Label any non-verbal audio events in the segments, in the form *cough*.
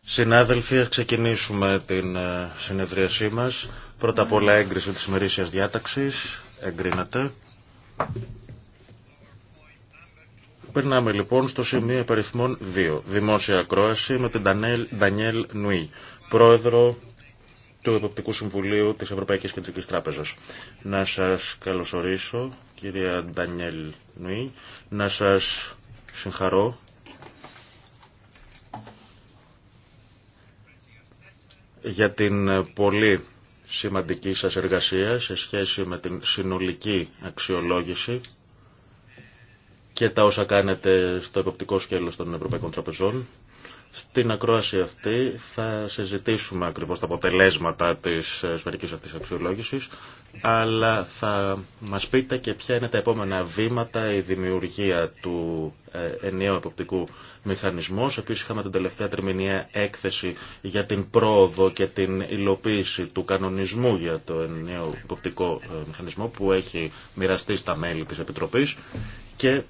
Συνάδελφοι, ξεκινήσουμε την ε, συνεδρίασή μας. Πρώτα απ' όλα έγκριση της ημερήσιας διάταξης. Εγκρίνατε. Περνάμε λοιπόν στο σημείο επαριθμών 2. Δημόσια ακρόαση με την Ντανιέλ Νουή, πρόεδρο του Εποπτικού Συμβουλίου της Ευρωπαϊκής Κεντρικής Τράπεζας. Να σας καλωσορίσω, κυρία Ντανιέλ Νουή, να σας συγχαρώ για την πολύ σημαντική σας εργασία σε σχέση με την συνολική αξιολόγηση και τα όσα κάνετε στο εποπτικό σκέλος των Ευρωπαϊκών Τραπεζών. Στην ακρόαση αυτή θα συζητήσουμε ακριβώς τα αποτελέσματα της σφαιρικής αυτής αξιολόγησης, αλλά θα μας πείτε και ποια είναι τα επόμενα βήματα, η δημιουργία του ε, ενιαίου εποπτικού μηχανισμού. Επίσης είχαμε την τελευταία τριμηνία έκθεση για την πρόοδο και την υλοποίηση του κανονισμού για το ενιαίο εποπτικό ε, μηχανισμό που έχει μοιραστεί στα μέλη της Επιτροπής και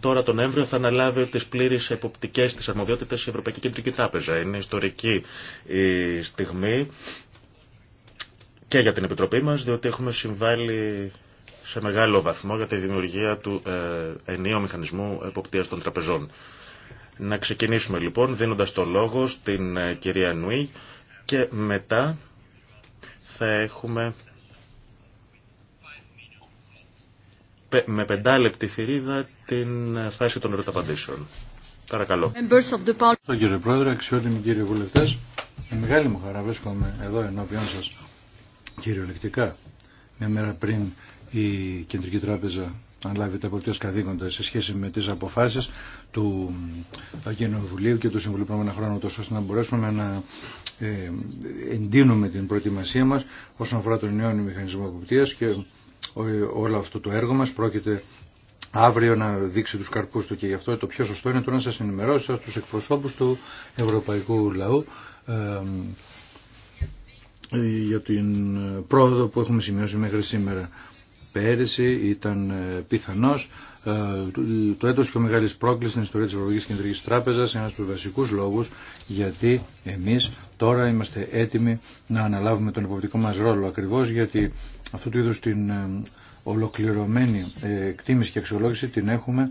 Τώρα τον Νοέμβριο θα αναλάβει τι πλήρε εποπτικέ τη αρμοδιότητε η Ευρωπαϊκή Κεντρική Τράπεζα. Είναι ιστορική η στιγμή και για την Επιτροπή μα, διότι έχουμε συμβάλει σε μεγάλο βαθμό για τη δημιουργία του ε, ενίου μηχανισμού εποπτείας των τραπεζών. Να ξεκινήσουμε λοιπόν δίνοντας το λόγο στην ε, κυρία Νουή και μετά θα έχουμε με πεντάλεπτη θηρίδα την φάση των ερωταπαντήσεων. Παρακαλώ. Στον κύριο Πρόεδρε, αξιότιμοι κύριοι βουλευτέ, με μεγάλη μου χαρά βρίσκομαι εδώ ενώπιον σα κυριολεκτικά. Μια μέρα πριν η Κεντρική Τράπεζα ανλάβει τα υποπτήρια καθήκοντα σε σχέση με τι αποφάσει του Κοινοβουλίου και του Συμβουλίου χρόνου τόσο ώστε να μπορέσουμε να ε, εντείνουμε την προετοιμασία μα όσον αφορά τον νέο μηχανισμό αποπτήρια και όλο αυτό το έργο μας πρόκειται αύριο να δείξει τους καρπούς του και γι' αυτό το πιο σωστό είναι το να σας ενημερώσω τους εκπροσώπους του Ευρωπαϊκού Λαού για την πρόοδο που έχουμε σημειώσει μέχρι σήμερα. Πέρυσι ήταν ε, πιθανός ε, το έτος πιο μεγάλη πρόκληση στην ιστορία της Ευρωπαϊκής Κεντρικής Τράπεζας, ένας από τους βασικούς λόγους, γιατί εμείς τώρα είμαστε έτοιμοι να αναλάβουμε τον υποπτικό μας ρόλο, ακριβώς γιατί αυτού του είδους την ε, ολοκληρωμένη ε, εκτίμηση και αξιολόγηση την έχουμε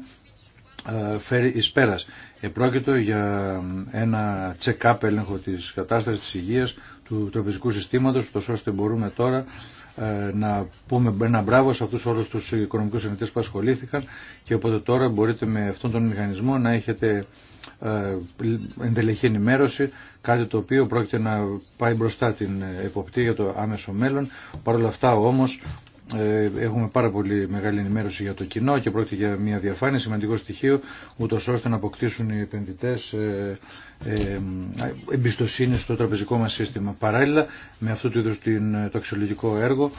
φέρει εις πέρας. Επρόκειτο για ένα check-up έλεγχο της κατάστασης της υγείας του τραπεζικού συστήματος, ώστε μπορούμε τώρα ε, να πούμε ένα μπράβο σε αυτούς όλους τους οικονομικούς συνεργατές που ασχολήθηκαν και οπότε τώρα μπορείτε με αυτόν τον μηχανισμό να έχετε ε, εντελεχή ενημέρωση, κάτι το οποίο πρόκειται να πάει μπροστά την ε, εποπτεία για το άμεσο μέλλον. παρόλα αυτά όμως ε, έχουμε πάρα πολύ μεγάλη ενημέρωση για το κοινό και πρόκειται για μια διαφάνεια σημαντικό στοιχείο ούτω ώστε να αποκτήσουν οι επενδυτέ ε, ε, εμπιστοσύνη στο τραπεζικό μα σύστημα. Παράλληλα με αυτό του είδου το αξιολογικό έργο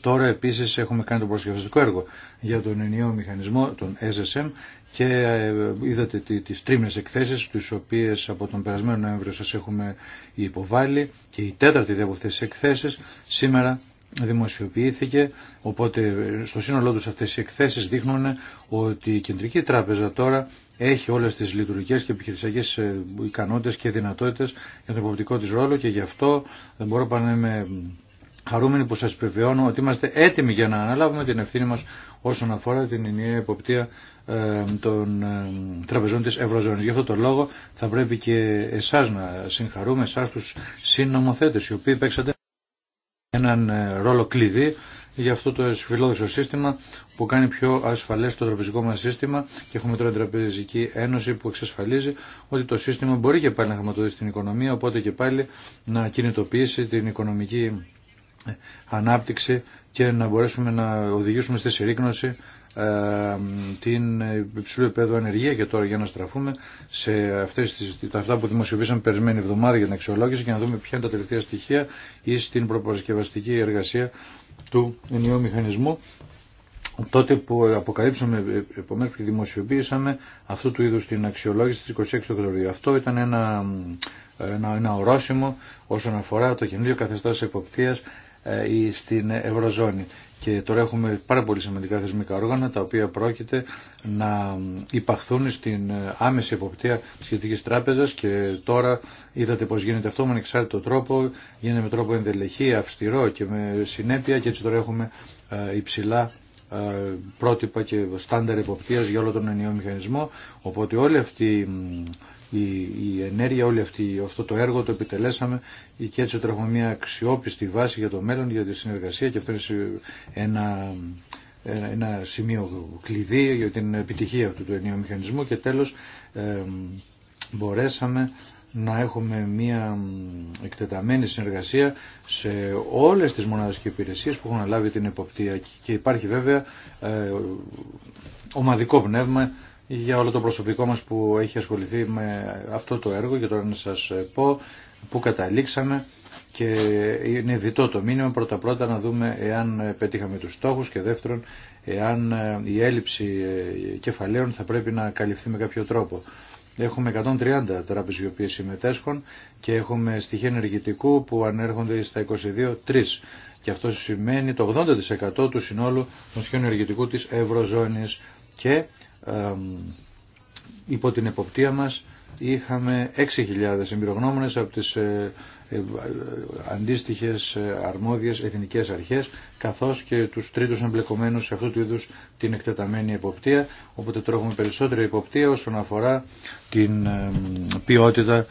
τώρα επίσης έχουμε κάνει το προσκευαστικό έργο για τον ενιαίο μηχανισμό, τον SSM και είδατε τις τρίμνες εκθέσεις τις οποίες από τον περασμένο Νοέμβριο σας έχουμε υποβάλει και η τέταρτη από αυτές εκθέσεις σήμερα δημοσιοποιήθηκε, οπότε στο σύνολό τους αυτές οι εκθέσεις δείχνουν ότι η Κεντρική Τράπεζα τώρα έχει όλες τις λειτουργικές και επιχειρησιακές ε, ικανότητες και δυνατότητες για τον υποπτικό της ρόλο και γι' αυτό δεν μπορώ να είμαι χαρούμενοι που σας επιβεβαιώνω ότι είμαστε έτοιμοι για να αναλάβουμε την ευθύνη μας όσον αφορά την ενιαία υποπτία ε, των ε, τραπεζών της Ευρωζώνης. Γι' αυτό το λόγο θα πρέπει και εσάς να συγχαρούμε, εσάς τους συνομοθέτες οι οποίοι παίξατε έναν ε, ρόλο κλειδί για αυτό το φιλόδοξο σύστημα που κάνει πιο ασφαλές το τραπεζικό μας σύστημα και έχουμε τώρα την Τραπεζική Ένωση που εξασφαλίζει ότι το σύστημα μπορεί και πάλι να χρηματοδοτήσει την οικονομία οπότε και πάλι να κινητοποιήσει την οικονομική ε, ανάπτυξη και να μπορέσουμε να οδηγήσουμε στη συρρήκνωση την υψηλού επέδου ανεργία και τώρα για να στραφούμε σε αυτές τις, αυτά που δημοσιοποίησαμε περισμένη εβδομάδα για την αξιολόγηση και να δούμε ποια είναι τα τελευταία στοιχεία ή στην προπαρασκευαστική εργασία του ενιαίου μηχανισμού τότε που αποκαλύψαμε, ε, ε, επομένως και δημοσιοποίησαμε αυτού του είδους την αξιολόγηση της 26 Οκτωβρίου. Αυτό ήταν ένα, ένα, ένα ορόσημο όσον αφορά το καινούριο καθεστώς εποπτείας ε, ή στην Ευρωζώνη. Και τώρα έχουμε πάρα πολύ σημαντικά θεσμικά όργανα τα οποία πρόκειται να υπαχθούν στην ε, άμεση εποπτεία της σχετικής τράπεζας και τώρα είδατε πως γίνεται αυτό με ανεξάρτητο τρόπο, γίνεται με τρόπο ενδελεχή, αυστηρό και με συνέπεια και έτσι τώρα έχουμε ε, υψηλά πρότυπα και στάνταρ εποπτείας για όλο τον ενιαίο μηχανισμό. Οπότε όλοι αυτοί η, ενέργεια, όλη αυτή, αυτό το έργο το επιτελέσαμε και έτσι τώρα έχουμε μια αξιόπιστη βάση για το μέλλον, για τη συνεργασία και αυτό είναι ένα, ένα σημείο κλειδί για την επιτυχία αυτού του ενίου μηχανισμού και τέλος μπορέσαμε να έχουμε μια εκτεταμένη συνεργασία σε όλες τις μονάδες και υπηρεσίες που έχουν λάβει την εποπτεία και υπάρχει βέβαια ε, ομαδικό πνεύμα για όλο το προσωπικό μας που έχει ασχοληθεί με αυτό το έργο και τώρα να σας πω που καταλήξαμε και είναι διτό το μήνυμα πρώτα πρώτα να δούμε εάν πετύχαμε τους στόχους και δεύτερον εάν η έλλειψη ε, κεφαλαίων θα πρέπει να καλυφθεί με κάποιο τρόπο. Έχουμε 130 τράπεζες οι οποίες συμμετέσχουν και έχουμε στοιχεία ενεργητικού που ανέρχονται στα 22-3 και αυτό σημαίνει το 80% του συνόλου των στοιχείων ενεργητικού της Ευρωζώνης και υπό την εποπτεία μας είχαμε 6.000 εμπειρογνώμονες από τις ε, ε, αντίστοιχες ε, αρμόδιες εθνικές αρχές καθώς και τους τρίτους εμπλεκομένους σε αυτού του είδους την εκτεταμένη εποπτεία οπότε τώρα έχουμε περισσότερη εποπτεία όσον αφορά την ποιότητα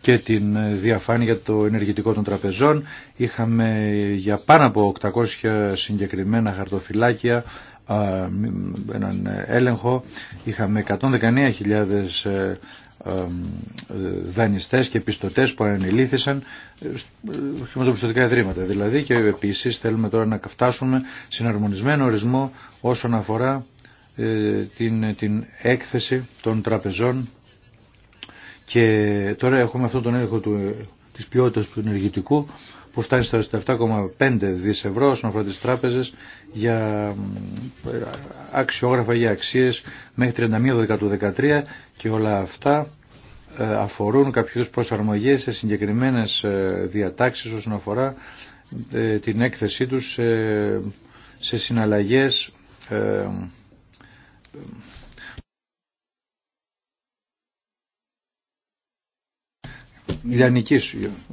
και την διαφάνεια το ενεργητικό των τραπεζών είχαμε για πάνω από 800 συγκεκριμένα χαρτοφυλάκια έναν έλεγχο είχαμε 119.000 ε, ε, δανειστές και πιστωτές που ανελήθησαν ε, χρηματοπιστωτικά ιδρύματα. Δηλαδή και επίσης θέλουμε τώρα να φτάσουμε συναρμονισμένο ορισμό όσον αφορά την, την έκθεση των τραπεζών και τώρα έχουμε αυτόν τον έλεγχο του, της ποιότητας του ενεργητικού που φτάνει στα 7,5 δις ευρώ όσον αφορά τις τράπεζες για αξιόγραφα, για αξίες μέχρι 31 μέχρι 13 και όλα αυτά ε, αφορούν κάποιους προσαρμογές σε συγκεκριμένες ε, διατάξεις όσον αφορά ε, την έκθεσή τους σε συναλλαγές ούτω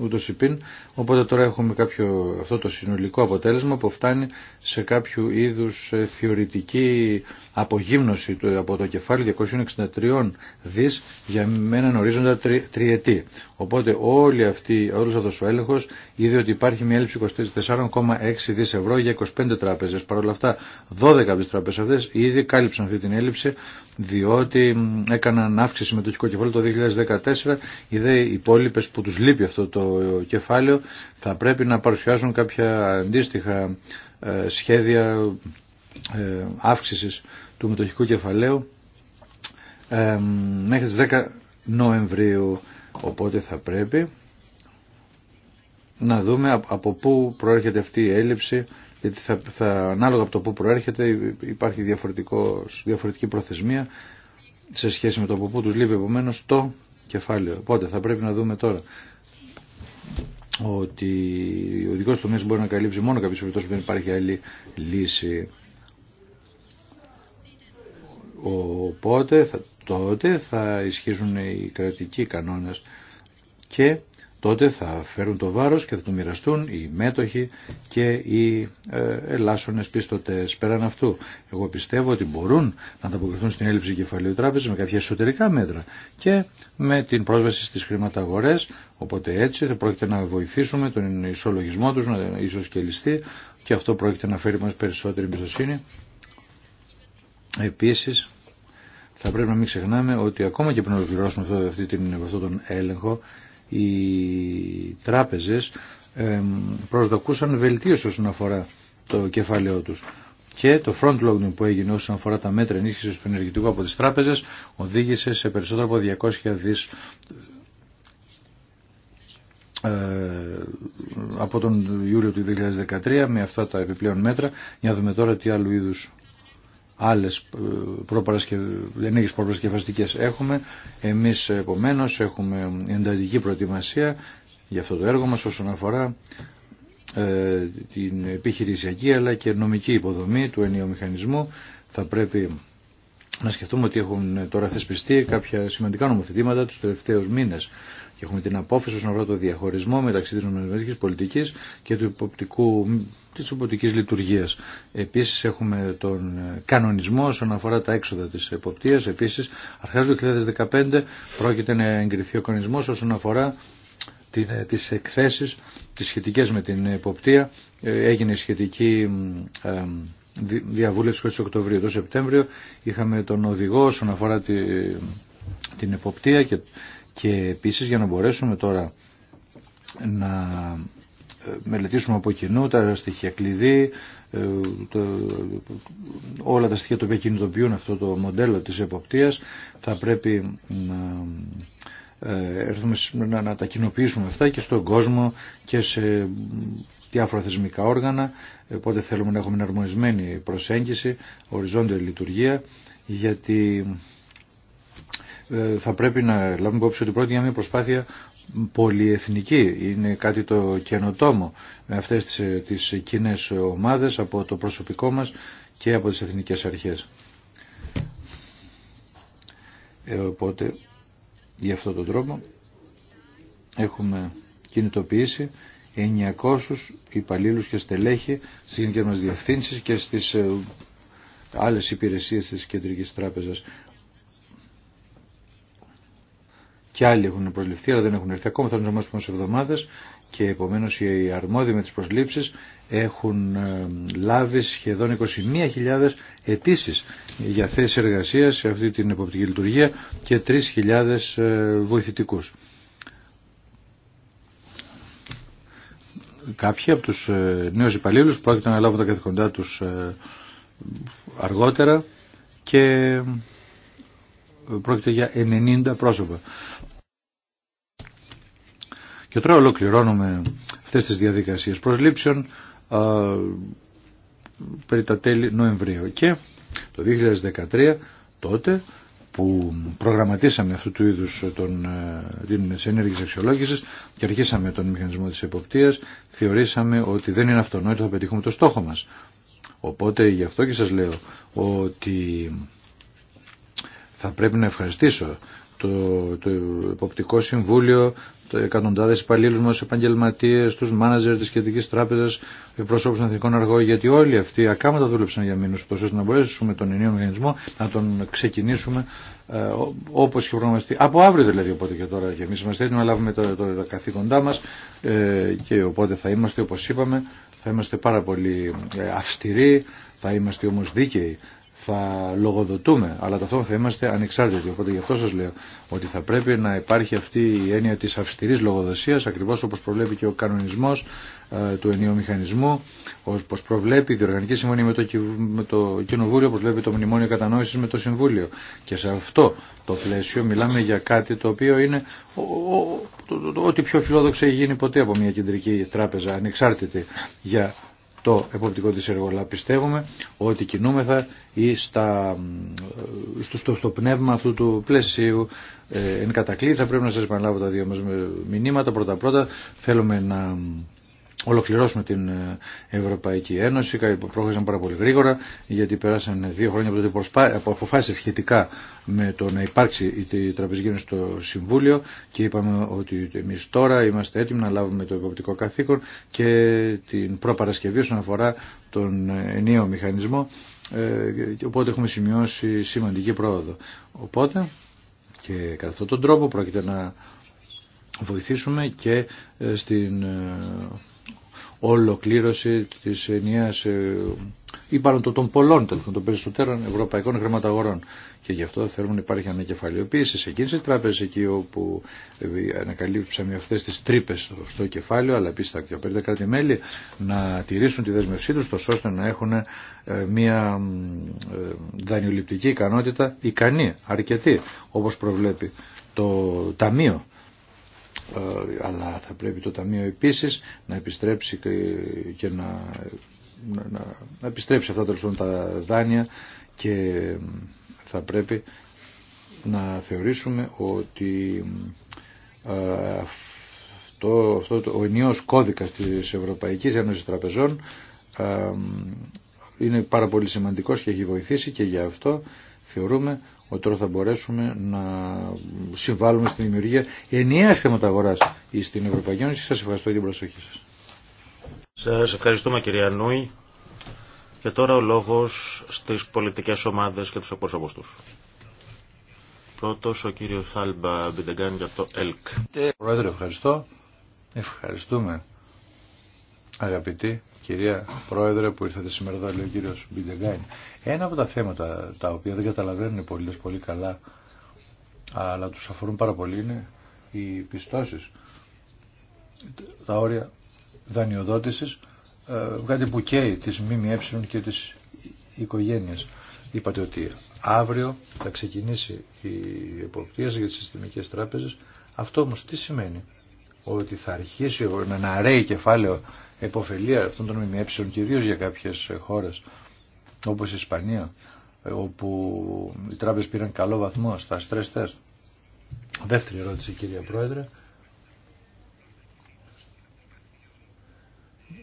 ούτω υπήν, οπότε τώρα έχουμε κάποιο, αυτό το συνολικό αποτέλεσμα που φτάνει σε κάποιο είδους ε, θεωρητική απογύμνωση από το κεφάλι 263 δις για έναν ορίζοντα τριετή. Οπότε όλη αυτή, όλος αυτός ο έλεγχος είδε ότι υπάρχει μια έλλειψη 24,6 δις ευρώ για 25 τράπεζες. Παρ' όλα αυτά 12 από τις τράπεζες αυτές ήδη κάλυψαν αυτή την έλλειψη διότι έκαναν αύξηση με το κεφάλι το 2014. Οι δε που τους λείπει αυτό το κεφάλαιο θα πρέπει να παρουσιάσουν κάποια αντίστοιχα ε, σχέδια ε, αύξησης του μετοχικού κεφαλαίου ε, μέχρι τις 10 Νοεμβρίου. Οπότε θα πρέπει να δούμε από πού προέρχεται αυτή η έλλειψη, γιατί θα, θα, ανάλογα από το πού προέρχεται υπάρχει διαφορετική προθεσμία σε σχέση με το από πού τους λείπει επομένω το κεφάλαιο. Οπότε θα πρέπει να δούμε τώρα ότι ο δικό τομέα μπορεί να καλύψει μόνο κάποιε περιπτώσει που δεν υπάρχει άλλη λύση. Οπότε τότε θα ισχύσουν οι κρατικοί κανόνες και τότε θα φέρουν το βάρος και θα το μοιραστούν οι μέτοχοι και οι ε, ελάσσονες πίστοτες Πέραν αυτού, εγώ πιστεύω ότι μπορούν να ανταποκριθούν στην έλλειψη κεφαλαίου τράπεζα με κάποια εσωτερικά μέτρα και με την πρόσβαση στις χρηματαγορές, οπότε έτσι θα πρόκειται να βοηθήσουμε τον ισολογισμό τους, να ίσως και ληστεί και αυτό πρόκειται να φέρει μας περισσότερη εμπιστοσύνη. Επίσης, θα πρέπει να μην ξεχνάμε ότι ακόμα και πριν ολοκληρώσουμε αυτό, αυτή την, αυτόν τον έλεγχο, οι τράπεζες προσδοκούσαν βελτίωση όσον αφορά το κεφάλαιό τους. Και το front loading που έγινε όσον αφορά τα μέτρα ενίσχυσης του ενεργητικού από τις τράπεζες οδήγησε σε περισσότερο από 200 δις ε, από τον Ιούλιο του 2013 με αυτά τα επιπλέον μέτρα. Για να δούμε τώρα τι άλλου είδους άλλες ε, και προπαρασκευαστικές έχουμε. Εμείς επομένως έχουμε εντατική προετοιμασία για αυτό το έργο μας όσον αφορά ε, την επιχειρησιακή αλλά και νομική υποδομή του μηχανισμού. Θα πρέπει να σκεφτούμε ότι έχουν τώρα θεσπιστεί κάποια σημαντικά νομοθετήματα του τελευταίους μήνες και έχουμε την απόφαση όσον αφορά το διαχωρισμό μεταξύ της νομισματικής πολιτικής και του υποπτικού της υποτικής λειτουργίας. Επίσης έχουμε τον ε, κανονισμό όσον αφορά τα έξοδα της εποπτείας. Επίσης αρχέ του 2015 πρόκειται να εγκριθεί ο κανονισμός όσον αφορά ε, τις εκθέσεις, τις σχετικές με την εποπτεία. Ε, έγινε σχετική διαβούλευση 20 Οκτωβρίου. Το Σεπτέμβριο είχαμε τον οδηγό όσον αφορά την εποπτεία και, και επίσης για να μπορέσουμε τώρα να μελετήσουμε από κοινού τα στοιχεία κλειδί, ε, όλα τα στοιχεία τα οποία κινητοποιούν αυτό το μοντέλο της εποπτείας. Θα πρέπει να ε, έρθουμε να, να τα κοινοποιήσουμε αυτά και στον κόσμο και σε διάφορα θεσμικά όργανα, οπότε θέλουμε να έχουμε μια αρμονισμένη προσέγγιση, οριζόντια λειτουργία, γιατί ε, θα πρέπει να λάβουμε υπόψη ότι πρόκειται για μια προσπάθεια πολυεθνική, είναι κάτι το καινοτόμο με αυτές τις, ε, τις κοινέ ομάδες από το προσωπικό μας και από τις εθνικές αρχές. Ε, οπότε, για αυτόν τον τρόπο έχουμε κινητοποιήσει 900 υπαλλήλους και στελέχη στις γενικές μας διευθύνσεις και στις ε, άλλες υπηρεσίες της Κεντρικής Τράπεζας. και άλλοι έχουν προσληφθεί αλλά δεν έχουν έρθει ακόμα, θα είναι όμως και επομένως οι αρμόδιοι με τις προσλήψεις έχουν ε, λάβει σχεδόν 21.000 αιτήσει για θέσεις εργασίας σε αυτή την εποπτική λειτουργία και 3.000 ε, βοηθητικούς. Κάποιοι από τους ε, νέους υπαλλήλους πρόκειται να λάβουν τα καθηκοντά τους αργότερα και πρόκειται για 90 πρόσωπα. Και τώρα ολοκληρώνουμε αυτές τις διαδικασίες προσλήψεων α, περί τα τέλη Νοεμβρίου. Και το 2013 τότε που προγραμματίσαμε αυτού του είδους τον, ε, την ενέργεια αξιολόγηση και αρχίσαμε τον μηχανισμό της εποπτείας, θεωρήσαμε ότι δεν είναι αυτονόητο να πετύχουμε το στόχο μας. Οπότε γι' αυτό και σας λέω ότι θα πρέπει να ευχαριστήσω το, το Εποπτικό Συμβούλιο, το εκατοντάδες υπαλλήλους μας, επαγγελματίες, τους μάναζερ της Κεντρικής Τράπεζας, προσώπους των Εθνικών Αργών, γιατί όλοι αυτοί ακάματα δούλεψαν για μήνους, τόσο ώστε να μπορέσουμε τον ενίο μηχανισμό να τον ξεκινήσουμε ε, όπως είχε προγραμματιστεί. Από αύριο δηλαδή οπότε και τώρα και εμείς είμαστε έτοιμοι να λάβουμε το, τα καθήκοντά μας ε, και οπότε θα είμαστε όπως είπαμε, θα είμαστε πάρα πολύ ε, αυστηροί, θα είμαστε όμως δίκαιοι θα λογοδοτούμε, αλλά ταυτόχρονα θα είμαστε ανεξάρτητοι. Οπότε γι' αυτό σα λέω ότι θα πρέπει να υπάρχει αυτή η έννοια τη αυστηρή λογοδοσίας, ακριβώ όπω προβλέπει και ο κανονισμό ε, του ενίου μηχανισμού, όπω προβλέπει η Διοργανική Συμφωνία με το, το Κοινοβούλιο, όπω βλέπει το Μνημόνιο κατανόηση με το Συμβούλιο. Και σε αυτό το πλαίσιο μιλάμε για κάτι το οποίο είναι ό,τι πιο φιλόδοξο έχει γίνει ποτέ από μια κεντρική τράπεζα, ανεξάρτητη για το εποπτικό της έργο, πιστεύουμε ότι κινούμεθα ή στα, στο, στο, πνεύμα αυτού του πλαισίου ε, εν κατακλείδη θα πρέπει να σας επαναλάβω τα δύο μας μηνύματα. Πρώτα-πρώτα θέλουμε να ολοκληρώσουμε την ε, Ευρωπαϊκή Ένωση. Προχώρησαν πάρα πολύ γρήγορα γιατί περάσαν δύο χρόνια από τότε ότι αποφάσισε σχετικά με το να υπάρξει η τραπεζική στο Συμβούλιο και είπαμε ότι εμεί τώρα είμαστε έτοιμοι να λάβουμε το υποπτικό καθήκον και την προπαρασκευή όσον αφορά τον ε, ενίο μηχανισμό ε, οπότε έχουμε σημειώσει σημαντική πρόοδο. Οπότε και κατά αυτόν τον τρόπο πρόκειται να βοηθήσουμε και στην ολοκλήρωση της ενιαίας ή ε, πάνω των πολλών των περισσότερων ευρωπαϊκών χρηματαγορών. Και γι' αυτό θέλουμε να υπάρχει ανακεφαλαιοποίηση σε εκείνες τις τράπεζες εκεί όπου ε, ανακαλύψαμε αυτές τις τρύπες στο, κεφάλαιο, αλλά επίσης τα πιο πέντε κράτη-μέλη να τηρήσουν τη δέσμευσή του τόσο ώστε να έχουν ε, μια δανειοληπτική ικανότητα ικανή, αρκετή, όπως προβλέπει το Ταμείο ε, αλλά θα πρέπει το Ταμείο επίσης να επιστρέψει και να, να, να επιστρέψει αυτά τα δάνεια και θα πρέπει να θεωρήσουμε ότι αυτό, αυτό ο ενιαίος κώδικας της Ευρωπαϊκής Ένωσης Τραπεζών είναι πάρα πολύ σημαντικός και έχει βοηθήσει και γι' αυτό θεωρούμε ότι τώρα θα μπορέσουμε να συμβάλλουμε στην δημιουργία ενιαίας χρηματαγοράς στην Ευρωπαϊκή Ένωση. Σας ευχαριστώ για την προσοχή σας. Σας ευχαριστούμε κυρία Νούη. Και τώρα ο λόγος στις πολιτικές ομάδες και τους εκπρόσωπου του. Πρώτος ο κύριος Χάλμπα Μπιντεγκάν για το ΕΛΚ. Πρόεδρε ευχαριστώ. Ευχαριστούμε αγαπητοί κυρία Πρόεδρε που ήρθατε σήμερα εδώ, λέει ο κύριος Μπιντεγκάιν. Ένα από τα θέματα τα οποία δεν καταλαβαίνουν οι πολίτες πολύ καλά, αλλά τους αφορούν πάρα πολύ, είναι οι πιστώσεις, τα όρια δανειοδότησης, ε, κάτι που καίει της ΜΜΕ και της οικογένειας. Είπατε ότι αύριο θα ξεκινήσει η εποπτεία για τις συστημικές τράπεζες. Αυτό όμως τι σημαίνει ότι θα αρχίσει να αρέει κεφάλαιο εποφελία αυτών των ΜΜΕ ιδίω για κάποιες χώρες όπως η Ισπανία όπου οι τράπεζες πήραν καλό βαθμό στα stress test. Δεύτερη ερώτηση κυρία Πρόεδρε.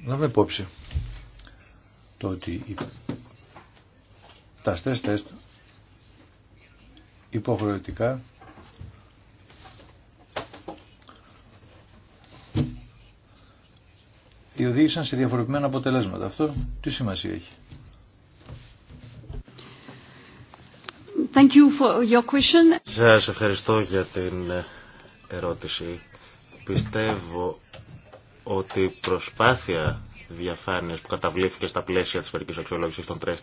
Να με υπόψη το ότι τα stress test υποχρεωτικά γιατί οδήγησαν σε διαφορετικά αποτελέσματα. Αυτό τι σημασία έχει. Thank Σας ευχαριστώ για την ερώτηση. Πιστεύω ότι η προσπάθεια διαφάνειας που καταβλήθηκε στα πλαίσια της περικής αξιολόγησης των τρες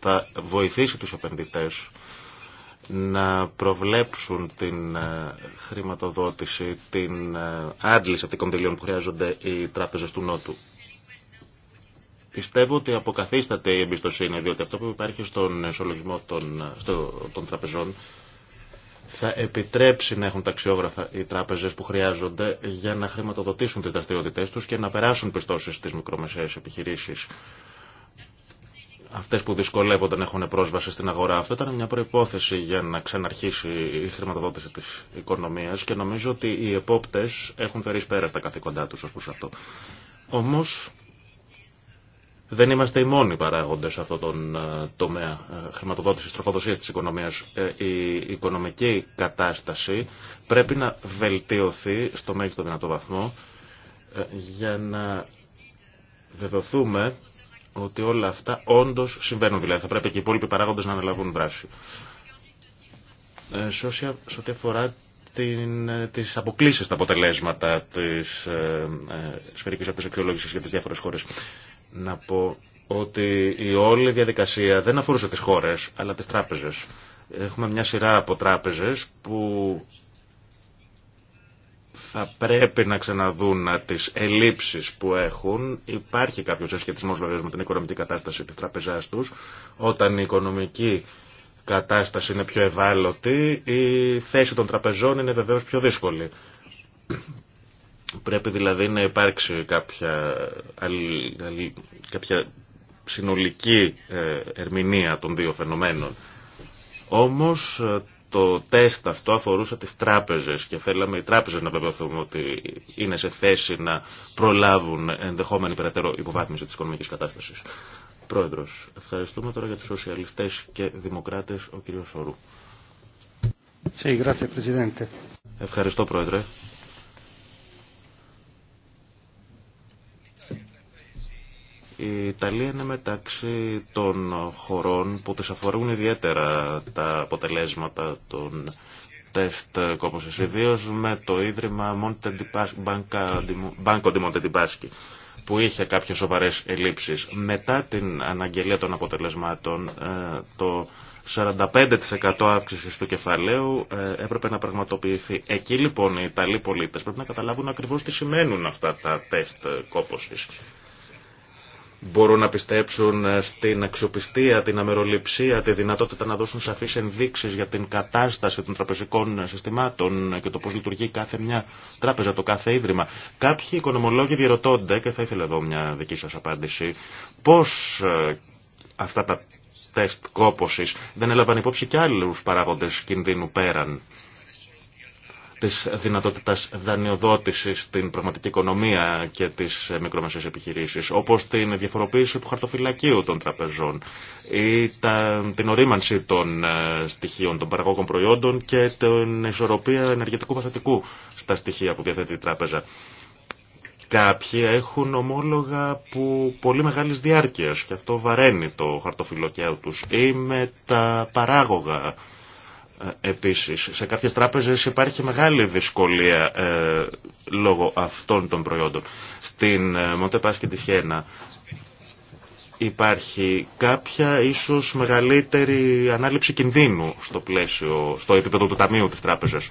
θα βοηθήσει τους επενδυτές να προβλέψουν την ε, χρηματοδότηση, την ε, άντληση αυτών κονδυλίων που χρειάζονται οι τράπεζες του Νότου. Πιστεύω ότι αποκαθίσταται η εμπιστοσύνη, διότι αυτό που υπάρχει στον ισολογισμό των, τραπεζών θα επιτρέψει να έχουν ταξιόγραφα οι τράπεζες που χρειάζονται για να χρηματοδοτήσουν τις δραστηριότητές τους και να περάσουν πιστώσεις στις μικρομεσαίες επιχειρήσεις αυτές που δυσκολεύονταν έχουν πρόσβαση στην αγορά. Αυτό ήταν μια προϋπόθεση για να ξαναρχίσει η χρηματοδότηση της οικονομίας και νομίζω ότι οι επόπτες έχουν φέρει πέρα τα καθήκοντά τους ως προς αυτό. Όμως δεν είμαστε οι μόνοι παράγοντες σε αυτόν τον ε, τομέα ε, χρηματοδότησης, τροφοδοσίας της οικονομίας. Ε, η οικονομική κατάσταση πρέπει να βελτιωθεί στο μέγιστο δυνατό βαθμό για να βεβαιωθούμε ότι όλα αυτά όντως συμβαίνουν. Δηλαδή θα πρέπει και οι υπόλοιποι παράγοντες να αναλαβούν δράση. Ε, σε ό,τι αφορά την, ε, τις αποκλήσεις, τα αποτελέσματα της ε, ε, σφαιρικής αξιολόγησης για τις διάφορες χώρες. Να πω ότι η όλη διαδικασία δεν αφορούσε τις χώρες, αλλά τις τράπεζες. Έχουμε μια σειρά από τράπεζε που θα πρέπει να ξαναδούν τι ελλείψει που έχουν. Υπάρχει κάποιο σχετισμό βεβαίω με την οικονομική κατάσταση τη τραπεζά του, Όταν η οικονομική κατάσταση είναι πιο ευάλωτη, η θέση των τραπεζών είναι βεβαίω πιο δύσκολη. Πρέπει δηλαδή να υπάρξει κάποια, κάποια συνολική ε, ερμηνεία των δύο φαινομένων. Όμως ε, το τεστ αυτό αφορούσε τις τράπεζες και θέλαμε οι τράπεζες να βεβαιωθούν ότι είναι σε θέση να προλάβουν ενδεχόμενη περαιτέρω υποβάθμιση της οικονομικής κατάστασης. Πρόεδρος, ευχαριστούμε τώρα για τους σοσιαλιστές και δημοκράτες, ο κύριος Σορού. Ευχαριστώ, Πρόεδρε. Η Ιταλία είναι μεταξύ των χωρών που τις αφορούν ιδιαίτερα τα αποτελέσματα των τεστ κόπωσης, ιδίως με το Ίδρυμα Banco di Paschi, που είχε κάποιες σοβαρές ελλείψεις. Μετά την αναγγελία των αποτελεσμάτων, ε, το 45% αύξηση του κεφαλαίου ε, έπρεπε να πραγματοποιηθεί. Εκεί λοιπόν οι Ιταλοί πολίτες πρέπει να καταλάβουν ακριβώς τι σημαίνουν αυτά τα τεστ κόπωσης μπορούν να πιστέψουν ε, στην αξιοπιστία, την αμεροληψία, τη δυνατότητα να δώσουν σαφείς ενδείξεις για την κατάσταση των τραπεζικών συστημάτων ε, και το πώς λειτουργεί κάθε μια τράπεζα, το κάθε ίδρυμα. Κάποιοι οικονομολόγοι διερωτώνται, και θα ήθελα εδώ μια δική σας απάντηση, πώς ε, αυτά τα τεστ κόπωσης δεν έλαβαν υπόψη και άλλους παράγοντες κινδύνου πέραν της δυνατότητας δανειοδότησης στην πραγματική οικονομία και τις μικρομεσαίες επιχειρήσεις, όπως την διαφοροποίηση του χαρτοφυλακίου των τραπεζών ή την ορίμανση των ε, στοιχείων των παραγωγών προϊόντων και την ισορροπία ενεργετικου παθητικού στα στοιχεία που διαθέτει η τράπεζα. Κάποιοι έχουν ομόλογα που πολύ μεγάλης διάρκειας και αυτό βαραίνει το χαρτοφυλακιό τους ή με τα παράγωγα ε, επίσης, σε κάποιες τράπεζες υπάρχει μεγάλη δυσκολία ε, λόγω αυτών των προϊόντων. Στην ε, Μοντεπάς και τη Χένα υπάρχει κάποια ίσως μεγαλύτερη ανάληψη κινδύνου στο πλαίσιο, στο επίπεδο του ταμείου της τράπεζας.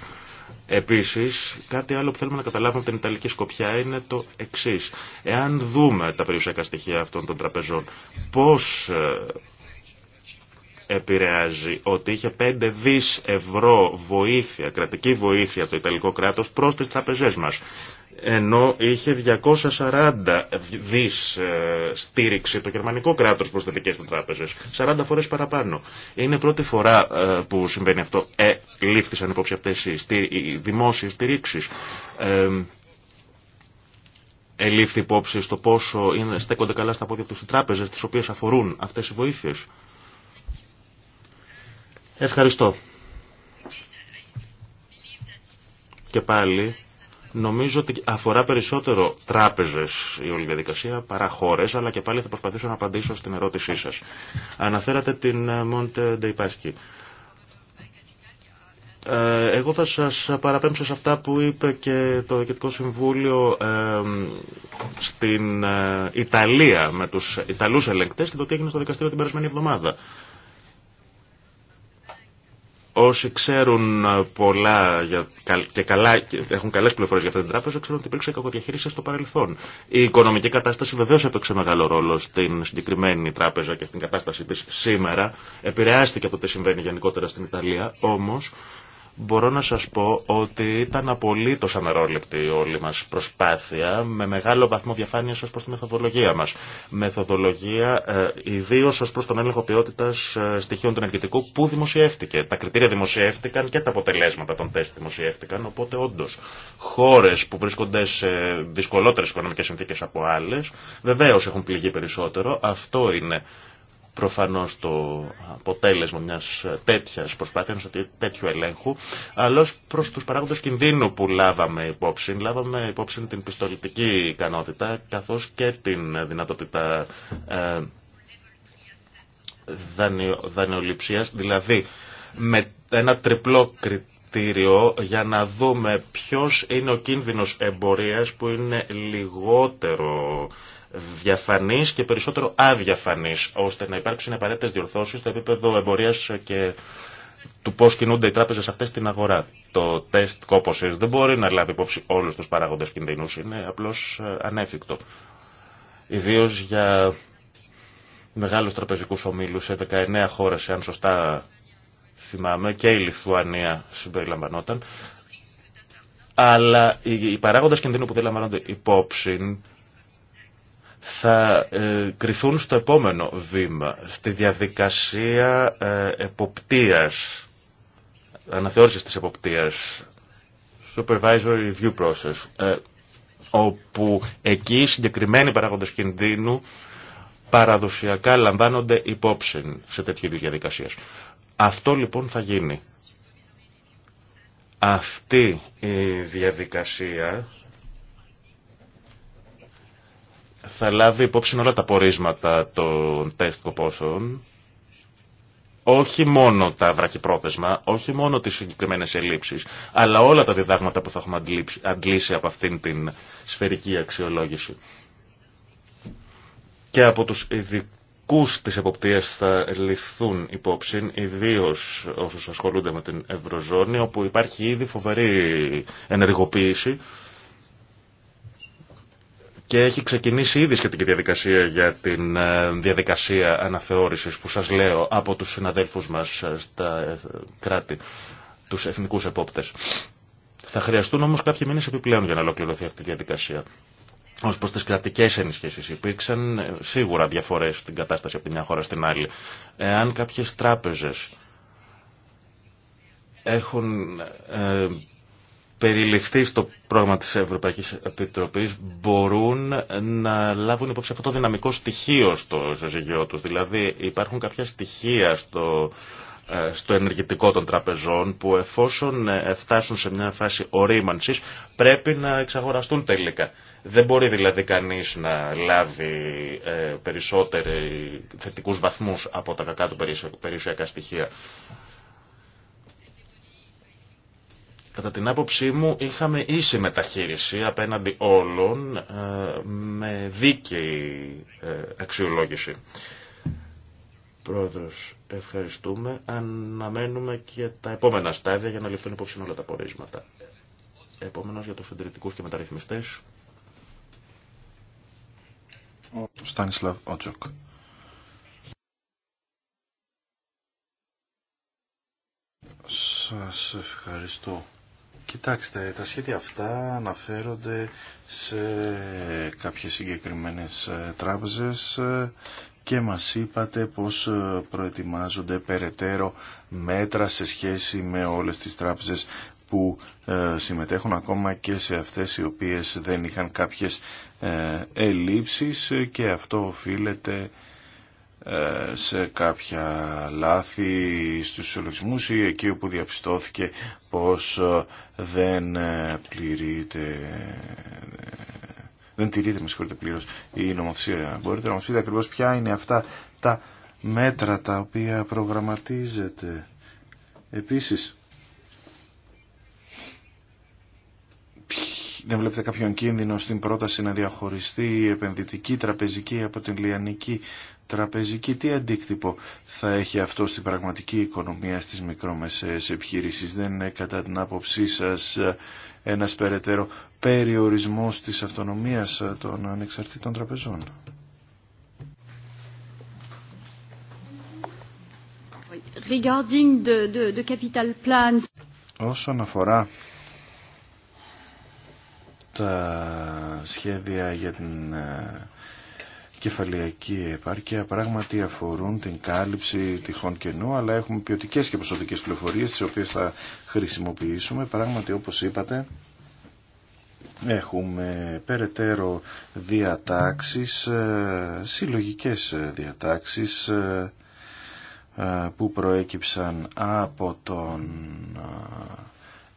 Επίσης, κάτι άλλο που θέλουμε να καταλάβουμε από την Ιταλική Σκοπιά είναι το εξής. Εάν δούμε τα περιουσιακά στοιχεία αυτών των τραπεζών, πώς ε, επηρεάζει ότι είχε 5 δις ευρώ βοήθεια, κρατική βοήθεια το Ιταλικό κράτος προς τις τραπεζές μας ενώ είχε 240 δις ε, στήριξη το γερμανικό κράτος προς τις δικές του τράπεζες. 40 φορές παραπάνω. Είναι πρώτη φορά ε, που συμβαίνει αυτό. Ε, λήφθησαν υπόψη αυτές οι, στήρι, οι δημόσιες στηρίξεις. ελήφθη ε, υπόψη στο πόσο είναι, στέκονται καλά στα πόδια τους οι τράπεζες τις οποίες αφορούν αυτές οι βοήθειες. Ευχαριστώ. Και πάλι νομίζω ότι αφορά περισσότερο τράπεζες η όλη διαδικασία παρά χώρες, αλλά και πάλι θα προσπαθήσω να απαντήσω στην ερώτησή σας. Αναφέρατε την Μοντε Ντεϊπάσκη. Εγώ θα σας παραπέμψω σε αυτά που είπε και το Διοικητικό Συμβούλιο ε, στην ε, Ιταλία με τους Ιταλούς ελεγκτές και το τι έγινε στο δικαστήριο την περασμένη εβδομάδα. Όσοι ξέρουν ε, πολλά για, και, καλά, έχουν καλές πληροφορίες για αυτή την τράπεζα, ξέρουν ότι υπήρξε κακοδιαχείριση στο παρελθόν. Η οικονομική κατάσταση βεβαίως έπαιξε μεγάλο ρόλο στην συγκεκριμένη τράπεζα και στην κατάσταση της σήμερα. Επηρεάστηκε από το τι συμβαίνει γενικότερα στην Ιταλία, όμως Μπορώ να σας πω ότι ήταν απολύτως αμερόληπτη η όλη μας προσπάθεια με μεγάλο βαθμό διαφάνειας ως προς τη μεθοδολογία μας. Μεθοδολογία ε, ιδίω ως προς τον έλεγχο ποιότητας ε, στοιχείων του ενεργητικού που δημοσιεύτηκε. Τα κριτήρια δημοσιεύτηκαν και τα αποτελέσματα των τεστ δημοσιεύτηκαν, οπότε όντως χώρες που βρίσκονται σε δυσκολότερες οικονομικές συνθήκες από άλλες βεβαίως έχουν πληγεί περισσότερο. Αυτό είναι προφανώς το αποτέλεσμα μιας τέτοιας προσπάθειας, τέτοιου ελέγχου, αλλά προ προς τους παράγοντες κινδύνου που λάβαμε υπόψη. Λάβαμε υπόψη την πιστολιτική ικανότητα, καθώς και την δυνατότητα ε, δηλαδή με ένα τριπλό κριτήριο, για να δούμε ποιος είναι ο κίνδυνος εμπορίας που είναι λιγότερο διαφανής και περισσότερο αδιαφανής, ώστε να υπάρξουν απαραίτητες διορθώσεις στο επίπεδο εμπορίας και του πώς κινούνται οι τράπεζες αυτές στην αγορά. Το τεστ κόπωσης δεν μπορεί να λάβει υπόψη όλους τους παράγοντες κινδύνους, είναι απλώς ε, ανέφικτο. Ιδίως για μεγάλους τραπεζικούς ομίλους σε 19 χώρες, αν σωστά θυμάμαι, και η Λιθουανία συμπεριλαμβανόταν, αλλά οι παράγοντες κινδύνου που δεν λαμβάνονται υπόψη θα ε, στο επόμενο βήμα, στη διαδικασία ε, εποπτείας, αναθεώρησης της εποπτείας, supervisory review process, ε, όπου εκεί οι συγκεκριμένοι παράγοντες κινδύνου παραδοσιακά λαμβάνονται υπόψη σε τέτοιες διαδικασίες. Αυτό λοιπόν θα γίνει. Αυτή η διαδικασία θα λάβει υπόψη όλα τα πορίσματα των τεστ κοπόσεων, όχι μόνο τα βραχυπρόθεσμα, όχι μόνο τις συγκεκριμένες ελλείψεις, αλλά όλα τα διδάγματα που θα έχουμε αντλήσει από αυτήν την σφαιρική αξιολόγηση. Και από τους ειδικούς της εποπτείας θα ληφθούν υπόψη, ιδίως όσους ασχολούνται με την Ευρωζώνη, όπου υπάρχει ήδη φοβερή ενεργοποίηση και έχει ξεκινήσει ήδη σχετική διαδικασία για την ε, διαδικασία αναθεώρησης που σας λέω από τους συναδέλφους μας ε, στα ε, κράτη, τους εθνικούς επόπτες. Θα χρειαστούν όμως κάποιοι μήνες επιπλέον για να ολοκληρωθεί αυτή η διαδικασία. Ω προ τι κρατικέ ενισχύσει υπήρξαν σίγουρα διαφορέ στην κατάσταση από τη μια χώρα στην άλλη. Εάν κάποιε τράπεζε έχουν περιληφθεί στο πρόγραμμα της Ευρωπαϊκής Επιτροπής μπορούν να λάβουν υπόψη αυτό το δυναμικό στοιχείο στο ζυγείο τους. Δηλαδή υπάρχουν κάποια στοιχεία στο, ε, στο ενεργητικό των τραπεζών που εφόσον ε, φτάσουν σε μια φάση ορίμανσης πρέπει να εξαγοραστούν τελικά. Δεν μπορεί δηλαδή κανείς να λάβει ε, περισσότεροι θετικούς βαθμούς από τα κακά του περιουσιακά στοιχεία. Κατά την άποψή μου είχαμε ίση μεταχείριση απέναντι όλων ε, με δίκαιη ε, αξιολόγηση. Πρόεδρος, ευχαριστούμε. Αναμένουμε και τα επόμενα στάδια για να ληφθούν υπόψη όλα τα πορίσματα. Επόμενος για τους συντηρητικούς και μεταρρυθμιστές. Στάνισλαβ Ότζοκ. Σας ευχαριστώ Κοιτάξτε, τα σχέδια αυτά αναφέρονται σε κάποιες συγκεκριμένες ε, τράπεζες ε, και μας είπατε πως ε, προετοιμάζονται περαιτέρω μέτρα σε σχέση με όλες τις τράπεζες που συμμετέχουν ακόμα και σε αυτές οι οποίες δεν είχαν κάποιες ελλείψεις και αυτό οφείλεται ε, σε κάποια λάθη στους συλλογισμούς ή εκεί όπου διαπιστώθηκε πως ε, δεν ε, πληρείται δεν τηρείται με πλήρως η νομοθεσία. Μπορείτε να μας πείτε ακριβώς ποια είναι αυτά τα μέτρα τα οποία προγραμματίζεται. Επίσης δεν βλέπετε κάποιον κίνδυνο στην πρόταση να διαχωριστεί η επενδυτική τραπεζική από την λιανική τραπεζική. Τι αντίκτυπο θα έχει αυτό στην πραγματική οικονομία στις μικρόμεσαίες επιχειρήσεις. Δεν είναι κατά την άποψή σας ένας περαιτέρω περιορισμός της αυτονομίας των ανεξαρτήτων τραπεζών. Regarding the, capital plans. Όσον αφορά τα σχέδια για την ε, κεφαλαιακή επάρκεια πράγματι αφορούν την κάλυψη τυχών κενού, αλλά έχουμε ποιοτικέ και ποσοτικές πληροφορίες τι οποίες θα χρησιμοποιήσουμε. Πράγματι, όπως είπατε, έχουμε περαιτέρω διατάξεις, ε, συλλογικές διατάξεις ε, που προέκυψαν από τον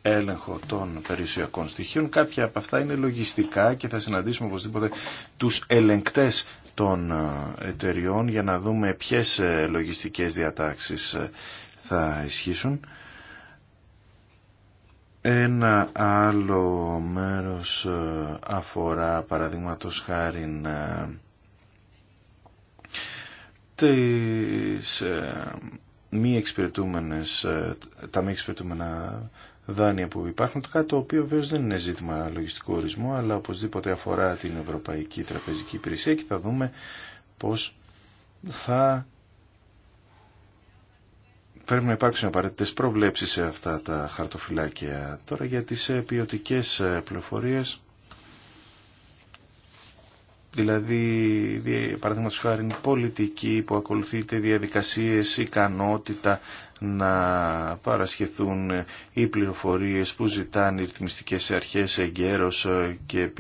έλεγχο των περιουσιακών στοιχείων. Κάποια από αυτά είναι λογιστικά και θα συναντήσουμε οπωσδήποτε τους ελεγκτές των ε, εταιριών για να δούμε ποιες ε, λογιστικές διατάξεις ε, θα ισχύσουν. Ένα άλλο μέρος αφορά παραδείγματος χάρη τις μη εξυπηρετούμενες, τα μη εξυπηρετούμενα δάνεια που υπάρχουν, κάτι το οποίο βέβαια δεν είναι ζήτημα λογιστικού ορισμού, αλλά οπωσδήποτε αφορά την Ευρωπαϊκή Τραπεζική Υπηρεσία και θα δούμε πώς θα πρέπει να υπάρξουν απαραίτητε προβλέψεις σε αυτά τα χαρτοφυλάκια. Τώρα για τις ποιοτικέ πληροφορίες Δηλαδή, παραδείγματο χάρη, πολιτική που ακολουθείται διαδικασίες, ικανότητα να παρασχεθούν οι πληροφορίες που ζητάνε οι ρυθμιστικές αρχές εγκαίρως και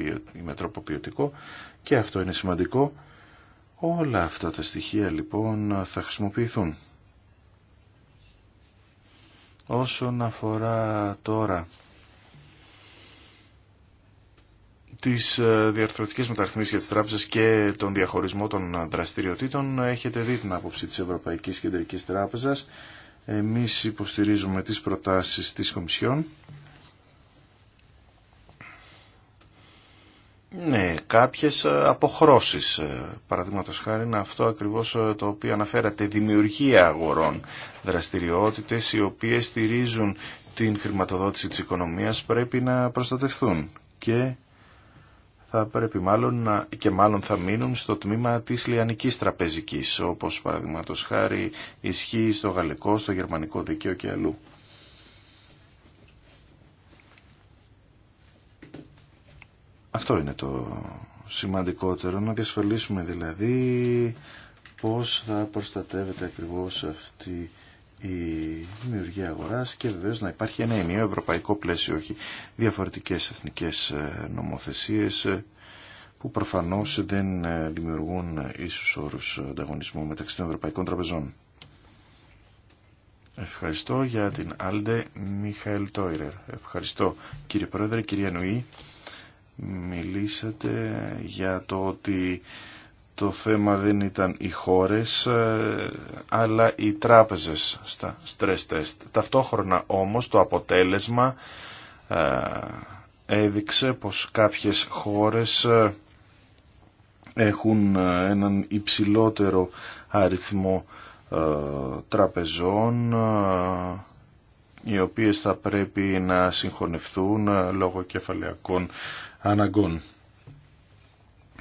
με τρόπο και αυτό είναι σημαντικό. Όλα αυτά τα στοιχεία λοιπόν θα χρησιμοποιηθούν. Όσον αφορά τώρα τις ε, διαρθρωτικές μεταρρυθμίσεις για τις τράπεζες και τον διαχωρισμό των ε, δραστηριοτήτων έχετε δει την άποψη της Ευρωπαϊκής Κεντρικής Τράπεζας. Εμείς υποστηρίζουμε τις προτάσεις της Κομισιόν. Ναι, κάποιες ε, αποχρώσεις, παραδείγματο χάρη, είναι αυτό ακριβώς το οποίο αναφέρατε, δημιουργία αγορών, δραστηριότητες οι οποίες στηρίζουν την χρηματοδότηση της οικονομίας πρέπει να προστατευθούν και θα πρέπει μάλλον και μάλλον θα μείνουν στο τμήμα της λιανικής τραπεζικής, όπως παραδείγματο χάρη ισχύει στο γαλλικό, στο γερμανικό δικαίο και αλλού. Αυτό είναι το σημαντικότερο, να διασφαλίσουμε δηλαδή πώς θα προστατεύεται ακριβώς αυτή η δημιουργία αγοράς και βεβαίως να υπάρχει ένα ενιαίο ευρωπαϊκό πλαίσιο, όχι διαφορετικές εθνικές ε, νομοθεσίες ε, που προφανώς δεν ε, δημιουργούν ίσους όρους ανταγωνισμού μεταξύ των ευρωπαϊκών τραπεζών. Ευχαριστώ για την Άλντε Μιχαήλ Τόιρερ. Ευχαριστώ κύριε Πρόεδρε, κυρία Νουή. Μιλήσατε για το ότι το θέμα δεν ήταν οι χώρες ε, αλλά οι τράπεζες στα stress test. Ταυτόχρονα όμως το αποτέλεσμα ε, έδειξε πως κάποιες χώρες ε, έχουν έναν υψηλότερο αριθμό τραπεζών οι οποίες θα πρέπει να συγχωνευτούν λόγω κεφαλαιακών αναγκών.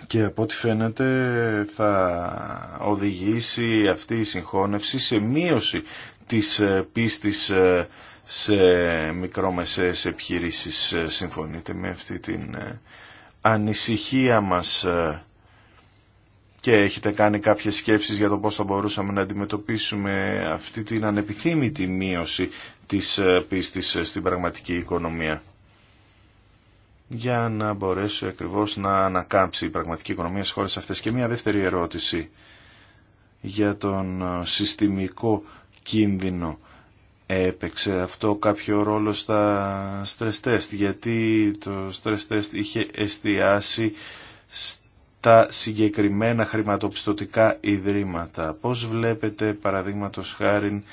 Και από ό,τι φαίνεται θα οδηγήσει αυτή η συγχώνευση σε μείωση της ε, πίστης ε, σε μικρόμεσαίες επιχειρήσεις. Ε, συμφωνείτε με αυτή την ανησυχία μας και έχετε κάνει κάποιες σκέψεις για το πώς θα μπορούσαμε να αντιμετωπίσουμε αυτή την ανεπιθύμητη μείωση της πίστης στην πραγματική οικονομία για να μπορέσει ακριβώς να ανακάμψει η πραγματική οικονομία στις χώρες αυτές. Και μια δεύτερη ερώτηση για τον ε, συστημικό κίνδυνο. Έπαιξε αυτό κάποιο ρόλο στα stress test, γιατί το stress test είχε εστιάσει στα συγκεκριμένα χρηματοπιστωτικά ιδρύματα. Πώς βλέπετε παραδείγματος χάρη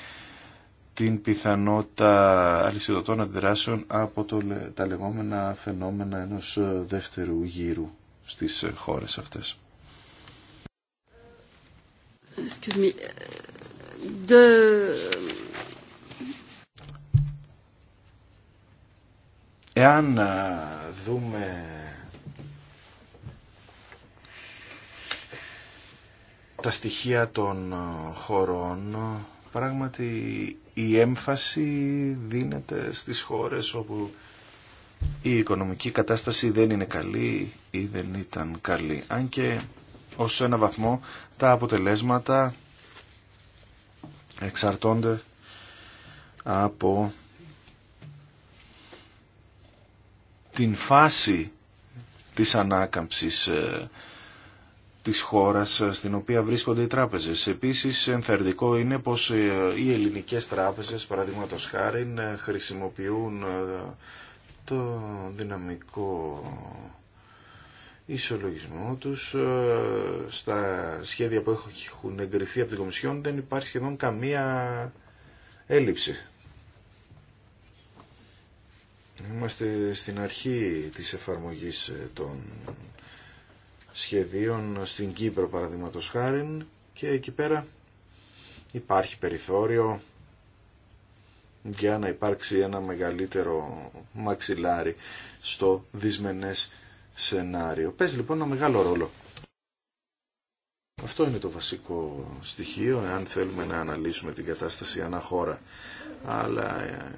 την πιθανότητα αλυσιδωτών αντιδράσεων από το, τα λεγόμενα φαινόμενα ενός ε, δεύτερου γύρου στις ε, χώρες αυτές. Ε, Εάν δούμε τα στοιχεία των χωρών, πράγματι η έμφαση δίνεται στις χώρες όπου η οικονομική κατάσταση δεν είναι καλή ή δεν ήταν καλή. Αν και ως ένα βαθμό τα αποτελέσματα εξαρτώνται από την φάση της ανάκαμψης ε, της χώρας ε, στην οποία βρίσκονται οι τράπεζες. Επίσης ενθαρρυντικό είναι πως ε, οι ελληνικές τράπεζες, παραδείγματο χάρη, ε, χρησιμοποιούν το δυναμικό ισολογισμό τους. Στα σχέδια που έχουν εγκριθεί από την Κομισιόν δεν υπάρχει σχεδόν καμία έλλειψη. Είμαστε στην αρχή της εφαρμογής των σχεδίων στην Κύπρο παραδείγματο χάρη και εκεί πέρα υπάρχει περιθώριο για να υπάρξει ένα μεγαλύτερο μαξιλάρι στο δυσμενές σενάριο. Πες λοιπόν ένα μεγάλο ρόλο. Αυτό είναι το βασικό στοιχείο, εάν θέλουμε να αναλύσουμε την κατάσταση ανά χώρα. Αλλά ε,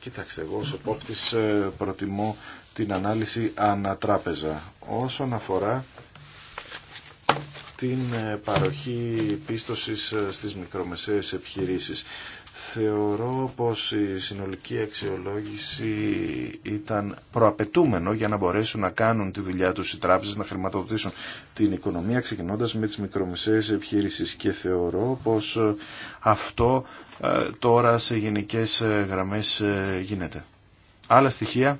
Κοιτάξτε, εγώ ως επόπτης ε, προτιμώ την ανάλυση ανατράπεζα. Όσον αφορά την ε, παροχή πίστοσης ε, στις μικρομεσαίες επιχειρήσεις. Θεωρώ πως η συνολική αξιολόγηση ήταν προαπαιτούμενο για να μπορέσουν να κάνουν τη δουλειά τους οι τράπεζες, να χρηματοδοτήσουν την οικονομία ξεκινώντας με τις μικρομεσαίες επιχείρησεις και θεωρώ πως ε, αυτό ε, τώρα σε γενικές ε, γραμμές γίνεται. Άλλα στοιχεία,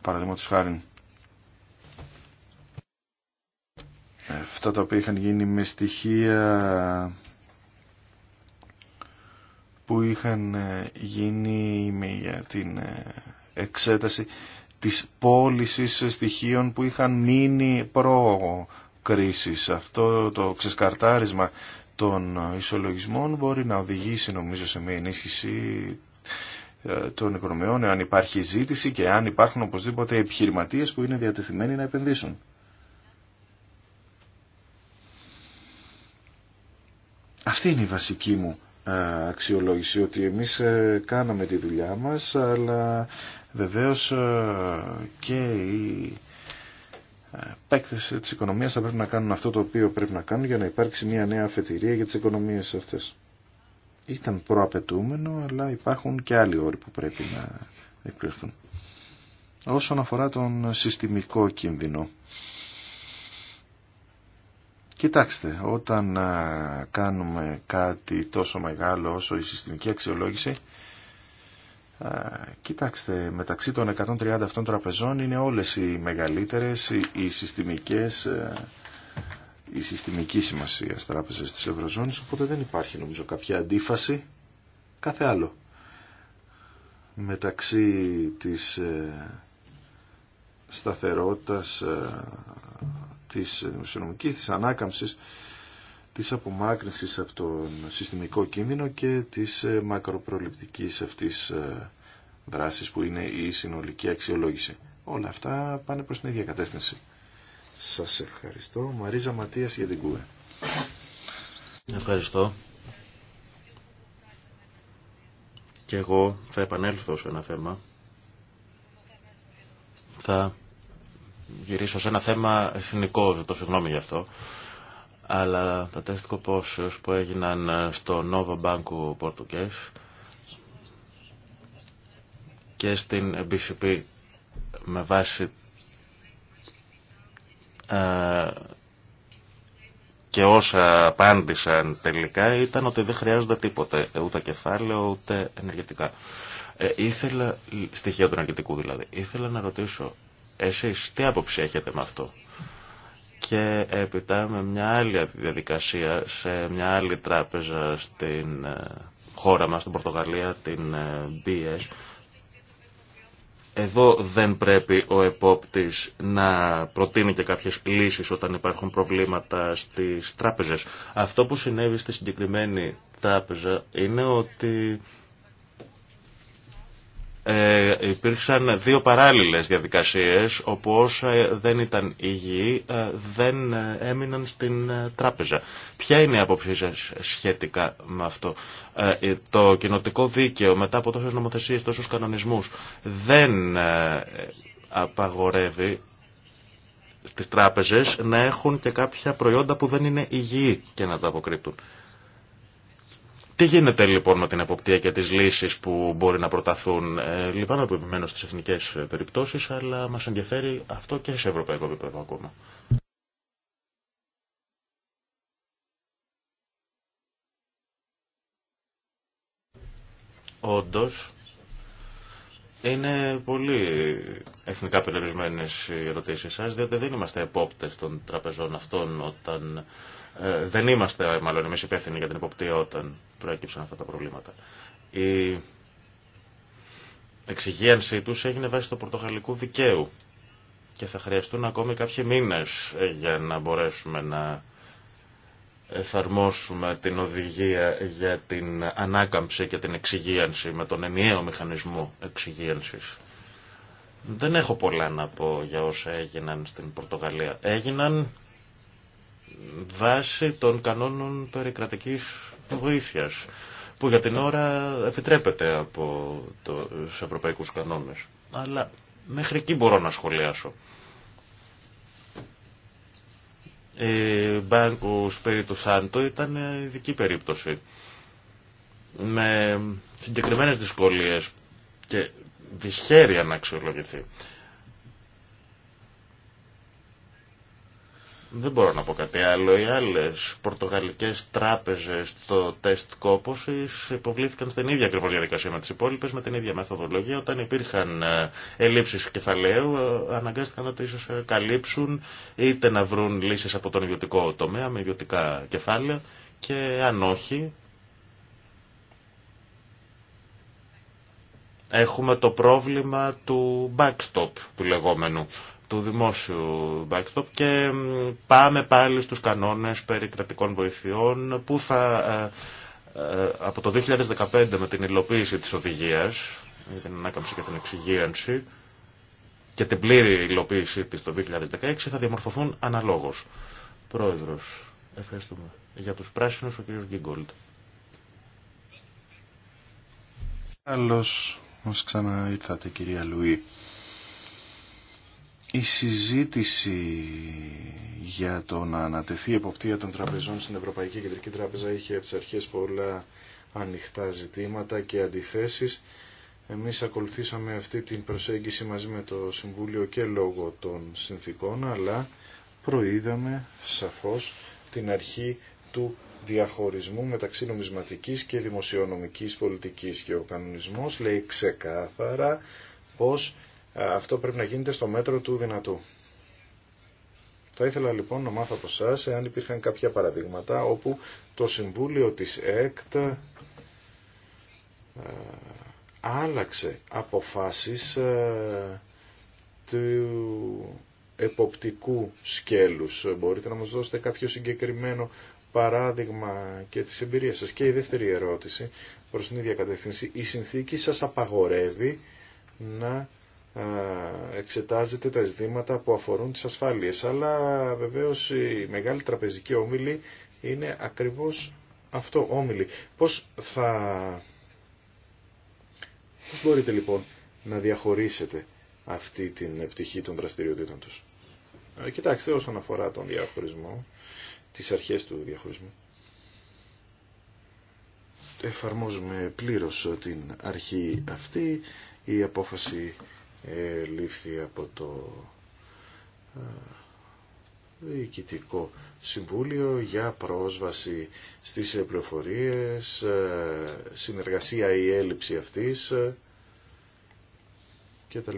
παραδείγματος χάρη, αυτά τα οποία είχαν γίνει με στοιχεία που είχαν ε, γίνει για την ε, εξέταση της πώληση στοιχείων που είχαν μείνει προ κρίσης. Αυτό το ξεσκαρτάρισμα των ισολογισμών μπορεί να οδηγήσει νομίζω σε μια ενίσχυση ε, των οικονομιών αν υπάρχει ζήτηση και αν υπάρχουν οπωσδήποτε επιχειρηματίες που είναι διατεθειμένοι να επενδύσουν. Αυτή είναι η βασική μου αξιολόγηση ότι εμείς ε, κάναμε τη δουλειά μας αλλά βεβαίως ε, και οι ε, παίκτες της οικονομίας θα πρέπει να κάνουν αυτό το οποίο πρέπει να κάνουν για να υπάρξει μια νέα αφετηρία για τις οικονομίες αυτές. Ήταν προαπαιτούμενο αλλά υπάρχουν και άλλοι όροι που πρέπει να εκπληκθούν Όσον αφορά τον συστημικό κίνδυνο Κοιτάξτε, όταν κάνουμε κάτι τόσο μεγάλο όσο η συστημική αξιολόγηση, κοιτάξτε, μεταξύ των 130 αυτών τραπεζών είναι όλες οι μεγαλύτερες, οι συστημικές, η συστημική σημασία τράπεζες της Ευρωζώνης, οπότε δεν υπάρχει νομίζω κάποια αντίφαση, κάθε άλλο, μεταξύ της ε, σταθερότητας ε, της ουσιονομικής, της ανάκαμψης, της απομάκρυνσης από τον συστημικό κίνδυνο και της ε, μακροπροληπτικής αυτής ε, δράσης που είναι η συνολική αξιολόγηση. Όλα αυτά πάνε προς την ίδια κατεύθυνση. Σας ευχαριστώ. Μαρίζα Ματίας για την ΚΟΕ. Ευχαριστώ. Και εγώ θα επανέλθω σε ένα θέμα. Θα γυρίσω σε ένα θέμα εθνικό, ζητώ συγγνώμη γι' αυτό, αλλά τα τεστ κοπόσεως που έγιναν στο Νόβο Banco Portugues και στην BCP με βάση ε, και όσα απάντησαν τελικά ήταν ότι δεν χρειάζονται τίποτε, ούτε κεφάλαιο ούτε ενεργετικά. Ε, ήθελα, στοιχεία του ενεργητικού δηλαδή, ήθελα να ρωτήσω εσείς τι άποψη έχετε με αυτό. Και έπειτα με μια άλλη διαδικασία σε μια άλλη τράπεζα στην ε, χώρα μας, στην Πορτογαλία, την ε, BS. Εδώ δεν πρέπει ο επόπτης να προτείνει και κάποιες λύσεις όταν υπάρχουν προβλήματα στις τράπεζες. Αυτό που συνέβη στη συγκεκριμένη τράπεζα είναι ότι ε, υπήρξαν δύο παράλληλες διαδικασίες όπου όσα δεν ήταν υγιή ε, δεν ε, έμειναν στην ε, τράπεζα. Ποια είναι η άποψή σχετικά με αυτό. το κοινοτικό δίκαιο μετά από τόσες νομοθεσίες, τόσους κανονισμούς δεν απαγορεύει στις τράπεζες να έχουν και κάποια προϊόντα που δεν είναι υγιή και να τα αποκρύπτουν. Τι γίνεται λοιπόν με την εποπτεία και τις λύσεις που μπορεί να προταθούν. Ε, λυπάμαι που επιμένω στις εθνικές ε, περιπτώσεις, αλλά μας ενδιαφέρει αυτό και σε ευρωπαϊκό επίπεδο ακόμα. Όντως, είναι πολύ εθνικά περιορισμένες οι ερωτήσεις σας, διότι δεν είμαστε επόπτες των τραπεζών αυτών όταν ε, δεν είμαστε μάλλον εμείς υπεύθυνοι για την υποπτία όταν προέκυψαν αυτά τα προβλήματα. Η εξυγίανσή τους έγινε βάσει του πορτογαλικού δικαίου και θα χρειαστούν ακόμη κάποιοι μήνες ε, για να μπορέσουμε να εφαρμόσουμε την οδηγία για την ανάκαμψη και την εξυγίανση με τον ενιαίο μηχανισμό εξυγίανσης. Δεν έχω πολλά να πω για όσα έγιναν στην Πορτογαλία. Έγιναν βάση των κανόνων περικρατικής βοήθειας που για την ώρα επιτρέπεται από τους ευρωπαϊκούς κανόνες. Αλλά μέχρι εκεί μπορώ να σχολιάσω. Η ε, Μπάνκους περί του Σάντο ήταν ειδική περίπτωση. Με συγκεκριμένες δυσκολίες και δυσχέρεια να αξιολογηθεί. Δεν μπορώ να πω κάτι άλλο. Οι άλλε πορτογαλικέ τράπεζε στο τεστ κόποση υποβλήθηκαν στην ίδια ακριβώ διαδικασία με τι υπόλοιπε, με την ίδια μεθοδολογία. Όταν υπήρχαν ε, ελλείψει κεφαλαίου, ε, αναγκάστηκαν να τι ε, καλύψουν είτε να βρουν λύσει από τον ιδιωτικό τομέα με ιδιωτικά κεφάλαια και αν όχι. Έχουμε το πρόβλημα του backstop του λεγόμενου του δημόσιου backstop και πάμε πάλι στους κανόνες περί κρατικών βοηθειών που θα ε, ε, από το 2015 με την υλοποίηση της οδηγίας για την ανάκαμψη και την εξυγίανση και την πλήρη υλοποίησή της το 2016 θα διαμορφωθούν αναλόγως. Πρόεδρος, ευχαριστούμε. Για τους πράσινους ο κύριος Γκίγκολτ. Καλώς μας ξανά ήρθατε κυρία Λουή. Η συζήτηση για το να ανατεθεί η εποπτεία των τραπεζών στην Ευρωπαϊκή Κεντρική Τράπεζα είχε από τις αρχές πολλά ανοιχτά ζητήματα και αντιθέσεις. Εμείς ακολουθήσαμε αυτή την προσέγγιση μαζί με το Συμβούλιο και λόγω των συνθήκων, αλλά προείδαμε σαφώς την αρχή του διαχωρισμού μεταξύ νομισματικής και δημοσιονομικής πολιτικής και ο κανονισμός λέει ξεκάθαρα πως ε, αυτό πρέπει να γίνεται στο μέτρο του δυνατού. Θα ήθελα λοιπόν να μάθω από εσά εάν υπήρχαν κάποια παραδείγματα όπου το Συμβούλιο της ΕΚΤ ε, άλλαξε αποφάσεις ε, του εποπτικού σκέλους. Μπορείτε να μας δώσετε κάποιο συγκεκριμένο παράδειγμα και τις εμπειρίας σας. Και η δεύτερη ερώτηση προς την ίδια κατεύθυνση. Η συνθήκη σας απαγορεύει να εξετάζεται τα ζητήματα που αφορούν τις ασφάλειες. Αλλά βεβαίως η μεγάλη τραπεζική όμιλη είναι ακριβώς αυτό, όμιλη. Πώς θα... Πώς μπορείτε λοιπόν να διαχωρίσετε αυτή την πτυχή των δραστηριοτήτων τους. Κοιτάξτε όσον αφορά τον διαχωρισμό, τις αρχές του διαχωρισμού. Εφαρμόζουμε πλήρως την αρχή αυτή, η απόφαση λήφθη από το ε, Διοικητικό Συμβούλιο για πρόσβαση στις πληροφορίες, ε, συνεργασία ή έλλειψη αυτής ε, κτλ.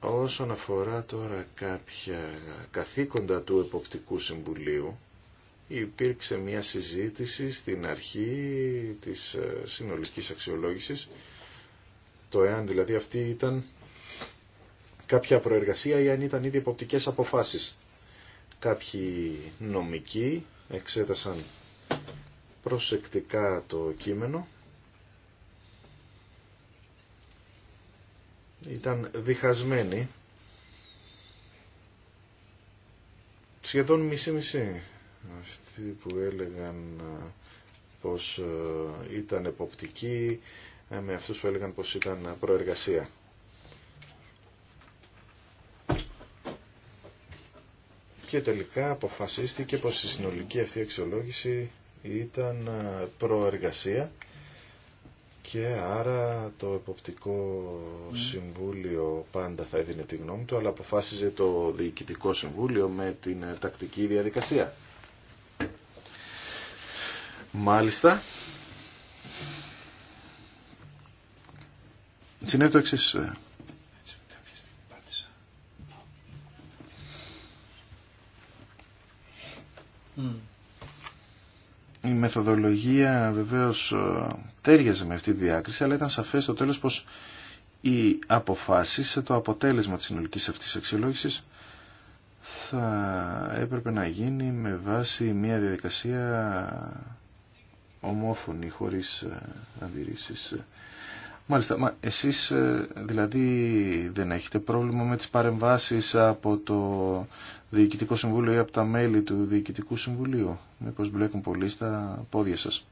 Όσον αφορά τώρα κάποια καθήκοντα του Εποπτικού Συμβουλίου, υπήρξε μια συζήτηση στην αρχή της συνολικής αξιολόγησης, το εάν δηλαδή αυτή ήταν κάποια προεργασία ή αν ήταν ήδη υποπτικές αποφάσεις. Κάποιοι νομικοί εξέτασαν προσεκτικά το κείμενο. Ήταν διχασμένοι. Σχεδόν μισή-μισή αυτοί που έλεγαν ε, πως ε, ήταν εποπτικοί ε, με αυτούς που έλεγαν πως ήταν προεργασία. και τελικά αποφασίστηκε πως η συνολική αυτή αξιολόγηση ήταν ε, προεργασία και άρα το Εποπτικό Συμβούλιο πάντα θα έδινε τη γνώμη του, αλλά αποφάσιζε το Διοικητικό Συμβούλιο με την ε, τακτική διαδικασία. Μάλιστα. Συνέβη το εξής ε, Η μεθοδολογία βεβαίως ε, τέριαζε με αυτή τη διάκριση, αλλά ήταν σαφές στο τέλος πως οι αποφάσει, σε το αποτέλεσμα της συνολικής αυτής αξιολόγησης θα έπρεπε να γίνει με βάση μια διαδικασία ομόφωνη, χωρίς ε, αντιρρήσεις. Μάλιστα, εσείς ε, δηλαδή δεν έχετε πρόβλημα με τις παρεμβάσεις από το Διοικητικό Συμβούλιο ή από τα μέλη του Διοικητικού Συμβουλίου. Μήπως μπλέκουν πολύ στα πόδια σας.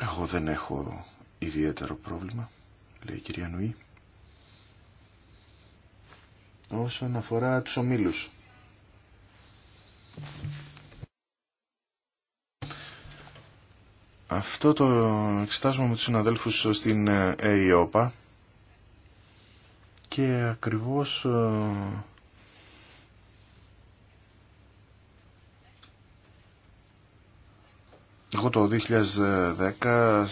Εγώ δεν έχω ιδιαίτερο πρόβλημα, λέει η κυρία Νουή. Όσον αφορά τους ομίλους. Αυτό το εξετάζουμε με τους συναδέλφους στην ε, ΕΙΟΠΑ και ακριβώς ε, εγώ το 2010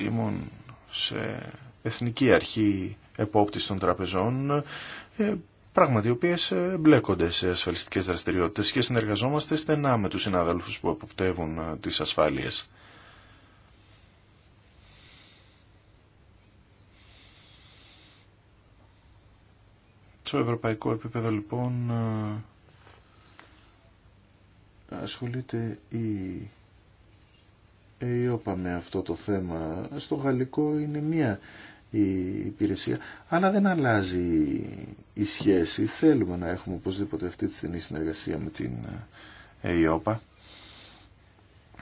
ήμουν σε Εθνική Αρχή Επόπτης των Τραπεζών ε, πράγματι οι οποίε μπλέκονται σε ασφαλιστικές δραστηριότητες και συνεργαζόμαστε στενά με τους συναδέλφους που εποπτεύουν τις ασφάλειες. Στο ευρωπαϊκό επίπεδο λοιπόν ε, ασχολείται η ΕΙΟΠΑ με αυτό το θέμα. Στο γαλλικό είναι μία η υπηρεσία, αλλά δεν αλλάζει η σχέση. Θέλουμε να έχουμε οπωσδήποτε αυτή τη στενή συνεργασία με την ΕΙΟΠΑ.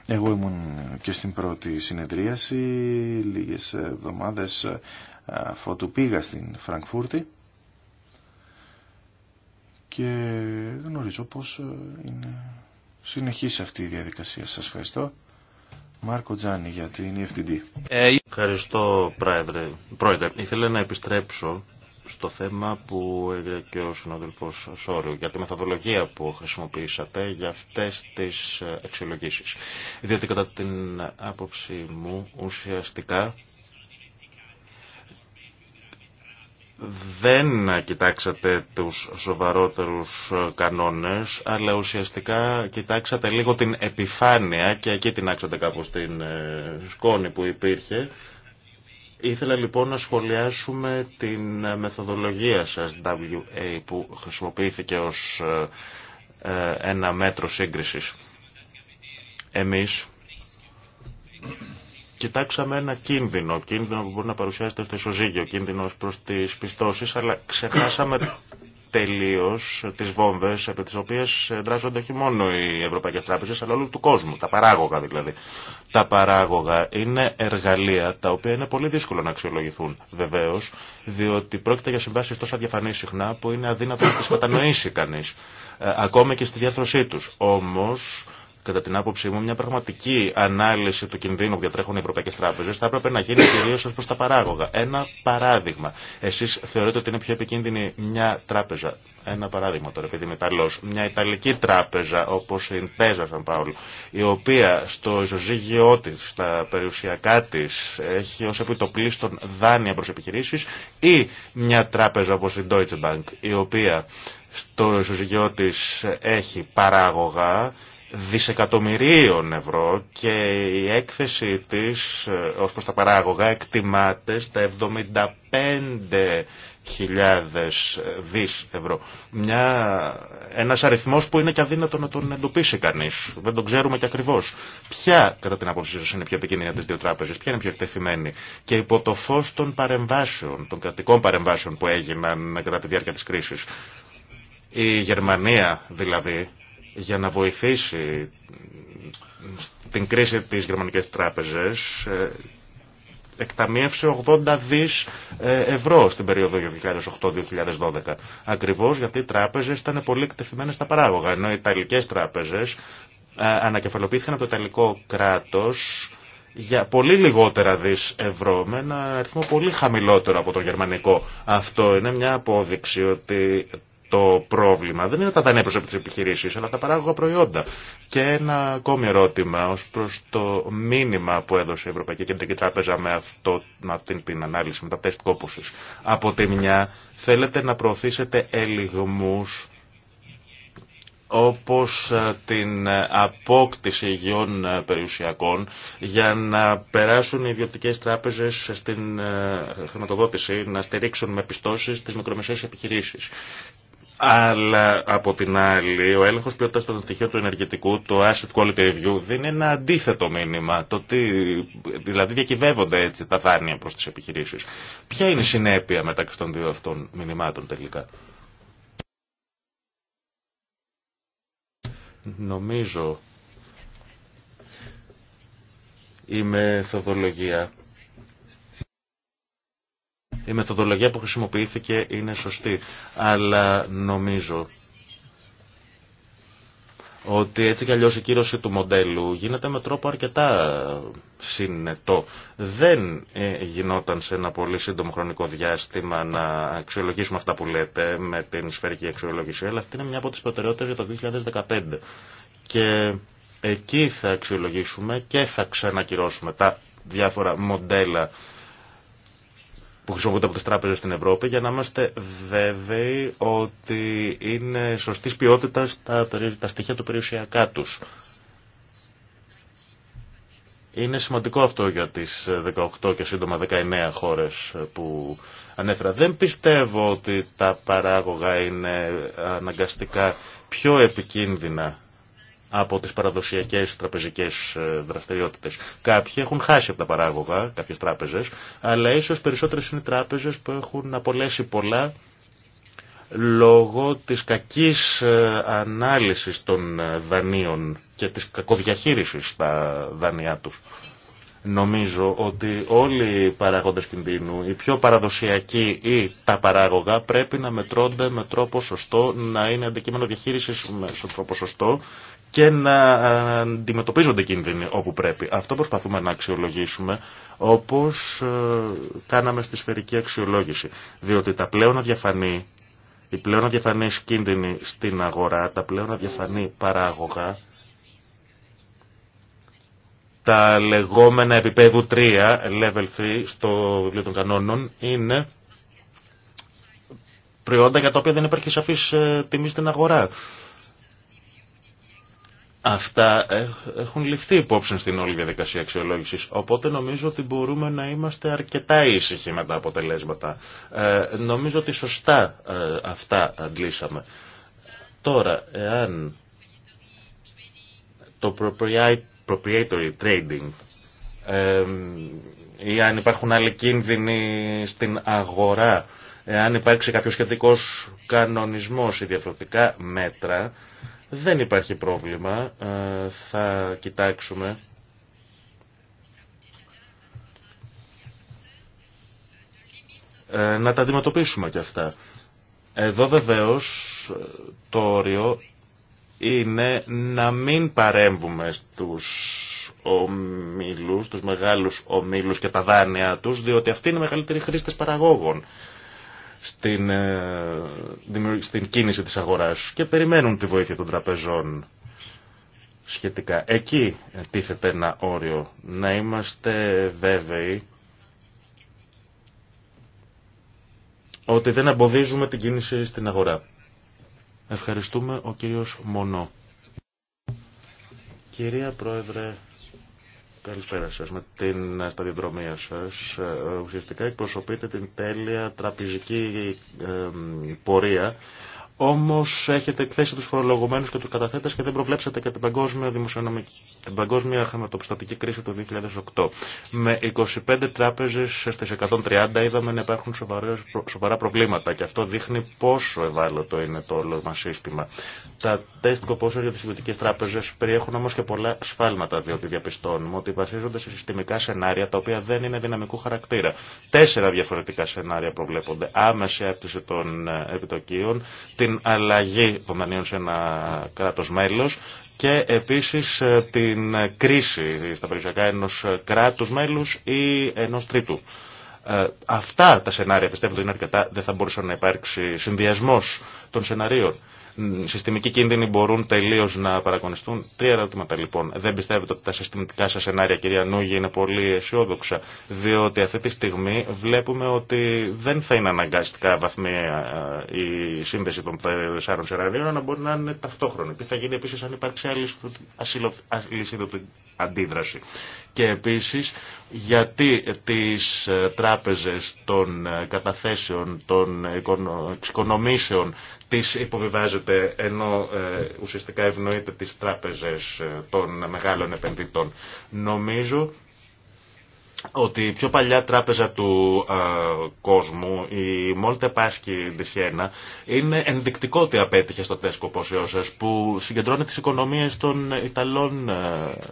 Εγώ ήμουν και στην πρώτη συνεδρίαση, λίγες εβδομάδες ε, του πήγα στην Φραγκφούρτη και γνωρίζω πως ε, είναι αυτή η διαδικασία. Σας ευχαριστώ. Μάρκο Τζάνι για την EFTD. Ε, ευχαριστώ πρόεδρε. πρόεδρε. Ήθελα να επιστρέψω στο θέμα που έγινε και ο συνοδελφός Σόριου για τη μεθοδολογία που χρησιμοποιήσατε για αυτές τις ε, αξιολογήσεις. Διότι κατά την άποψή μου ουσιαστικά δεν κοιτάξατε τους σοβαρότερους κανόνες, αλλά ουσιαστικά κοιτάξατε λίγο την επιφάνεια και εκεί την άξατε κάπως την ε, σκόνη που υπήρχε. Ήθελα λοιπόν να σχολιάσουμε την μεθοδολογία σας, WA, που χρησιμοποιήθηκε ως ε, ε, ένα μέτρο σύγκρισης. Εμείς κοιτάξαμε ένα κίνδυνο, κίνδυνο που μπορεί να παρουσιάζεται στο ισοζύγιο, κίνδυνο προ τι πιστώσει, αλλά ξεχάσαμε τελείω τι βόμβε επί τι οποίε δράζονται όχι μόνο οι ευρωπαϊκέ τράπεζε αλλά όλου του κόσμου. Τα παράγωγα δηλαδή. Τα παράγωγα είναι εργαλεία τα οποία είναι πολύ δύσκολο να αξιολογηθούν βεβαίω, διότι πρόκειται για συμβάσει τόσο αδιαφανεί συχνά που είναι αδύνατο να τι κατανοήσει κανεί. Ε, ακόμα και στη διάρθρωσή του. Όμω κατά την άποψή μου, μια πραγματική ανάλυση του κινδύνου που διατρέχουν οι ευρωπαϊκέ τράπεζε θα έπρεπε να γίνει κυρίω ω προ τα παράγωγα. Ένα παράδειγμα. Εσεί θεωρείτε ότι είναι πιο επικίνδυνη μια τράπεζα. Ένα παράδειγμα τώρα, επειδή είμαι Ιταλό. Μια Ιταλική τράπεζα, όπω η Τέζα Σαν Πάολο, η οποία στο ισοζύγιο τη, στα περιουσιακά τη, έχει ω επιτοπλίστων δάνεια προ επιχειρήσει, ή μια τράπεζα όπω η Deutsche Bank, η οποία στο ισοζυγιό τη έχει παράγωγα δισεκατομμυρίων ευρώ και η έκθεση της ε, ως προς τα παράγωγα εκτιμάται στα 75.000 ε, δις ευρώ. Μια, ένας αριθμός που είναι και αδύνατο να τον εντοπίσει κανείς. Δεν τον ξέρουμε και ακριβώς. Ποια, κατά την άποψή σας, είναι πιο επικίνδυνα τις δύο τράπεζες, ποια είναι πιο εκτεθειμένη. Και υπό το φως των παρεμβάσεων, των κρατικών παρεμβάσεων που έγιναν κατά τη διάρκεια της κρίσης, η Γερμανία δηλαδή, για να βοηθήσει την κρίση της γερμανικές τράπεζες εκταμείευσε 80 δις ε, ευρώ στην περίοδο 2008-2012. Ακριβώς γιατί οι τράπεζες ήταν πολύ εκτεθειμένες στα παράγωγα, ενώ οι Ιταλικές τράπεζες ε, ανακεφαλοποιήθηκαν από το Ιταλικό κράτος για πολύ λιγότερα δις ευρώ με ένα αριθμό πολύ χαμηλότερο από το γερμανικό. Αυτό είναι μια απόδειξη ότι το πρόβλημα δεν είναι τα δανεία προς τις επιχειρήσεις, αλλά τα παράγωγα προϊόντα. Και ένα ακόμη ερώτημα ως προς το μήνυμα που έδωσε η Ευρωπαϊκή Κεντρική Τράπεζα με, αυτό, με αυτή την ανάλυση, με τα τεστ κόπωσης. Από τη μια θέλετε να προωθήσετε ελιγμούς όπως ε, την απόκτηση υγιών ε, περιουσιακών για να περάσουν οι ιδιωτικές τράπεζες στην ε, χρηματοδότηση, να στηρίξουν με πιστώσεις τις μικρομεσαίες επιχειρήσεις αλλά από την άλλη, ο έλεγχο ποιότητα των στοιχείων του ενεργητικού, το asset quality review, δίνει ένα αντίθετο μήνυμα. Το ότι δηλαδή διακυβεύονται έτσι τα δάνεια προ τι επιχειρήσει. Ποια είναι η συνέπεια μεταξύ των δύο αυτών μηνυμάτων τελικά. Νομίζω η μεθοδολογία η μεθοδολογία που χρησιμοποιήθηκε είναι σωστή, αλλά νομίζω ότι έτσι κι αλλιώς η κύρωση του μοντέλου γίνεται με τρόπο αρκετά συνετό. Δεν ε, γινόταν σε ένα πολύ σύντομο χρονικό διάστημα να αξιολογήσουμε αυτά που λέτε με την σφαιρική αξιολόγηση, αλλά αυτή είναι μια από τις προτεραιότητες για το 2015. Και εκεί θα αξιολογήσουμε και θα ξανακυρώσουμε τα διάφορα μοντέλα που χρησιμοποιούνται από τις τράπεζες στην Ευρώπη για να είμαστε βέβαιοι ότι είναι σωστής ποιότητας τα, στοιχεία του περιουσιακά τους. Είναι σημαντικό αυτό για τις 18 και σύντομα 19 χώρες που ανέφερα. Δεν πιστεύω ότι τα παράγωγα είναι αναγκαστικά πιο επικίνδυνα από τις παραδοσιακές τραπεζικές ε, δραστηριότητες. Κάποιοι έχουν χάσει από τα παράγωγα, κάποιες τράπεζες, αλλά ίσως περισσότερες είναι οι τράπεζες που έχουν απολέσει πολλά λόγω της κακής ε, ανάλυσης των ε, δανείων και της κακοδιαχείρισης στα δανειά τους. Νομίζω ότι όλοι οι παράγοντες κινδύνου, οι πιο παραδοσιακοί ή τα παράγωγα, πρέπει να μετρώνται με τρόπο σωστό, να είναι αντικείμενο διαχείρισης με τρόπο σωστό και να ε, αντιμετωπίζονται κίνδυνοι όπου πρέπει. Αυτό προσπαθούμε να αξιολογήσουμε όπως ε, κάναμε στη σφαιρική αξιολόγηση. Διότι τα πλέον αδιαφανή, οι πλέον αδιαφανείς κίνδυνοι στην αγορά, τα πλέον αδιαφανή παράγωγα, τα λεγόμενα επίπεδου 3, level 3 στο βιβλίο των κανόνων, είναι προϊόντα για τα οποία δεν υπάρχει σαφής ε, τιμή στην αγορά. Αυτά έχουν ληφθεί υπόψη στην όλη διαδικασία αξιολόγησης, οπότε νομίζω ότι μπορούμε να είμαστε αρκετά ήσυχοι με τα αποτελέσματα. Ε, νομίζω ότι σωστά ε, αυτά αντλήσαμε. Τώρα, εάν το proprietary trading ε, ή αν υπάρχουν άλλοι κίνδυνοι στην αγορά, εάν υπάρξει κάποιο σχετικός κανονισμός ή διαφορετικά μέτρα, δεν υπάρχει πρόβλημα. Ε, θα κοιτάξουμε. Ε, να τα αντιμετωπίσουμε και αυτά. Εδώ βεβαίως ε, το όριο είναι να μην παρέμβουμε στους ομίλους, τους μεγάλους ομίλους και τα δάνεια τους, διότι αυτοί είναι οι μεγαλύτεροι χρήστες παραγόγων στην, ε, στην κίνηση της αγοράς και περιμένουν τη βοήθεια των τραπεζών σχετικά. Εκεί τίθεται ένα όριο. Να είμαστε βέβαιοι ότι δεν εμποδίζουμε την κίνηση στην αγορά. Ευχαριστούμε ο κύριος Μονό. Κυρία Πρόεδρε, Καλησπέρα σας. Με την σταδιοδρομία σας ε, ουσιαστικά εκπροσωπείτε την τέλεια τραπεζική ε, πορεία όμως έχετε εκθέσει τους φορολογουμένους και τους καταθέτες και δεν προβλέψατε και την παγκόσμια, δημοσιονομική, την παγκόσμια χρηματοπιστωτική κρίση του 2008. Με 25 τράπεζες στις 130 είδαμε να υπάρχουν σοβαρά προβλήματα και αυτό δείχνει πόσο ευάλωτο είναι το όλο μας σύστημα. Τα τεστ κοπόσεως για τις ιδιωτικές τράπεζες περιέχουν όμως και πολλά σφάλματα διότι διαπιστώνουμε ότι βασίζονται σε συστημικά σενάρια τα οποία δεν είναι δυναμικού χαρακτήρα. Τέσσερα διαφορετικά σενάρια προβλέπονται. Άμεση των ε, επιτοκίων, την αλλαγή των δανείων σε ένα κράτος μέλος και επίσης ε, την κρίση στα περιουσιακά ενός κράτους μέλους ή ενός τρίτου. Ε, αυτά τα σενάρια πιστεύω ότι είναι αρκετά, δεν θα μπορούσε να υπάρξει συνδυασμός των σενάριων συστημικοί κίνδυνοι μπορούν τελείω να παρακονιστούν. Τρία ερωτήματα λοιπόν. Δεν πιστεύετε ότι τα συστημικά σα σενάρια, κυρία Νούγη, είναι πολύ αισιόδοξα, διότι αυτή τη στιγμή βλέπουμε ότι δεν θα είναι αναγκαστικά βαθμία η σύνδεση των τεσσάρων σενάριων, αλλά μπορεί να είναι ταυτόχρονη. Τι θα γίνει επίση αν υπάρξει άλλη αντίδραση και επίσης γιατί τις ε, τράπεζες των ε, καταθέσεων, των εξοικονομήσεων τις υποβιβάζεται ενώ ε, ουσιαστικά ευνοείται τις τράπεζες των μεγάλων επενδυτών. Νομίζω ότι η πιο παλιά τράπεζα του ε, κόσμου, η Μόλτε Πάσκι Ντισιένα, είναι ενδεικτικό ότι απέτυχε στο τέσκο ποσιώσες που συγκεντρώνει τις οικονομίες των Ιταλών ε,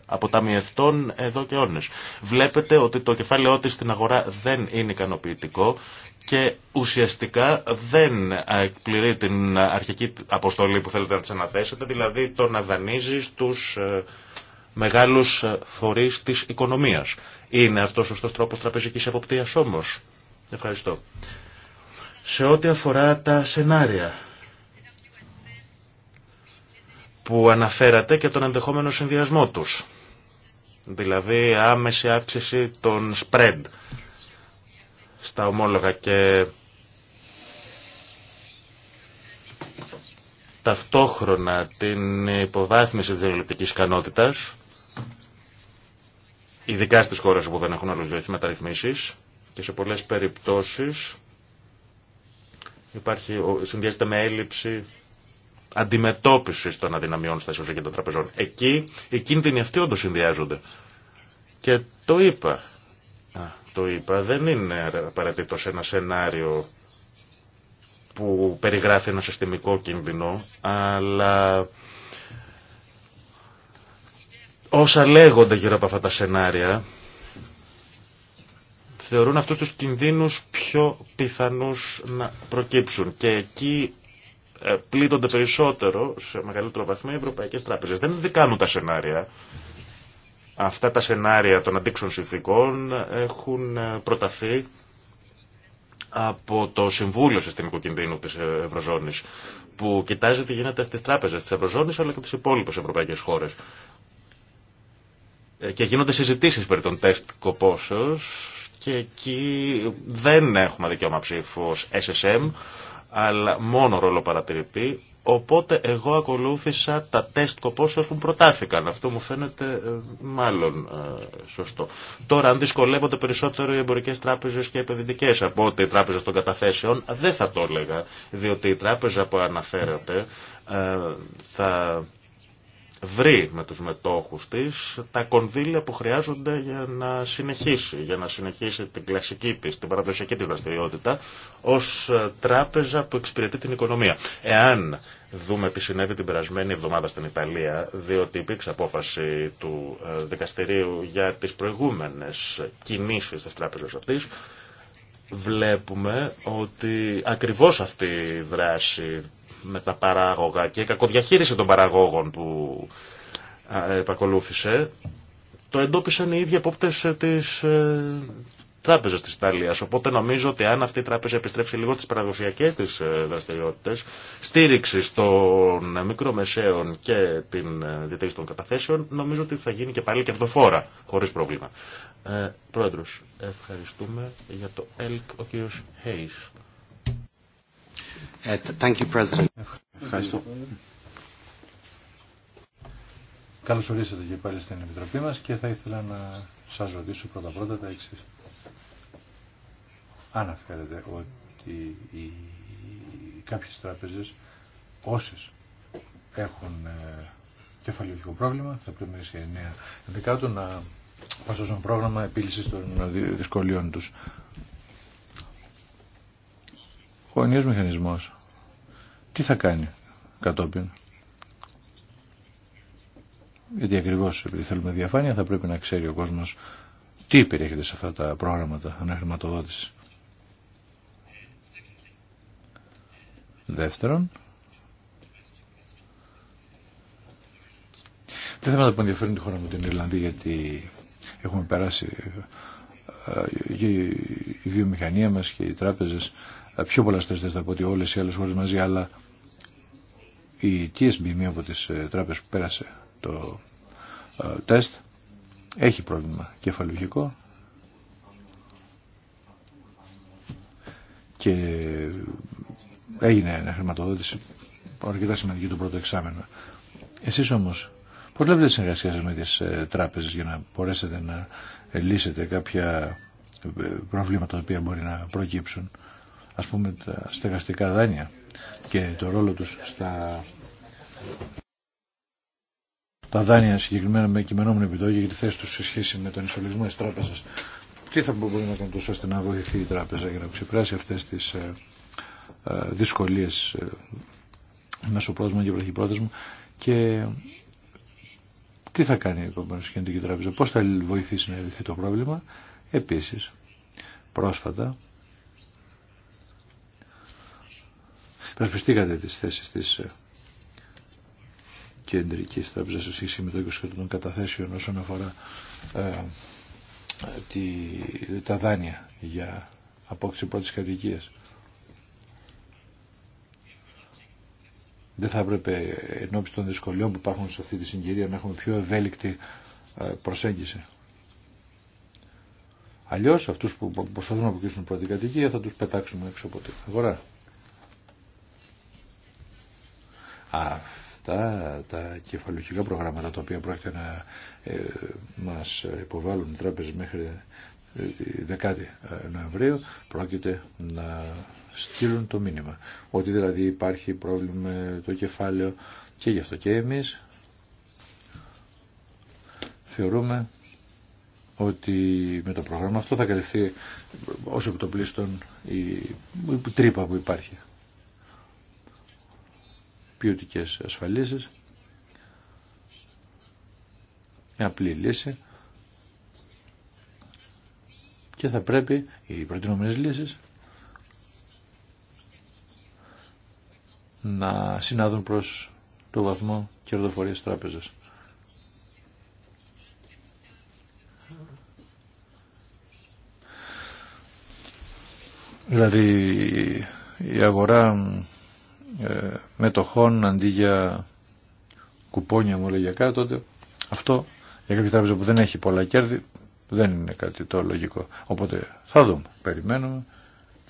αποταμιευτών εδώ και αιώνες. Βλέπετε ότι το κεφάλαιό της στην αγορά δεν είναι ικανοποιητικό και ουσιαστικά δεν εκπληρεί την αρχική αποστολή που θέλετε να της αναθέσετε, δηλαδή το να δανείζει μεγάλους φορείς της οικονομίας. Είναι αυτός ο σωστός τρόπος τραπεζικής εποπτείας όμως. Ευχαριστώ. Σε ό,τι αφορά τα σενάρια που αναφέρατε και τον ενδεχόμενο συνδυασμό τους, δηλαδή άμεση αύξηση των spread στα ομόλογα και ταυτόχρονα την υποβάθμιση της ελληνικής ικανότητας ειδικά στις χώρες που δεν έχουν ολοκληρωθεί μεταρρυθμίσεις και σε πολλές περιπτώσεις υπάρχει, συνδυάζεται με έλλειψη αντιμετώπισης των αδυναμιών στα ισοζύγια των τραπεζών. Εκεί οι κίνδυνοι αυτοί όντως συνδυάζονται. Και το είπα, Α, το είπα, δεν είναι απαραίτητο ένα σενάριο που περιγράφει ένα συστημικό κίνδυνο, αλλά όσα λέγονται γύρω από αυτά τα σενάρια θεωρούν αυτούς τους κινδύνους πιο πιθανούς να προκύψουν και εκεί ε, πλήττονται περισσότερο σε μεγαλύτερο βαθμό οι ευρωπαϊκές τράπεζες. Δεν δικάνουν τα σενάρια. Αυτά τα σενάρια των αντίξεων συνθήκων έχουν ε, προταθεί από το Συμβούλιο Συστημικού Κινδύνου της Ευρωζώνης που κοιτάζει τι γίνεται στις τράπεζες της Ευρωζώνης αλλά και τις υπόλοιπες ευρωπαϊκές χώρες. Ε, και γίνονται συζητήσεις περί των τεστ κοπόσεως και εκεί δεν έχουμε δικαίωμα ψήφου SSM αλλά μόνο ρόλο παρατηρητή οπότε εγώ ακολούθησα τα τεστ κοπόσεως που προτάθηκαν αυτό μου φαίνεται ε, μάλλον ε, σωστό. Τώρα αν δυσκολεύονται περισσότερο οι εμπορικές τράπεζες και επενδυτικές από ότι οι τράπεζες των καταθέσεων δεν θα το έλεγα διότι η τράπεζα που αναφέρατε θα βρει με τους μετόχους της τα κονδύλια που χρειάζονται για να συνεχίσει, για να συνεχίσει την κλασική της, την παραδοσιακή της δραστηριότητα ως ε, τράπεζα που εξυπηρετεί την οικονομία. Εάν δούμε τι συνέβη την περασμένη εβδομάδα στην Ιταλία, διότι υπήρξε απόφαση του ε, δικαστηρίου για τις προηγούμενες κινήσεις της τράπεζας αυτής, βλέπουμε ότι ακριβώς αυτή η δράση με τα παράγωγα και η κακοδιαχείριση των παραγόγων που επακολούθησε, το εντόπισαν οι ίδιοι απόπτες της ε, τράπεζας της Ιταλίας. Οπότε νομίζω ότι αν αυτή η τράπεζα επιστρέψει λίγο στις παραδοσιακές της ε, δραστηριότητες, στήριξη των μικρομεσαίων και την ε, διατήρηση των καταθέσεων, νομίζω ότι θα γίνει και πάλι κερδοφόρα, χωρίς πρόβλημα. Ε, πρόεδρος, ευχαριστούμε για το ΕΛΚ ο κύριος Χέις. Ε, Ευχαριστώ. Καλώς ορίσατε και πάλι στην Επιτροπή μας και θα ήθελα να σας ρωτήσω πρώτα-πρώτα τα εξή. Αναφέρετε ότι οι, κάποιες τράπεζες, όσες έχουν ε, πρόβλημα, θα πρέπει σε 9 του να πάσουν πρόγραμμα επίλυσης των δυσκολιών τους ο οι μηχανισμός τι θα κάνει κατόπιν. Γιατί ακριβώς επειδή θέλουμε διαφάνεια θα πρέπει να ξέρει ο κόσμος τι περιέχεται σε αυτά τα πρόγραμματα αναχρηματοδότησης. Δεύτερον, δεν θέματα που ενδιαφέρουν τη χώρα μου την Ιρλανδία γιατί έχουμε περάσει ε, ε, η βιομηχανία μας και οι τράπεζες ε, πιο πολλά θα από ότι όλες οι άλλες χώρες μαζί, αλλά η TSB, μία από τις ε, τράπεζες που πέρασε το ε, τεστ, έχει πρόβλημα κεφαλουχικό και έγινε ένα χρηματοδότηση αρκετά σημαντική του πρώτο εξάμενα. Εσείς όμως πώς βλέπετε τη συνεργασία σας με τις τράπεζες για να μπορέσετε να λύσετε κάποια προβλήματα τα οποία μπορεί να προκύψουν. Ας πούμε τα στεγαστικά δάνεια και το ρόλο τους στα τα δάνεια συγκεκριμένα με κειμενόμενο επιτόκιο για τη θέση τους σε σχέση με τον ισολογισμό της τράπεζας. Τι θα μπορεί να κάνει τόσο ώστε να βοηθεί η τράπεζα για να ξεπεράσει αυτές τις ε, ε, δυσκολίες ε, πρόσμα και βραχυπρόθεσμα και τι θα κάνει η Κεντρική Τράπεζα, πώς θα βοηθήσει να λυθεί το πρόβλημα Επίσης, πρόσφατα Πρασπιστήκατε τις θέσεις της ε, κεντρικής τράπεζας σχέση με το 20% των καταθέσεων όσον αφορά ε, τα δάνεια για απόκτηση πρώτης κατοικίας. Δεν θα έπρεπε ενώπιση των δυσκολιών που υπάρχουν σε αυτή τη συγκυρία να έχουμε πιο ευέλικτη ε, προσέγγιση. Αλλιώ αυτούς που προσπαθούν να αποκτήσουν πρώτη κατοικία θα τους πετάξουμε έξω από την αγορά. Αυτά τα κεφαλουχικά προγράμματα τα οποία πρόκειται να ε, μας υποβάλουν οι τράπεζες μέχρι ε, 10 ε, Νοεμβρίου πρόκειται να στείλουν το μήνυμα. Ότι δηλαδή υπάρχει πρόβλημα με το κεφάλαιο και γι' αυτό και εμείς θεωρούμε ότι με το πρόγραμμα αυτό θα καλυφθεί όσο επί το πλήστον η, τρύπα που υπάρχει. Ποιοτικέ ασφαλίσεις, μια απλή λύση και θα πρέπει οι προτινόμενες λύσει να συνάδουν προς το βαθμό κερδοφορίας τράπεζας. Δηλαδή η αγορά ε, μετοχών αντί για κουπόνια μου τότε αυτό για κάποια τράπεζα που δεν έχει πολλά κέρδη δεν είναι κάτι το λογικό. Οπότε θα δούμε. Περιμένουμε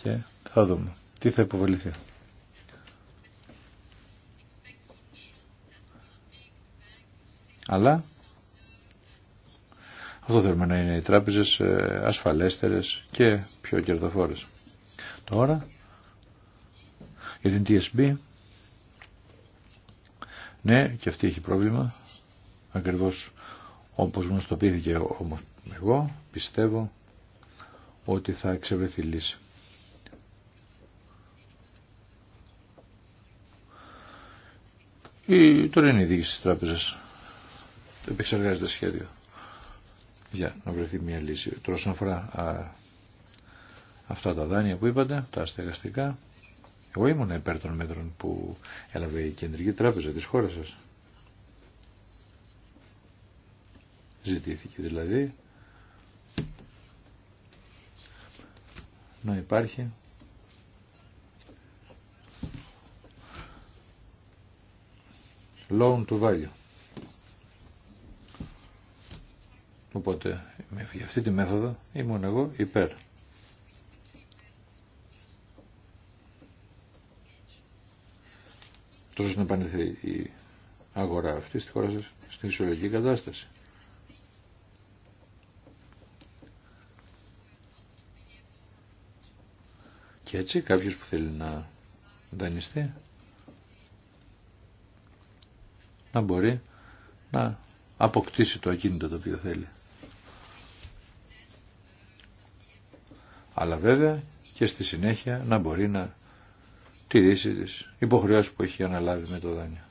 και θα δούμε. Τι θα υποβληθεί. Αλλά αυτό θέλουμε να είναι οι τράπεζες ε, ασφαλέστερες και πιο κερδοφόρες τώρα για την TSB. Ναι, και αυτή έχει πρόβλημα. Ακριβώς όπως γνωστοποιήθηκε όμως εγώ πιστεύω ότι θα εξευρεθεί λύση. Η, τώρα είναι η διοίκηση της τράπεζας. Επεξεργάζεται σχέδιο για να βρεθεί μια λύση. Τώρα αφορά αυτά τα δάνεια που είπατε, τα αστεγαστικά Εγώ ήμουν υπέρ των μέτρων που έλαβε η Κεντρική Τράπεζα της χώρας σας. Ζητήθηκε δηλαδή να υπάρχει loan to value. Οπότε με αυτή τη μέθοδο ήμουν εγώ υπέρ. τόσο να επανέλθει η αγορά αυτή στη χώρα σας στην ισολογική κατάσταση. Και έτσι κάποιος που θέλει να δανειστεί να μπορεί να αποκτήσει το ακίνητο το οποίο θέλει. Αλλά βέβαια και στη συνέχεια να μπορεί να ρίση της υποχρεώσεις που έχει αναλάβει με το δάνειο.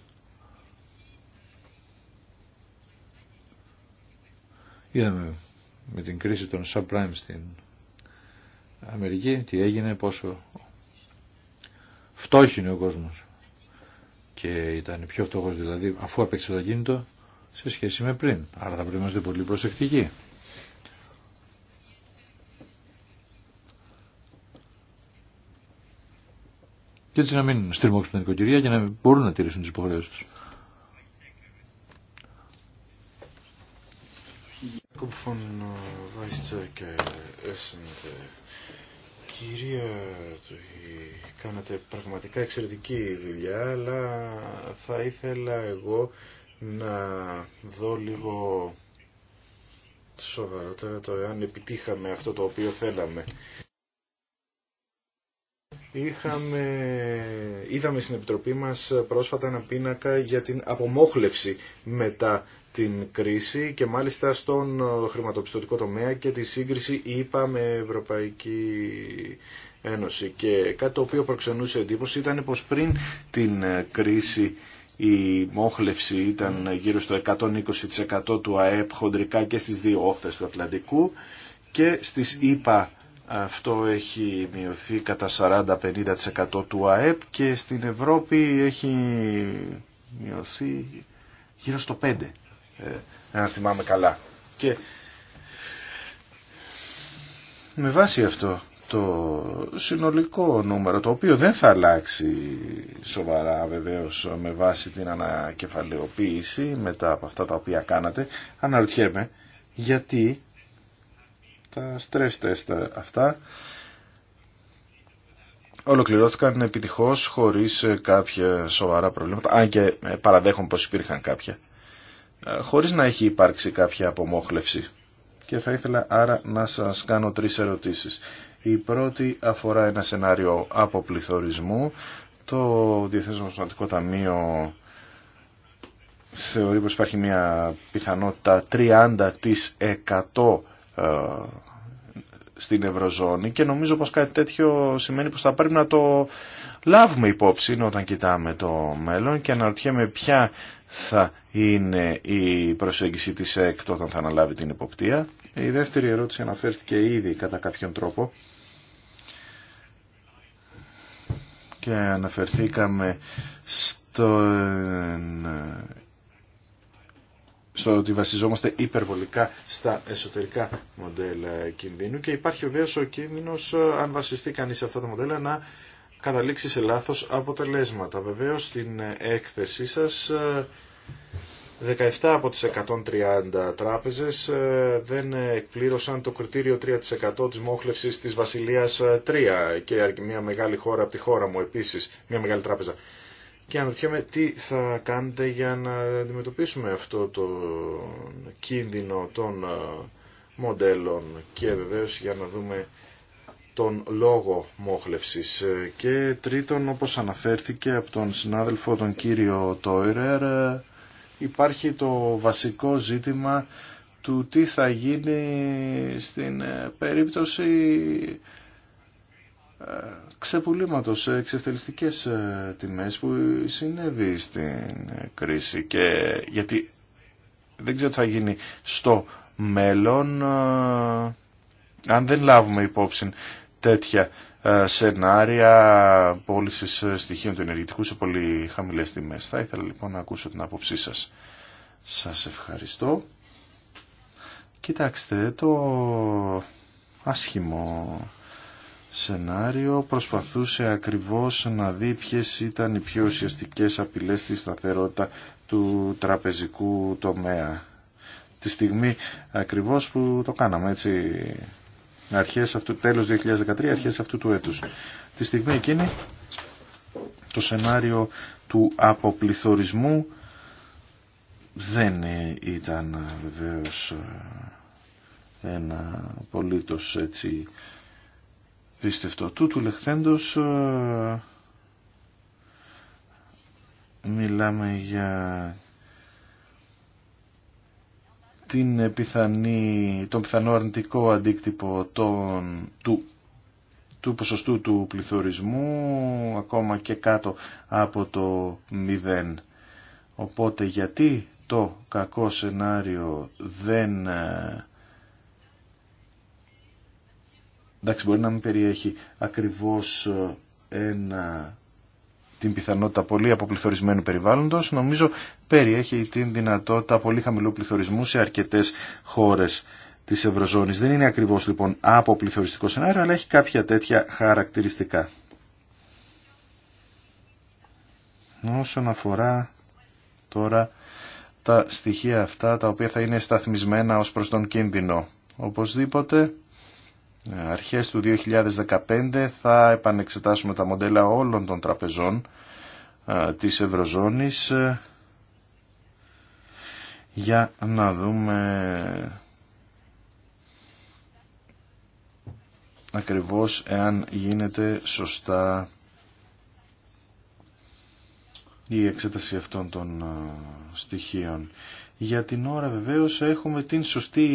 Είδαμε με την κρίση των subprime στην Αμερική τι έγινε, πόσο φτώχινε ο κόσμος και ήταν πιο φτωχός δηλαδή αφού έπαιξε το κίνητο σε σχέση με πριν. Άρα θα πρέπει να είμαστε πολύ προσεκτικοί. Και έτσι να μην στριμώξουν την οικογένεια για να μπορούν να τηρήσουν τις υποχρεώσεις τους. Κυρία, κάνατε πραγματικά εξαιρετική δουλειά, αλλά θα ήθελα εγώ να δω λίγο σοβαρότερα το εάν επιτύχαμε αυτό το οποίο θέλαμε. Είχαμε, είδαμε στην Επιτροπή μας πρόσφατα ένα πίνακα για την απομόχλευση μετά την κρίση και μάλιστα στον χρηματοπιστωτικό τομέα και τη σύγκριση ΙΠΑ με Ευρωπαϊκή Ένωση. Και κάτι το οποίο προξενούσε εντύπωση ήταν πως πριν την κρίση η μόχλευση ήταν γύρω στο 120% του ΑΕΠ χοντρικά και στις δύο όχθες του Ατλαντικού και στις ΙΠΑ αυτό έχει μειωθεί κατά 40-50% του ΑΕΠ και στην Ευρώπη έχει μειωθεί γύρω στο 5%. Ε, αν θυμάμαι καλά. Και με βάση αυτό το συνολικό νούμερο, το οποίο δεν θα αλλάξει σοβαρά βεβαίως με βάση την ανακεφαλαιοποίηση μετά από αυτά τα οποία κάνατε, αναρωτιέμαι γιατί τα stress test αυτά ολοκληρώθηκαν επιτυχώς χωρίς ε, κάποια σοβαρά προβλήματα, αν και ε, παραδέχομαι πως υπήρχαν κάποια, ε, χωρίς να έχει υπάρξει κάποια απομόχλευση. Και θα ήθελα άρα να σας κάνω τρεις ερωτήσεις. Η πρώτη αφορά ένα σενάριο αποπληθωρισμού. Το Διεθνές Νομισματικό Ταμείο θεωρεί πως υπάρχει μια πιθανότητα 30% ε, στην Ευρωζώνη και νομίζω πως κάτι τέτοιο σημαίνει πως θα πρέπει να το λάβουμε υπόψη όταν κοιτάμε το μέλλον και αναρωτιέμαι ποια θα είναι η προσέγγιση της ΕΚ όταν θα αναλάβει την υποπτία. Η δεύτερη ερώτηση αναφέρθηκε ήδη κατά κάποιον τρόπο και αναφερθήκαμε στον στο ότι βασιζόμαστε υπερβολικά στα εσωτερικά μοντέλα κινδύνου και υπάρχει βέβαια ο κίνδυνος ε, αν βασιστεί κανείς σε αυτά τα μοντέλα να καταλήξει σε λάθος αποτελέσματα. Βεβαίως στην έκθεσή σας 17 ε, από τις 130 τράπεζες ε, δεν εκπλήρωσαν το κριτήριο 3% της μόχλευσης της Βασιλείας 3 και μια μεγάλη χώρα από τη χώρα μου επίσης, μια μεγάλη τράπεζα και αναρωτιέμαι τι θα κάνετε για να αντιμετωπίσουμε αυτό το κίνδυνο των ε, μοντέλων και βεβαίως για να δούμε τον λόγο μόχλευσης. Ε, και τρίτον, όπως αναφέρθηκε από τον συνάδελφο τον κύριο Τόιρερ, ε, υπάρχει το βασικό ζήτημα του τι θα γίνει στην περίπτωση ε, ξεπουλήματος, εξευτελιστικές ε, τιμές που συνέβη στην κρίση και γιατί δεν ξέρω τι θα γίνει στο μέλλον ε, αν δεν λάβουμε υπόψη τέτοια σενάρια πώληση στοιχείων του ενεργητικού σε πολύ χαμηλές τιμές. Θα ήθελα λοιπόν να ακούσω την άποψή σας. Σας ευχαριστώ. Κοιτάξτε, το άσχημο σενάριο προσπαθούσε ακριβώς να δει ποιες ήταν οι πιο ουσιαστικές απειλές στη σταθερότητα του τραπεζικού τομέα. Τη στιγμή ακριβώς που το κάναμε έτσι αρχές αυτού, τέλος 2013, αρχές αυτού του έτους. Τη στιγμή εκείνη το σενάριο του αποπληθωρισμού δεν ήταν βεβαίως ένα πολύτος έτσι του του λεχθέντος ε, μιλάμε για την επιθανή, τον πιθανό αρνητικό αντίκτυπο των, του, του ποσοστού του πληθωρισμού ακόμα και κάτω από το 0. Οπότε γιατί το κακό σενάριο δεν ε, εντάξει μπορεί να μην περιέχει ακριβώς ε, ένα, την πιθανότητα πολύ αποπληθωρισμένου περιβάλλοντος, νομίζω περιέχει την δυνατότητα πολύ χαμηλού πληθωρισμού σε αρκετές χώρες της Ευρωζώνης. Δεν είναι ακριβώς λοιπόν αποπληθωριστικό σενάριο, αλλά έχει κάποια τέτοια χαρακτηριστικά. Όσον αφορά τώρα τα στοιχεία αυτά τα οποία θα είναι σταθμισμένα ως προς τον κίνδυνο. Οπωσδήποτε αρχές του 2015 θα επανεξετάσουμε τα μοντέλα όλων των τραπεζών της Ευρωζώνης για να δούμε ακριβώς εάν γίνεται σωστά η εξέταση αυτών των στοιχείων. Για την ώρα βεβαίως έχουμε την σωστή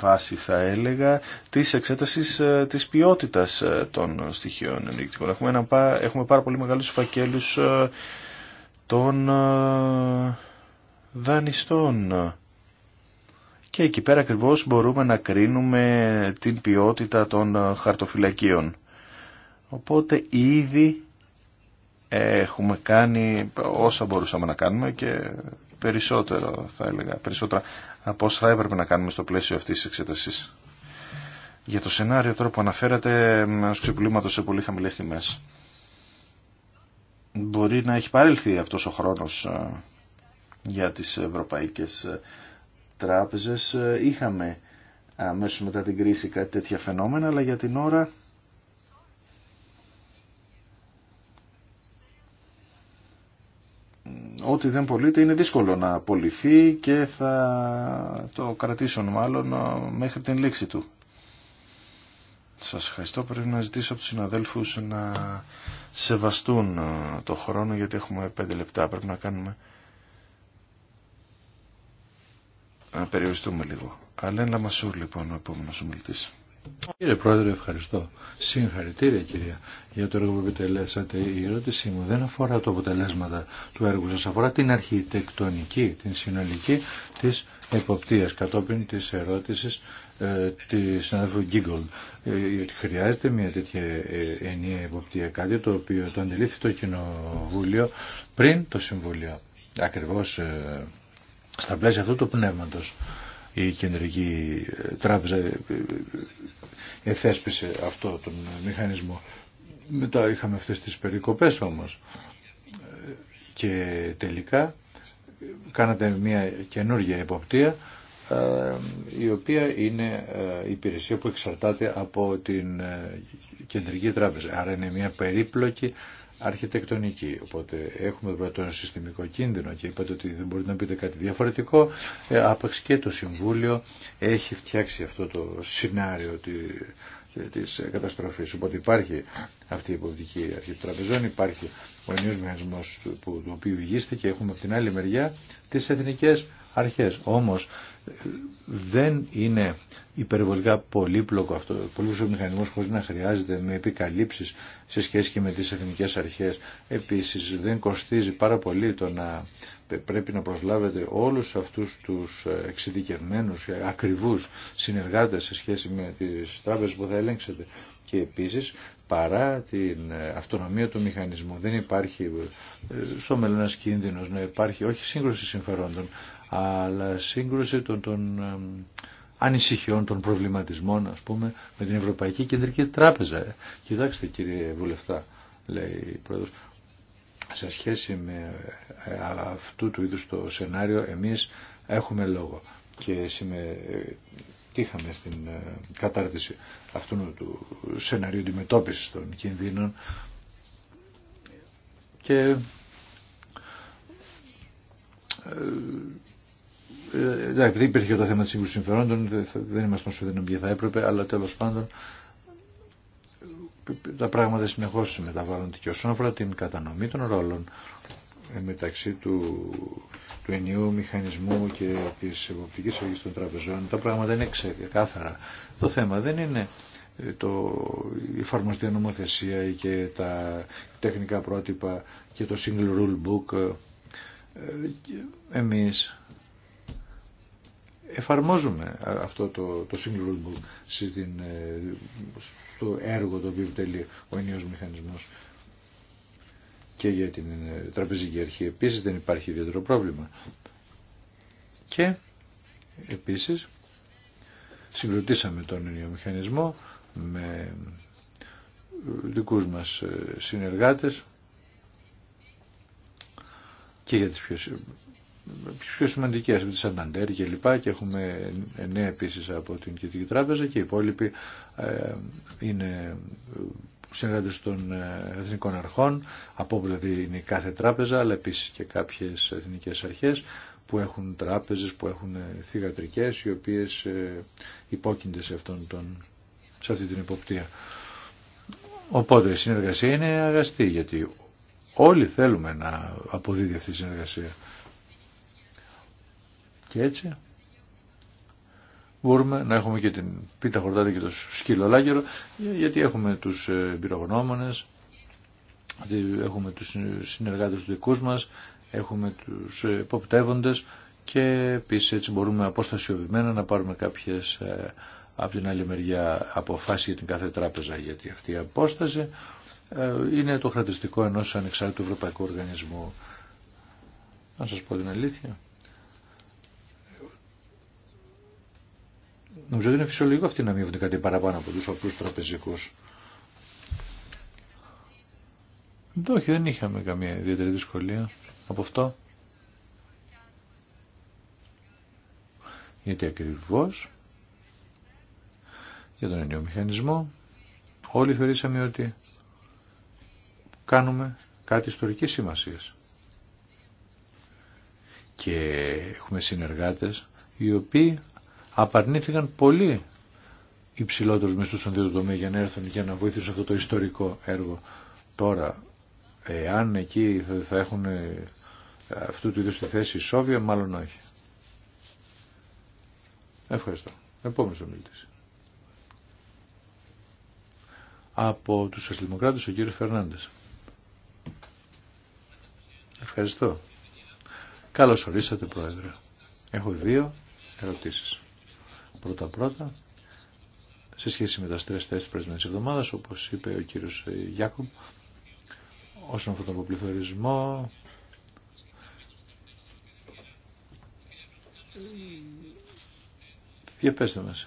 βάση θα έλεγα της εξέτασης ε, της ποιότητας ε, των στοιχείων ενδεικτικών. Έχουμε, έχουμε πάρα πολύ μεγάλους φακέλους ε, των δανειστών. Και εκεί πέρα ακριβώ μπορούμε να κρίνουμε την ποιότητα των χαρτοφυλακίων. Οπότε ήδη έχουμε κάνει όσα μπορούσαμε να κάνουμε και περισσότερο θα έλεγα, περισσότερα από όσα θα έπρεπε να κάνουμε στο πλαίσιο αυτής της εξέτασης. Για το σενάριο τώρα που αναφέρατε ως ξεπλήματος σε πολύ χαμηλές τιμές. Μπορεί να έχει παρέλθει αυτός ο χρόνος ε, για τις ευρωπαϊκές ε, τράπεζες. Ε, είχαμε αμέσως μετά την κρίση κάτι τέτοια φαινόμενα, αλλά για την ώρα ό,τι δεν πωλείται είναι δύσκολο να πωληθεί και θα το κρατήσουν μάλλον ε, μέχρι την λήξη του. Σας ευχαριστώ. Πρέπει να ζητήσω από τους συναδέλφους να σεβαστούν ε, το χρόνο γιατί έχουμε πέντε λεπτά. Πρέπει να κάνουμε... Να περιοριστούμε λίγο. Αλέν Μασούρ, λοιπόν ο επόμενος ομιλητής. Κύριε Πρόεδρε, ευχαριστώ. Συγχαρητήρια κυρία για το έργο που επιτελέσατε. Η ερώτησή μου δεν αφορά το αποτελέσματα του έργου σας, αφορά την αρχιτεκτονική, την συνολική της εποπτείας κατόπιν της ερώτησης ε, της συναδέλφου Γκίγκολ. Ε, χρειάζεται μια τέτοια ε, ενιαία εποπτεία, κάτι το οποίο το αντιλήφθη το Κοινοβούλιο πριν το Συμβούλιο. Ακριβώς ε, στα πλαίσια αυτού του πνεύματος η Κεντρική ε, Τράπεζα ε, ε, εθέσπισε αυτό τον μηχανισμό. Μετά είχαμε αυτές τις περικοπές όμως και τελικά κάνατε μια καινούργια εποπτεία η οποία είναι η υπηρεσία που εξαρτάται από την Κεντρική Τράπεζα. Άρα είναι μια περίπλοκη αρχιτεκτονική. Οπότε έχουμε εδώ τον συστημικό κίνδυνο και είπατε ότι δεν μπορείτε να πείτε κάτι διαφορετικό. Ε, και το Συμβούλιο έχει φτιάξει αυτό το σενάριο ε, της καταστροφής. Οπότε υπάρχει αυτή η υποπτική αρχή τραπεζών, υπάρχει ο ενίος μηχανισμός του, του, οποίου υγείστε και έχουμε από την άλλη μεριά τις εθνικές αρχές. Όμως δεν είναι υπερβολικά πολύπλοκο αυτό, πολύπλοκος ο μηχανισμός χωρίς να χρειάζεται με επικαλύψεις σε σχέση και με τις εθνικές αρχές. Επίσης δεν κοστίζει πάρα πολύ το να πρέπει να προσλάβετε όλους αυτούς τους εξειδικευμένους, ακριβούς συνεργάτες σε σχέση με τις τράπεζες που θα ελέγξετε και επίσης παρά την αυτονομία του μηχανισμού. Δεν υπάρχει ε, στο μέλλον ένας κίνδυνος να υπάρχει όχι σύγκρουση συμφερόντων, αλλά σύγκρουση των, των ανησυχιών, των προβληματισμών, ας πούμε, με την Ευρωπαϊκή Κεντρική Τράπεζα. Ε, κοιτάξτε κύριε Βουλευτά, λέει η Πρόεδρος, σε σχέση με ε, αυτού του είδους το σενάριο εμείς έχουμε λόγο και είχαμε στην ε, κατάρτιση αυτού του σενάριου αντιμετώπιση των κινδύνων και ε, ε, επειδή υπήρχε το θέμα της σύγκρουσης συμφερόντων, δεν ήμασταν όσο δεν θα έπρεπε, αλλά τέλος πάντων τα πράγματα συνεχώς μεταβάλλονται και όσον αφορά την κατανομή των ρόλων ε, μεταξύ του, του ενιού μηχανισμού και της εποπτικής αρχής των τραπεζών. Τα πράγματα είναι ξεκάθαρα. Το θέμα δεν είναι ε, το, η εφαρμοστή νομοθεσία και τα τεχνικά πρότυπα και το single rule book. Ε, εμείς εφαρμόζουμε αυτό το, το single rule book στο έργο το οποίο τελεί ο ενιαίος μηχανισμός και για την ε, τραπεζική αρχή. Επίσης δεν υπάρχει ιδιαίτερο πρόβλημα. Και επίσης συγκροτήσαμε τον ίδιο μηχανισμό με ε, δικούς μας ε, συνεργάτες και για τις πιο, πιο σημαντικές, από τις και λοιπά και έχουμε νέα επίσης από την Κεντρική Τράπεζα και οι υπόλοιποι είναι συνεργάτες των ε, εθνικών αρχών, από δηλαδή είναι κάθε τράπεζα, αλλά επίσης και κάποιες εθνικές αρχές που έχουν τράπεζες, που έχουν ε, θηγατρικές, οι οποίες ε, υπόκεινται σε, αυτόν τον, σε αυτή την υποπτία. Οπότε η συνεργασία είναι αγαστή, γιατί όλοι θέλουμε να αποδίδει αυτή η συνεργασία. Και έτσι μπορούμε να έχουμε και την πίτα χορτάτη και το σκύλο λάγερο, γιατί έχουμε τους ε, εμπειρογνώμονες, έχουμε τους συνεργάτες του δικούς μας, έχουμε τους υποπτεύοντες ε, και επίσης έτσι μπορούμε αποστασιοποιημένα να πάρουμε κάποιες ε, από την άλλη μεριά αποφάσεις για την κάθε τράπεζα, γιατί αυτή η απόσταση είναι το χαρακτηριστικό ενός ανεξάρτητου ευρωπαϊκού οργανισμού. Να σας πω την αλήθεια. Νομίζω ότι είναι φυσιολογικό αυτή να μειώνουν κάτι παραπάνω από του απλού τραπεζικού. Όχι, δεν είχαμε καμία ιδιαίτερη δυσκολία από αυτό. Γιατί ακριβώ, για τον ενίο μηχανισμό όλοι θεωρήσαμε ότι κάνουμε κάτι ιστορικής σημασίας. Και έχουμε συνεργάτες οι οποίοι απαρνήθηκαν πολύ υψηλότερου μισθού στον δύο τομέα για να έρθουν και να βοηθήσουν αυτό το ιστορικό έργο. Τώρα, εάν εκεί θα έχουν ε, αυτού του είδου τη θέση Σόβια, μάλλον όχι. Ευχαριστώ. Επόμενο ομιλητή. Από του Σοσιαλδημοκράτε, ο κύριο Φερνάντε. Ευχαριστώ. Καλώς ορίσατε, Πρόεδρε. Έχω δύο ερωτήσεις πρώτα-πρώτα σε σχέση με τα stress test της προηγούμενης εβδομάδας, όπως είπε ο κύριος Γιάκομ, όσον αφορά τον αποπληθωρισμό, πεστε. μας.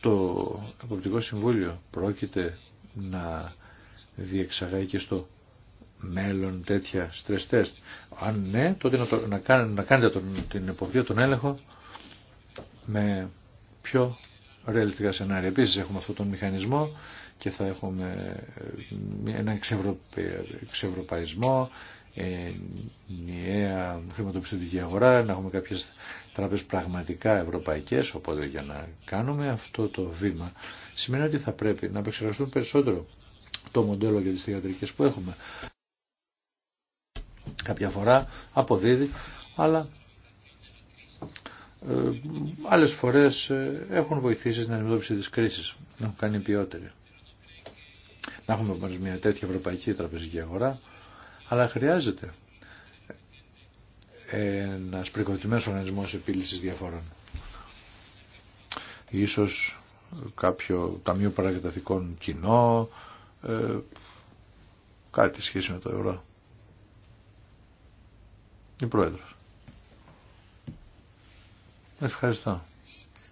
Το Εποπτικό Συμβούλιο πρόκειται να διεξαγάγει και στο μέλλον τέτοια stress test. Αν ναι, τότε να, το, κάνετε, την εποπτεία, τον έλεγχο με πιο ρεαλιστικά σενάρια. Επίση έχουμε αυτόν τον μηχανισμό και θα έχουμε ε, ένα ξευρωπαϊσμό, εξευρωπαϊσμό, ενιαία χρηματοπιστωτική αγορά, να έχουμε κάποιες τράπεζες πραγματικά ευρωπαϊκές, οπότε για να κάνουμε αυτό το βήμα σημαίνει ότι θα πρέπει να απεξεργαστούν περισσότερο το μοντέλο για τις θεατρικές που έχουμε. Κάποια φορά αποδίδει, αλλά ε, άλλες φορές ε, έχουν βοηθήσει στην αντιμετώπιση της κρίσης, να έχουν κάνει ποιότερη. Να έχουμε μια τέτοια ευρωπαϊκή τραπεζική αγορά, αλλά χρειάζεται ένα πρικοδοτημένο οργανισμό επίλυση διαφορών. Ίσως κάποιο ταμείο παρακαταθήκων κοινό, ε, κάτι σχέση με το ευρώ. Η πρόεδρος. Ευχαριστώ.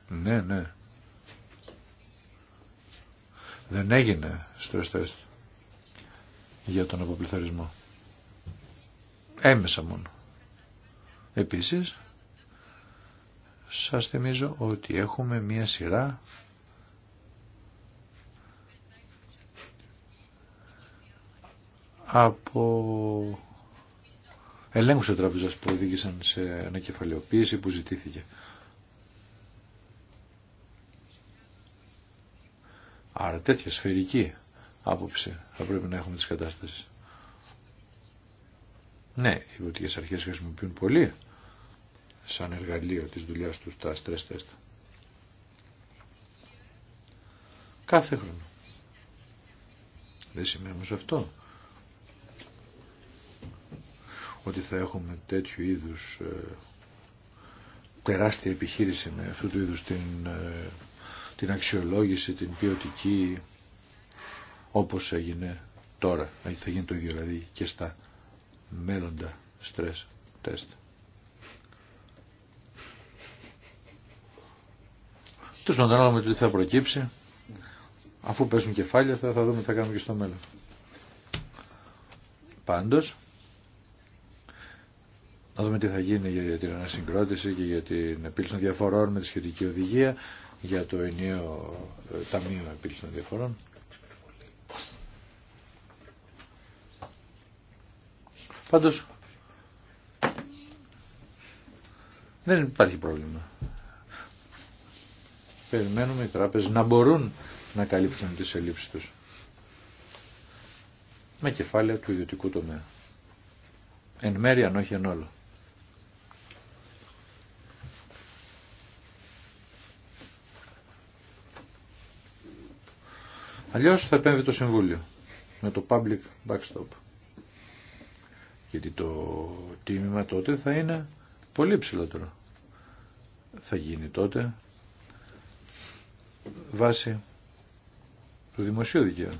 Ναι, ναι. Δεν έγινε στο test για τον αποπληθωρισμό. Έμεσα μόνο. Επίσης, σας θυμίζω ότι έχουμε μία σειρά από ελέγχους ο τραπεζάς που οδήγησαν σε ανακεφαλαιοποίηση που ζητήθηκε. Άρα τέτοια σφαιρική άποψη θα πρέπει να έχουμε τις κατάστασεις. Ναι, οι βοτικές αρχές χρησιμοποιούν πολύ σαν εργαλείο της δουλειάς τους τα stress test. Κάθε χρόνο. Δεν σημαίνει όμως αυτό ότι θα έχουμε τέτοιου είδους ε, τεράστια επιχείρηση με αυτού του είδους την ε, την αξιολόγηση, την ποιοτική, όπως έγινε τώρα. Θα γίνει το ίδιο δηλαδή και στα μέλλοντα stress test. Τους να το τι θα προκύψει, αφού πέσουν κεφάλια θα, θα δούμε τι θα κάνουμε και στο μέλλον. Πάντως, να δούμε τι θα γίνει για την ανασυγκρότηση και για την επίλυση των διαφορών με τη σχετική οδηγία για το ενιαίο ε, Ταμείο Επίλυση των Διαφορών. Πάντως, δεν υπάρχει πρόβλημα. Περιμένουμε οι τράπεζες να μπορούν να καλύψουν τις ελλείψεις τους με κεφάλαια του ιδιωτικού τομέα. Εν μέρει αν όχι εν όλο. Αλλιώς θα επέμβει το Συμβούλιο με το public backstop. Γιατί το τίμημα τότε θα είναι πολύ ψηλότερο. Θα γίνει τότε βάση του δημοσίου δικαίου.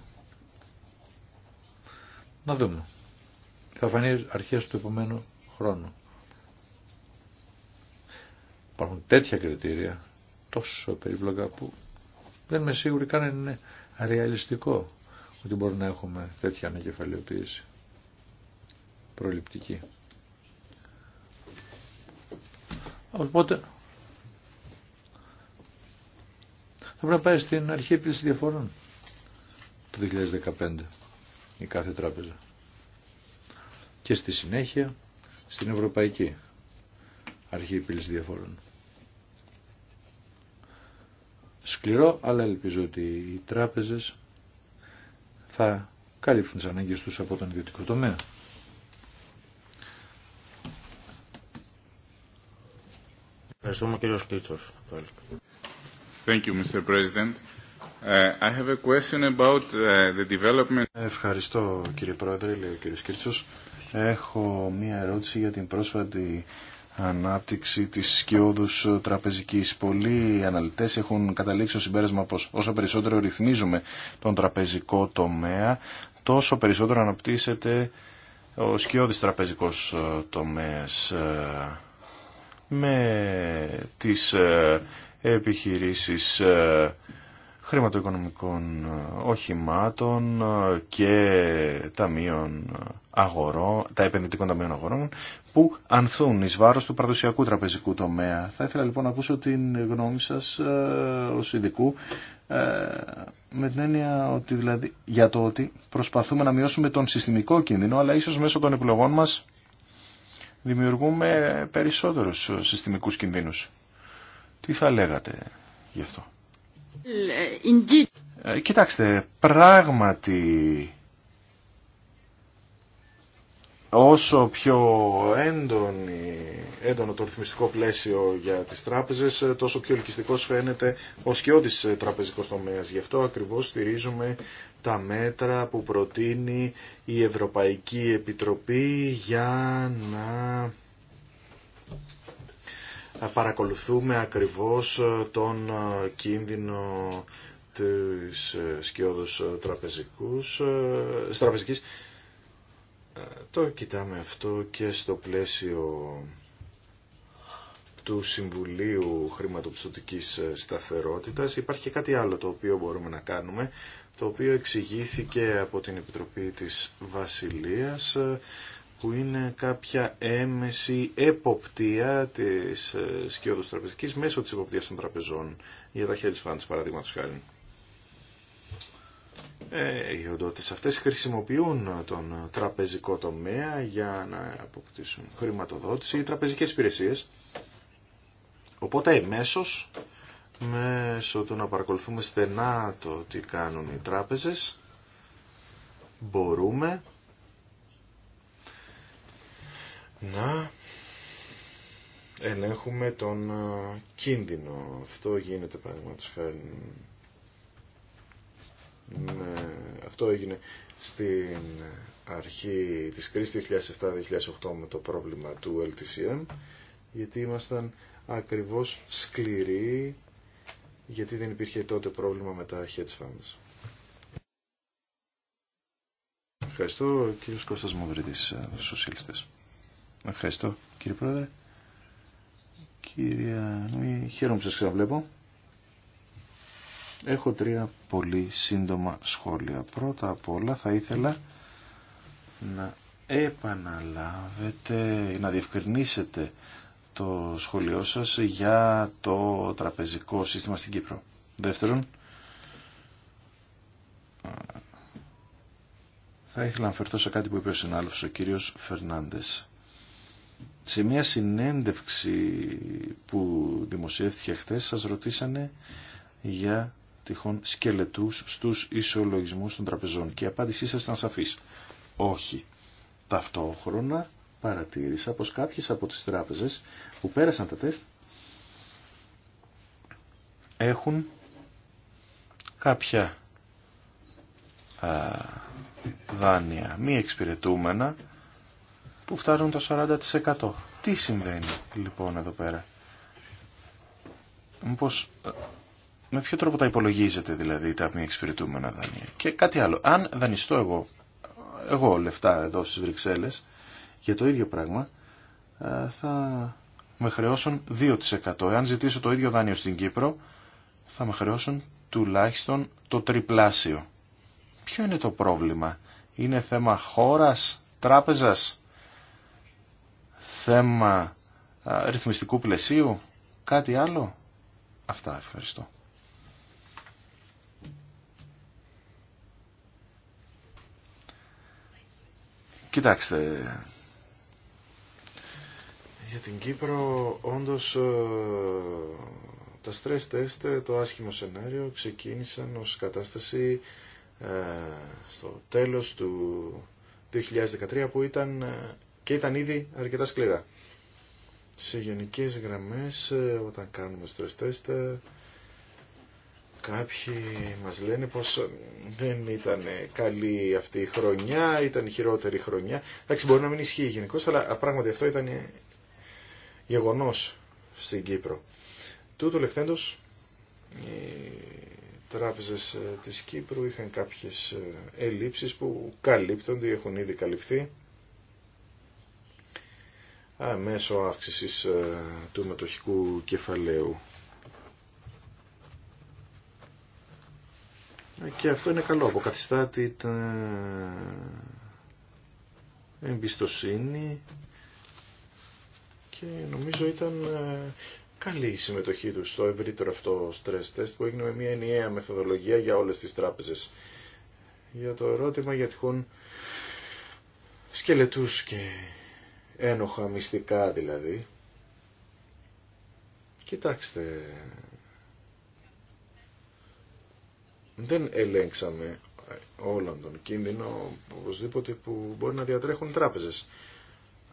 Να δούμε. Θα φανεί αρχές του επομένου χρόνου. Υπάρχουν τέτοια κριτήρια τόσο περίπλοκα που δεν είμαι σίγουροι καν είναι ρεαλιστικό ότι μπορούμε να έχουμε τέτοια ανακεφαλαιοποίηση προληπτική. Οπότε θα πρέπει να πάει στην αρχή επίλυση διαφορών το 2015 η κάθε τράπεζα και στη συνέχεια στην Ευρωπαϊκή Αρχή Επίλυση Διαφόρων σκληρό, αλλά ελπίζω ότι οι τράπεζες θα καλύψουν τις ανάγκες τους από τον ιδιωτικό τομέα. κύριο Thank you, Mr. President. Uh, I have a question about uh, the development... Ευχαριστώ κύριε Πρόεδρε, λέει ο κύριος Κίρτσος. Έχω μία ερώτηση για την πρόσφατη ανάπτυξη της σκιώδους τραπεζικής. Πολλοί αναλυτές έχουν καταλήξει το συμπέρασμα πως όσο περισσότερο ρυθμίζουμε τον τραπεζικό τομέα, τόσο περισσότερο αναπτύσσεται ο σκιώδης τραπεζικός ε, τομέας ε, με τις ε, επιχειρήσεις χρηματοοικονομικών ε, οχημάτων ε, και ταμείων ε, αγορών, τα επενδυτικών ταμείων αγορών που ανθούν εις βάρος του παραδοσιακού τραπεζικού τομέα. Θα ήθελα λοιπόν να ακούσω την γνώμη σας ως ειδικού με την έννοια ότι δηλαδή για το ότι προσπαθούμε να μειώσουμε τον συστημικό κίνδυνο αλλά ίσως μέσω των επιλογών μας δημιουργούμε περισσότερους συστημικούς κινδύνους. Τι θα λέγατε γι' αυτό. Ε, ε, κοιτάξτε, πράγματι όσο πιο έντονη, έντονο το ρυθμιστικό πλαίσιο για τις τράπεζες, ε, τόσο πιο ελκυστικός φαίνεται ο σκιώτης τραπεζικός τομέας. Γι' αυτό ακριβώς στηρίζουμε τα μέτρα που προτείνει η Ευρωπαϊκή Επιτροπή για να παρακολουθούμε ακριβώς ε, τον ε, κίνδυνο της ε, σκιώδους τραπεζικούς, τραπεζικής. Το κοιτάμε αυτό και στο πλαίσιο του Συμβουλίου Χρηματοπιστωτικής Σταθερότητας. Υπάρχει και κάτι άλλο το οποίο μπορούμε να κάνουμε, το οποίο εξηγήθηκε από την Επιτροπή της Βασιλείας που είναι κάποια έμεση εποπτεία της ε, σκιώδους τραπεζικής μέσω της εποπτείας των τραπεζών για τα hedge funds παραδείγματος χάρη. Ε, οι οντότητες αυτές χρησιμοποιούν τον τραπεζικό τομέα για να αποκτήσουν χρηματοδότηση ή τραπεζικές υπηρεσίες. Οπότε εμέσως, μέσω του να παρακολουθούμε στενά το τι κάνουν οι τράπεζες, μπορούμε να ελέγχουμε τον ε, κίνδυνο. Αυτό γίνεται παραδείγματος χάρη ναι, αυτό έγινε στην αρχή της κρίσης 2007-2008 με το πρόβλημα του LTCM γιατί ήμασταν ακριβώς σκληροί γιατί δεν υπήρχε τότε πρόβλημα με τα hedge funds. Ευχαριστώ κύριος Κώστας Μαυρίδης, ε, σοσιαλιστές. Ευχαριστώ κύριε Πρόεδρε. Κύριε Νουή, χαίρομαι που σας ξαναβλέπω. Έχω τρία πολύ σύντομα σχόλια. Πρώτα απ' όλα θα ήθελα να επαναλάβετε, να διευκρινίσετε το σχολείο σας για το τραπεζικό σύστημα στην Κύπρο. Δεύτερον, θα ήθελα να φερθώ σε κάτι που είπε ο συνάδελφος ο κύριος Φερνάντες σε μια συνέντευξη που δημοσιεύτηκε χθε. σας ρωτήσανε για τυχόν σκελετούς στους ισολογισμούς των τραπεζών και η απάντησή σας ήταν σαφής. Όχι. Ταυτόχρονα παρατήρησα πως κάποιες από τις τράπεζες που πέρασαν τα τεστ έχουν κάποια α, δάνεια μη εξυπηρετούμενα που φτάνουν το 40%. Τι συμβαίνει λοιπόν εδώ πέρα. Μήπως, ε, με ποιο τρόπο τα υπολογίζετε δηλαδή τα μη εξυπηρετούμενα δάνεια. Και κάτι άλλο. Αν δανειστώ εγώ, εγώ λεφτά εδώ στις Βρυξέλλες για το ίδιο πράγμα ε, θα με χρεώσουν 2%. Εάν ζητήσω το ίδιο δάνειο στην Κύπρο θα με χρεώσουν τουλάχιστον το τριπλάσιο. Ποιο είναι το πρόβλημα. Είναι θέμα χώρας, τράπεζας θέμα ρυθμιστικού πλαισίου, κάτι άλλο. Αυτά ευχαριστώ. Κοιτάξτε, για την Κύπρο όντως ε, τα stress test, ε, το άσχημο σενάριο, ξεκίνησαν ως κατάσταση ε, στο τέλος του 2013 που ήταν και ήταν ήδη αρκετά σκληρά. Σε γενικές γραμμές ε, όταν κάνουμε stress test ε, κάποιοι μας λένε πως ε, δεν ήταν καλή αυτή η χρονιά, ήταν η χειρότερη χρονιά. Εντάξει μπορεί να μην ισχύει γενικώ, αλλά πράγματι αυτό ήταν γεγονός στην Κύπρο. Τούτο λεχθέντος οι τράπεζες της Κύπρου είχαν κάποιες ελλείψεις που καλύπτονται ή έχουν ήδη καλυφθεί μέσω αύξησης ε, του μετοχικού κεφαλαίου. Ε, και αυτό είναι καλό. Αποκαθιστά την ε, εμπιστοσύνη και νομίζω ήταν καλή η συμμετοχή του στο ευρύτερο αυτό stress test που έγινε με μια ενιαία μεθοδολογία για όλες τις τράπεζες. Για το ερώτημα για τυχόν σκελετούς και ένοχα μυστικά δηλαδή. Κοιτάξτε, δεν ελέγξαμε όλον τον κίνδυνο οπωσδήποτε που μπορεί να διατρέχουν τράπεζες.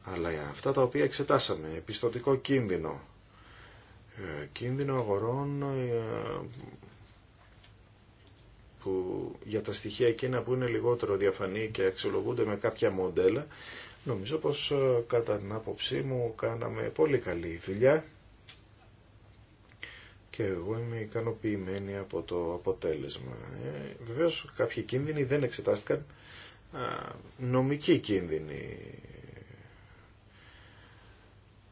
Αλλά αυτά τα οποία εξετάσαμε, επιστοτικό κίνδυνο, ε, κίνδυνο αγορών ε, που για τα στοιχεία εκείνα που είναι λιγότερο διαφανή και αξιολογούνται με κάποια μοντέλα Νομίζω πως ε, κατά την άποψή μου κάναμε πολύ καλή δουλειά και εγώ είμαι ικανοποιημένη από το αποτέλεσμα. Ε, βεβαίως κάποιοι κίνδυνοι δεν εξετάστηκαν, α, νομικοί κίνδυνοι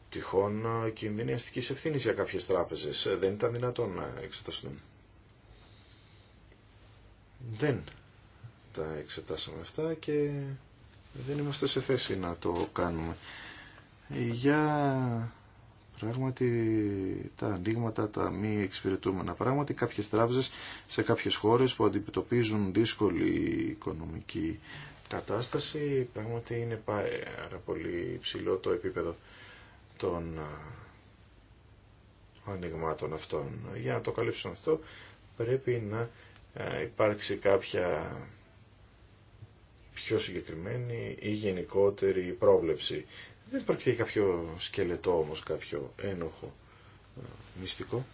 τυχόν ε, κίνδυνοι αστικής ευθύνης για κάποιες τράπεζες. Ε, δεν ήταν δυνατόν να εξεταστούν. Δεν τα εξετάσαμε αυτά και δεν είμαστε σε θέση να το κάνουμε. Για πράγματι τα ανοίγματα, τα μη εξυπηρετούμενα πράγματι, κάποιες τράπεζες σε κάποιες χώρες που αντιμετωπίζουν δύσκολη οικονομική κατάσταση, πράγματι είναι πάρα πολύ ψηλό το επίπεδο των ανοιγμάτων αυτών. Για να το καλύψουμε αυτό πρέπει να υπάρξει κάποια πιο συγκεκριμένη ή γενικότερη πρόβλεψη. Δεν υπάρχει κάποιο σκελετό όμως, κάποιο ένοχο ε, μυστικό.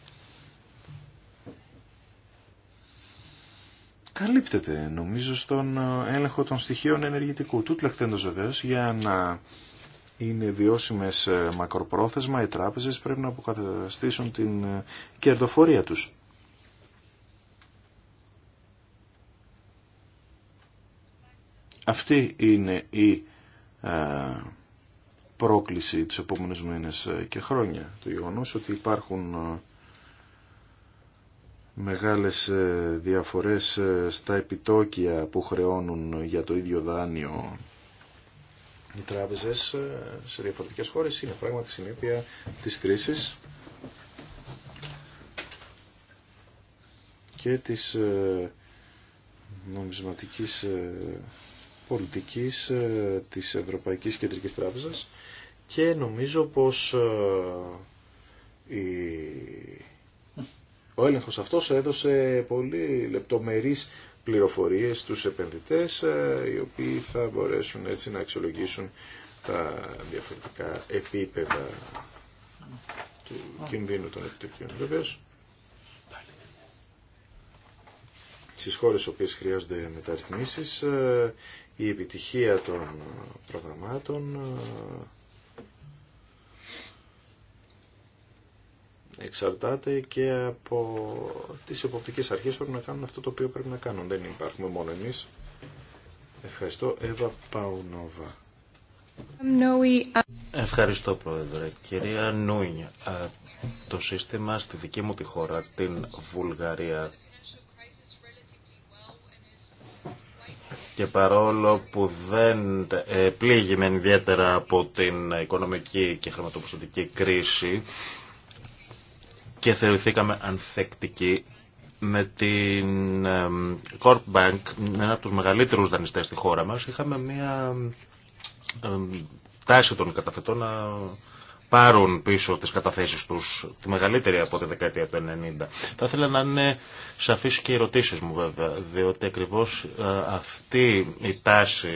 Καλύπτεται νομίζω στον ε, έλεγχο των στοιχείων ενεργητικού. Τούτ λεχθέντος βεβαίω για να είναι βιώσιμες ε, μακροπρόθεσμα οι τράπεζες πρέπει να αποκαταστήσουν την κερδοφορία τους. Αυτή είναι η ε, πρόκληση του επόμενους μήνες ε, και χρόνια. Το γεγονό ότι υπάρχουν ε, μεγάλες διαφορές στα επιτόκια που χρεώνουν για το ίδιο δάνειο οι τράπεζες σε διαφορετικές χώρες είναι πράγματι συνέπεια της κρίσης και της νομισματικής πολιτικής ε, της Ευρωπαϊκής Κεντρικής Τράπεζας και νομίζω πως ε, ο έλεγχος αυτός έδωσε πολύ λεπτομερείς πληροφορίες στους επενδυτές ε, οι οποίοι θα μπορέσουν έτσι να αξιολογήσουν τα διαφορετικά επίπεδα του κινδύνου των επιτοκίων. Βεβαίως, στις χώρες οποίες χρειάζονται μεταρρυθμίσεις η επιτυχία των προγραμμάτων ε, εξαρτάται και από τις εποπτικές αρχές πρέπει να κάνουν αυτό το οποίο πρέπει να κάνουν. Δεν υπάρχουμε μόνο εμείς. Ευχαριστώ. Εύα Παουνόβα. Ευχαριστώ Πρόεδρε. Κυρία Νούινια, ε, το σύστημα στη δική μου τη χώρα, την Βουλγαρία, και παρόλο που δεν ε, πλήγει με ιδιαίτερα από την οικονομική και χρηματοπιστωτική κρίση και θεωρηθήκαμε ανθεκτικοί με την Corp Bank, ένα από τους μεγαλύτερους δανειστές στη χώρα μας, είχαμε μια τάση των καταθετών να πάρουν πίσω τις καταθέσεις τους, τη μεγαλύτερη από τη δεκαετία του 90. Θα ήθελα να είναι σαφείς και οι ερωτήσεις μου βέβαια, διότι ακριβώς ε, αυτή η τάση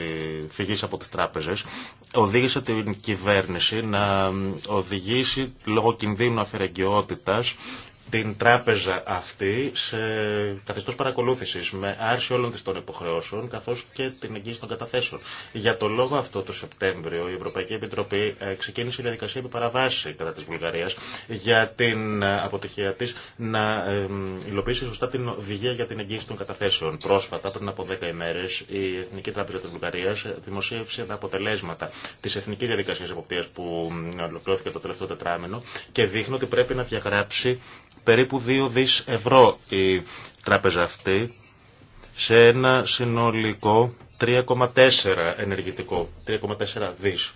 φυγής από τις τράπεζες οδήγησε την κυβέρνηση να οδηγήσει λόγω κινδύνου αφαιρεγκαιότητας την τράπεζα αυτή σε καθεστώς παρακολούθησης με άρση όλων της των υποχρεώσεων καθώς και την εγγύηση των καταθέσεων. Για το λόγο αυτό το Σεπτέμβριο η Ευρωπαϊκή Επιτροπή ε, ξεκίνησε η διαδικασία που παραβάσει κατά της Βουλγαρίας για την ε, αποτυχία της να ε, υλοποιήσει σωστά την οδηγία για την εγγύηση των καταθέσεων. Πρόσφατα, πριν από 10 ημέρες, η Εθνική Τράπεζα της Βουλγαρίας δημοσίευσε τα αποτελέσματα της Εθνικής Διαδικασίας Εποπτείας που ολοκληρώθηκε το τελευταίο τετράμενο και δείχνει ότι πρέπει να διαγράψει περίπου 2 δις ευρώ η τράπεζα αυτή σε ένα συνολικό 3,4 ενεργητικό, 3,4 δις.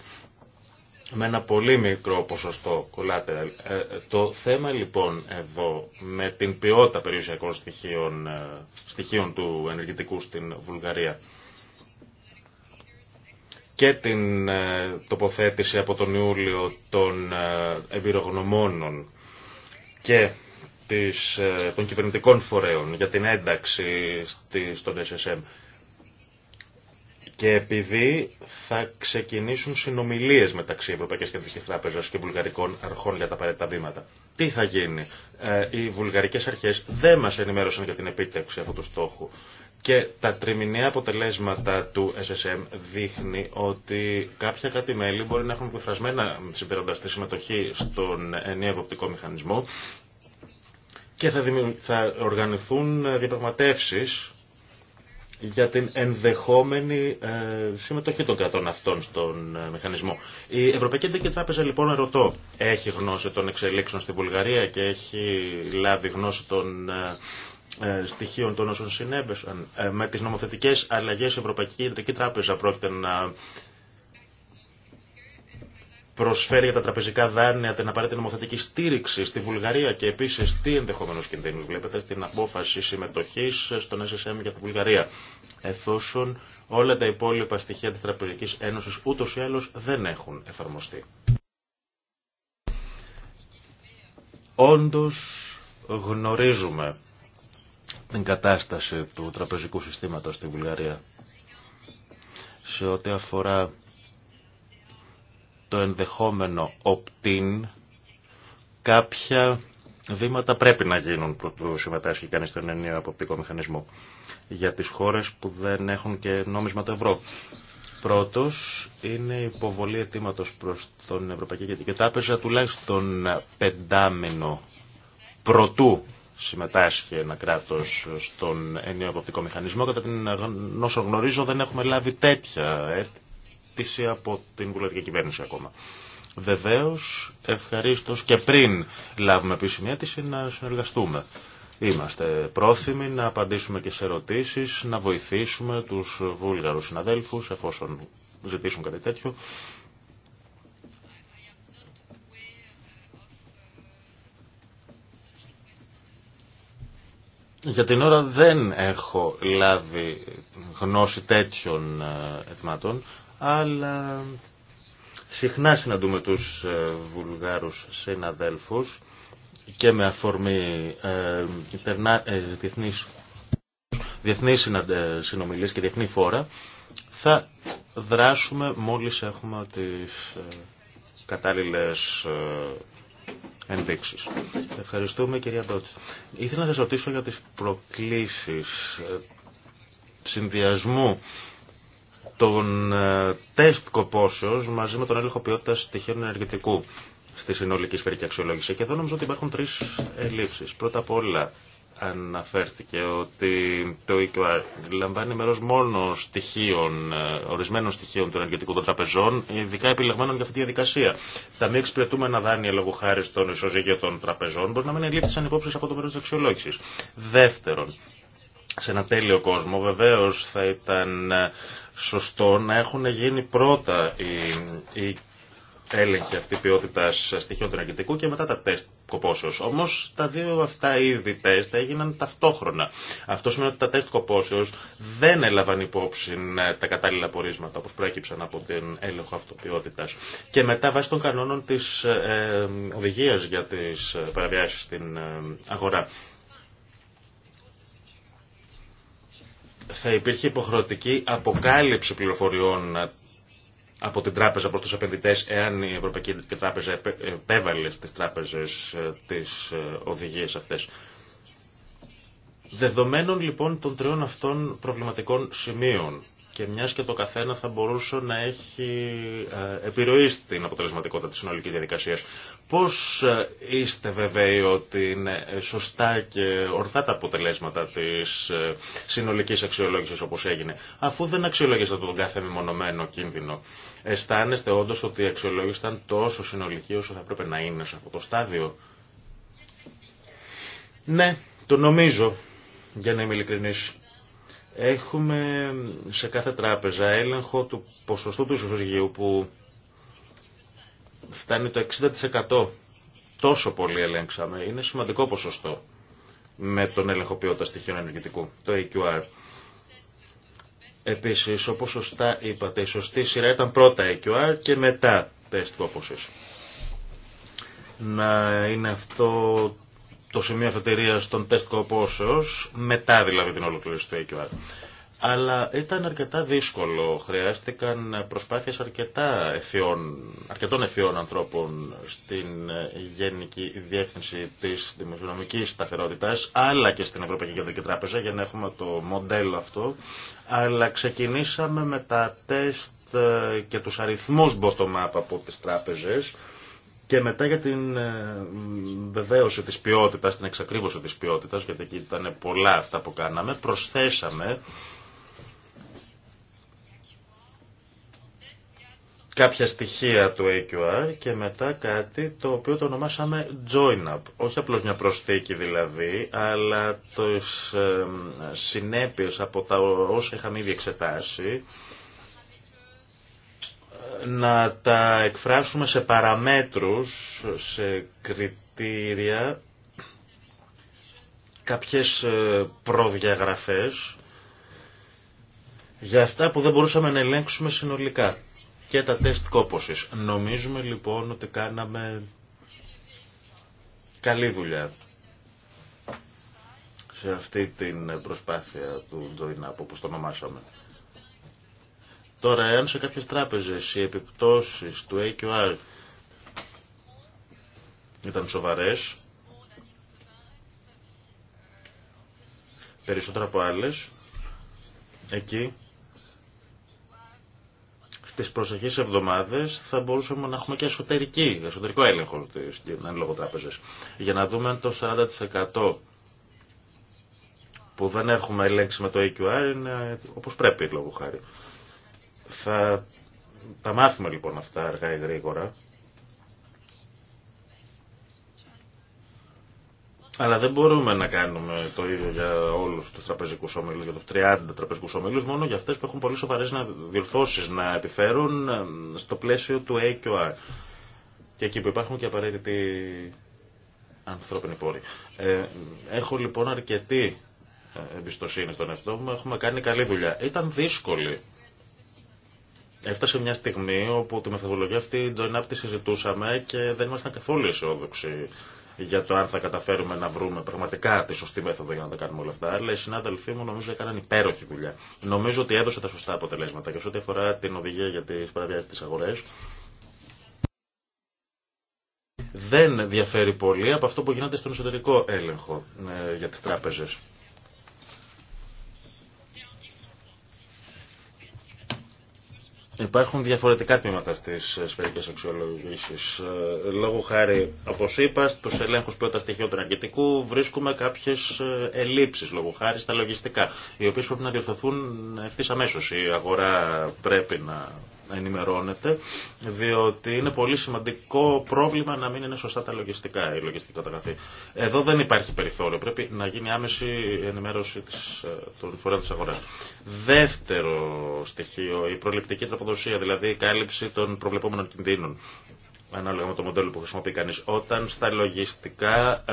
Με ένα πολύ μικρό ποσοστό collateral. Ε, το θέμα λοιπόν εδώ με την ποιότητα περιουσιακών στοιχείων, ε, στοιχείων του ενεργητικού στην Βουλγαρία και την ε, τοποθέτηση από τον Ιούλιο των εμπειρογνωμόνων και ε, των κυβερνητικών φορέων για την ένταξη στον SSM. Και επειδή θα ξεκινήσουν συνομιλίες μεταξύ Ευρωπαϊκής Κεντρικής Τράπεζας και Βουλγαρικών Αρχών για τα απαραίτητα βήματα. Τι θα γίνει. Ε, οι βουλγαρικές αρχές δεν μας ενημέρωσαν για την επίτευξη αυτού του στόχου. Και τα τριμηνία αποτελέσματα του SSM δείχνει ότι κάποια κάτι μέλη μπορεί να έχουν επιφρασμένα συμφέροντα στη συμμετοχή στον ενιαίο εποπτικό μηχανισμό και θα, δημιου... θα οργανωθούν ε, διαπραγματεύσεις για την ενδεχόμενη ε, συμμετοχή των κρατών αυτών στον ε, μηχανισμό. Η Ευρωπαϊκή Εντική Τράπεζα λοιπόν ρωτώ, έχει γνώση των εξελίξεων στη Βουλγαρία και έχει λάβει γνώση των στοιχείων των όσων συνέβησαν. με τις νομοθετικές αλλαγές η Ευρωπαϊκή Εντική Τράπεζα πρόκειται να προσφέρει για τα τραπεζικά δάνεια την απαραίτητη νομοθετική στήριξη στη Βουλγαρία και επίση τι ενδεχομένου κινδύνου βλέπετε στην απόφαση συμμετοχή στον SSM για τη Βουλγαρία, εφόσον όλα τα υπόλοιπα στοιχεία τη Τραπεζική Ένωση ούτω ή άλλω δεν έχουν εφαρμοστεί. Όντω γνωρίζουμε την κατάσταση του τραπεζικού συστήματος στη Βουλγαρία σε ό,τι αφορά το ενδεχόμενο κάποια βήματα πρέπει να γίνουν πρωτού συμμετάσχει κανείς στον ενίο αποπτικό μηχανισμό για τις χώρες που δεν έχουν και νόμισμα το ευρώ. Πρώτος είναι η υποβολή αιτήματος προς τον Ευρωπαϊκή Κεντρική Τράπεζα τουλάχιστον πεντάμινο προτού συμμετάσχει ένα κράτος στον ενίο αποπτικό μηχανισμό. Κατά την όσο γνωρίζω δεν έχουμε λάβει τέτοια από την βουλευτική κυβέρνηση ακόμα. Βεβαίω, ευχαρίστω και πριν λάβουμε επίσημη αίτηση να συνεργαστούμε. Είμαστε πρόθυμοι να απαντήσουμε και σε ερωτήσεις, να βοηθήσουμε τους βούλγαρου συναδέλφου εφόσον ζητήσουν κάτι τέτοιο. Για την ώρα δεν έχω λάβει γνώση τέτοιων ε, ετοιμάτων, αλλά συχνά συναντούμε τους ε, Βουλγάρους συναδέλφους και με αφορμή ε, ε και διεθνή φόρα θα δράσουμε μόλις έχουμε τις ε, κατάλληλες ε, ενδείξεις. Ευχαριστούμε κυρία Ντότση. Ήθελα να σας ρωτήσω για τις προκλήσεις συνδυασμού τον ε, τεστ κοπόσεως μαζί με τον έλεγχο ποιότητας στοιχείων ενεργητικού στη συνολική σφαιρική αξιολόγηση. Και εδώ νομίζω ότι υπάρχουν τρεις ελλείψεις. Πρώτα απ' όλα αναφέρθηκε ότι το EQR λαμβάνει μέρος μόνο στοιχείων, ε, ορισμένων στοιχείων του ενεργητικού των τραπεζών, ειδικά επιλεγμένων για αυτή τη διαδικασία. Τα μη εξυπηρετούμενα δάνεια λόγω χάρη στον ισοζύγιο των τραπεζών μπορεί να μην ελήφθησαν υπόψη από το μέρο τη αξιολόγηση. Δεύτερον, σε ένα τέλειο κόσμο βεβαίως θα ήταν ε, σωστό να έχουν γίνει πρώτα οι, οι έλεγχοι αυτή ποιότητα στοιχείων του ενεργητικού και μετά τα τεστ κοπόσεω. Όμω τα δύο αυτά είδη τεστ έγιναν ταυτόχρονα. Αυτό σημαίνει ότι τα τεστ κοπόσεω δεν έλαβαν υπόψη ε, τα κατάλληλα πορίσματα όπω προέκυψαν από την έλεγχο αυτοποιότητα. Και μετά βάσει των κανόνων τη ε, ε οδηγία για τι ε, παραβιάσει στην αγορά θα υπήρχε υποχρεωτική αποκάλυψη πληροφοριών από την τράπεζα προς τους επενδυτές εάν η Ευρωπαϊκή Τράπεζα επέβαλε στις τράπεζες ε, τις ε, οδηγίες αυτές. Δεδομένων λοιπόν των τριών αυτών προβληματικών σημείων και μιας και το καθένα θα μπορούσε να έχει ε, επιρροή στην αποτελεσματικότητα της συνολικής διαδικασίας. Πώς ε, είστε βέβαιοι ότι είναι σωστά και ορθά τα αποτελέσματα της ε, συνολικής αξιολόγησης όπως έγινε, αφού δεν αξιολογήσατε τον κάθε μεμονωμένο κίνδυνο. Αισθάνεστε όντως ότι η αξιολόγηση ήταν τόσο συνολική όσο θα πρέπει να είναι σε αυτό το στάδιο. Ναι, το νομίζω, για να είμαι ειλικρινής. Έχουμε σε κάθε τράπεζα έλεγχο του ποσοστού του ισοζυγίου που φτάνει το 60%. Τόσο πολύ ελέγξαμε. Είναι σημαντικό ποσοστό με τον έλεγχο ποιότητα στοιχείων ενεργητικού, το AQR. Επίσης, όπως σωστά είπατε, η σωστή σειρά ήταν πρώτα AQR και μετά τεστ κόπωσης. Να είναι αυτό το σημείο αφετηρία των τεστ κοπόσεω, μετά δηλαδή την ολοκλήρωση του AQR. Αλλά ήταν αρκετά δύσκολο. Χρειάστηκαν προσπάθειες αρκετά εφιών, αρκετών εφιών ανθρώπων στην Γενική Διεύθυνση της Δημοσιονομικής σταθερότητα, αλλά και στην Ευρωπαϊκή Κεντρική Τράπεζα, για να έχουμε το μοντέλο αυτό. Αλλά ξεκινήσαμε με τα τεστ και τους αριθμούς bottom-up από τις τράπεζες, και μετά για την ε, βεβαίωση της ποιότητας, την εξακρίβωση της ποιότητας, γιατί εκεί ήταν πολλά αυτά που κάναμε, προσθέσαμε κάποια στοιχεία του AQR και μετά κάτι το οποίο το ονομάσαμε join up. Όχι απλώς μια προσθήκη δηλαδή, αλλά το ε, συνέπειες από τα όσα είχαμε ήδη εξετάσει να τα εκφράσουμε σε παραμέτρους, σε κριτήρια, κάποιες ε, προδιαγραφές για αυτά που δεν μπορούσαμε να ελέγξουμε συνολικά και τα τεστ κόπωσης. Νομίζουμε λοιπόν ότι κάναμε καλή δουλειά σε αυτή την προσπάθεια του Τζοϊνάπου, όπως το ονομάσαμε. Τώρα, εάν σε κάποιες τράπεζες οι επιπτώσεις του AQR ήταν σοβαρές, περισσότερα από άλλες, εκεί στις προσεχείς εβδομάδες θα μπορούσαμε να έχουμε και εσωτερική, εσωτερικό έλεγχο της λόγω τράπεζες Για να δούμε αν το 40% που δεν έχουμε ελέγξει με το AQR είναι όπως πρέπει λόγω χάρη. Θα τα μάθουμε λοιπόν αυτά αργά ή γρήγορα. Αλλά δεν μπορούμε να κάνουμε το ίδιο για όλους τους τραπεζικούς ομίλους, για τους 30 τραπεζικούς ομίλους, μόνο για αυτές που έχουν πολύ σοβαρές να διορθώσεις να επιφέρουν ε, στο πλαίσιο του AQR. Και εκεί που υπάρχουν και απαραίτητοι ανθρώπινοι πόροι. Ε, έχω λοιπόν αρκετή ε, εμπιστοσύνη στον εαυτό μου, έχουμε κάνει καλή δουλειά. Ήταν δύσκολη Έφτασε μια στιγμή όπου τη μεθοδολογία αυτή join up τη συζητούσαμε και δεν ήμασταν καθόλου αισιόδοξοι για το αν θα καταφέρουμε να βρούμε πραγματικά τη σωστή μέθοδο για να τα κάνουμε όλα αυτά. Αλλά οι συνάδελφοί μου νομίζω έκαναν υπέροχη δουλειά. Νομίζω ότι έδωσε τα σωστά αποτελέσματα και σε ό,τι αφορά την οδηγία για τι παραβιάσει τη αγορέ. Δεν διαφέρει πολύ από αυτό που γίνεται στον εσωτερικό έλεγχο ε, για τις τράπεζες. Υπάρχουν διαφορετικά τμήματα στι ε, σφαιρικέ αξιολογήσει. Ε, λόγω χάρη, όπω είπα, στου ελέγχου πρώτα στοιχείων του ενεργητικού βρίσκουμε κάποιε ε, ελλείψεις, λόγω χάρη στα λογιστικά, οι οποίε πρέπει να διορθωθούν ευθύ αμέσω. Η αγορά πρέπει να ενημερώνεται, διότι είναι πολύ σημαντικό πρόβλημα να μην είναι σωστά τα λογιστικά, η λογιστική καταγραφή. Εδώ δεν υπάρχει περιθώριο, πρέπει να γίνει άμεση ενημέρωση της, ε, του φορέα της αγοράς. Δεύτερο στοιχείο, η προληπτική τροποδοσία, δηλαδή η κάλυψη των προβλεπόμενων κινδύνων, ανάλογα με το μοντέλο που χρησιμοποιεί κανεί, όταν στα λογιστικά...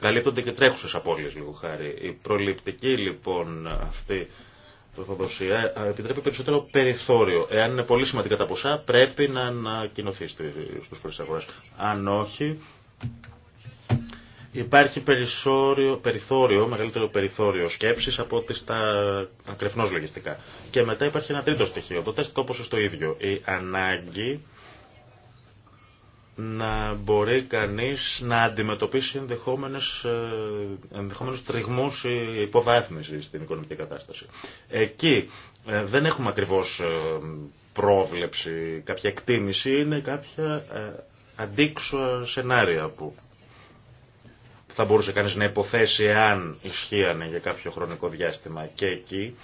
καλύπτονται και τρέχουσε απώλειε, λίγο χάρη. Η προληπτική λοιπόν αυτή τροφοδοσία ε, επιτρέπει περισσότερο περιθώριο. Εάν είναι πολύ σημαντικά τα ποσά, πρέπει να ανακοινωθεί στους φορείς αγοράς. Αν όχι, υπάρχει περιθώριο, μεγαλύτερο περιθώριο σκέψης από ότι στα ακρεφνώς λογιστικά. Και μετά υπάρχει ένα τρίτο στοιχείο, το τεστικό στο ίδιο. Η ανάγκη να μπορεί κανείς να αντιμετωπίσει ενδεχόμενες, ε, ενδεχόμενους τριγμούς υποβάθμισης στην οικονομική κατάσταση. Εκεί ε, δεν έχουμε ακριβώς ε, πρόβλεψη, κάποια εκτίμηση, είναι κάποια αντίξωα σενάρια που θα μπορούσε κανείς να υποθέσει αν ισχύανε για κάποιο χρονικό διάστημα και εκεί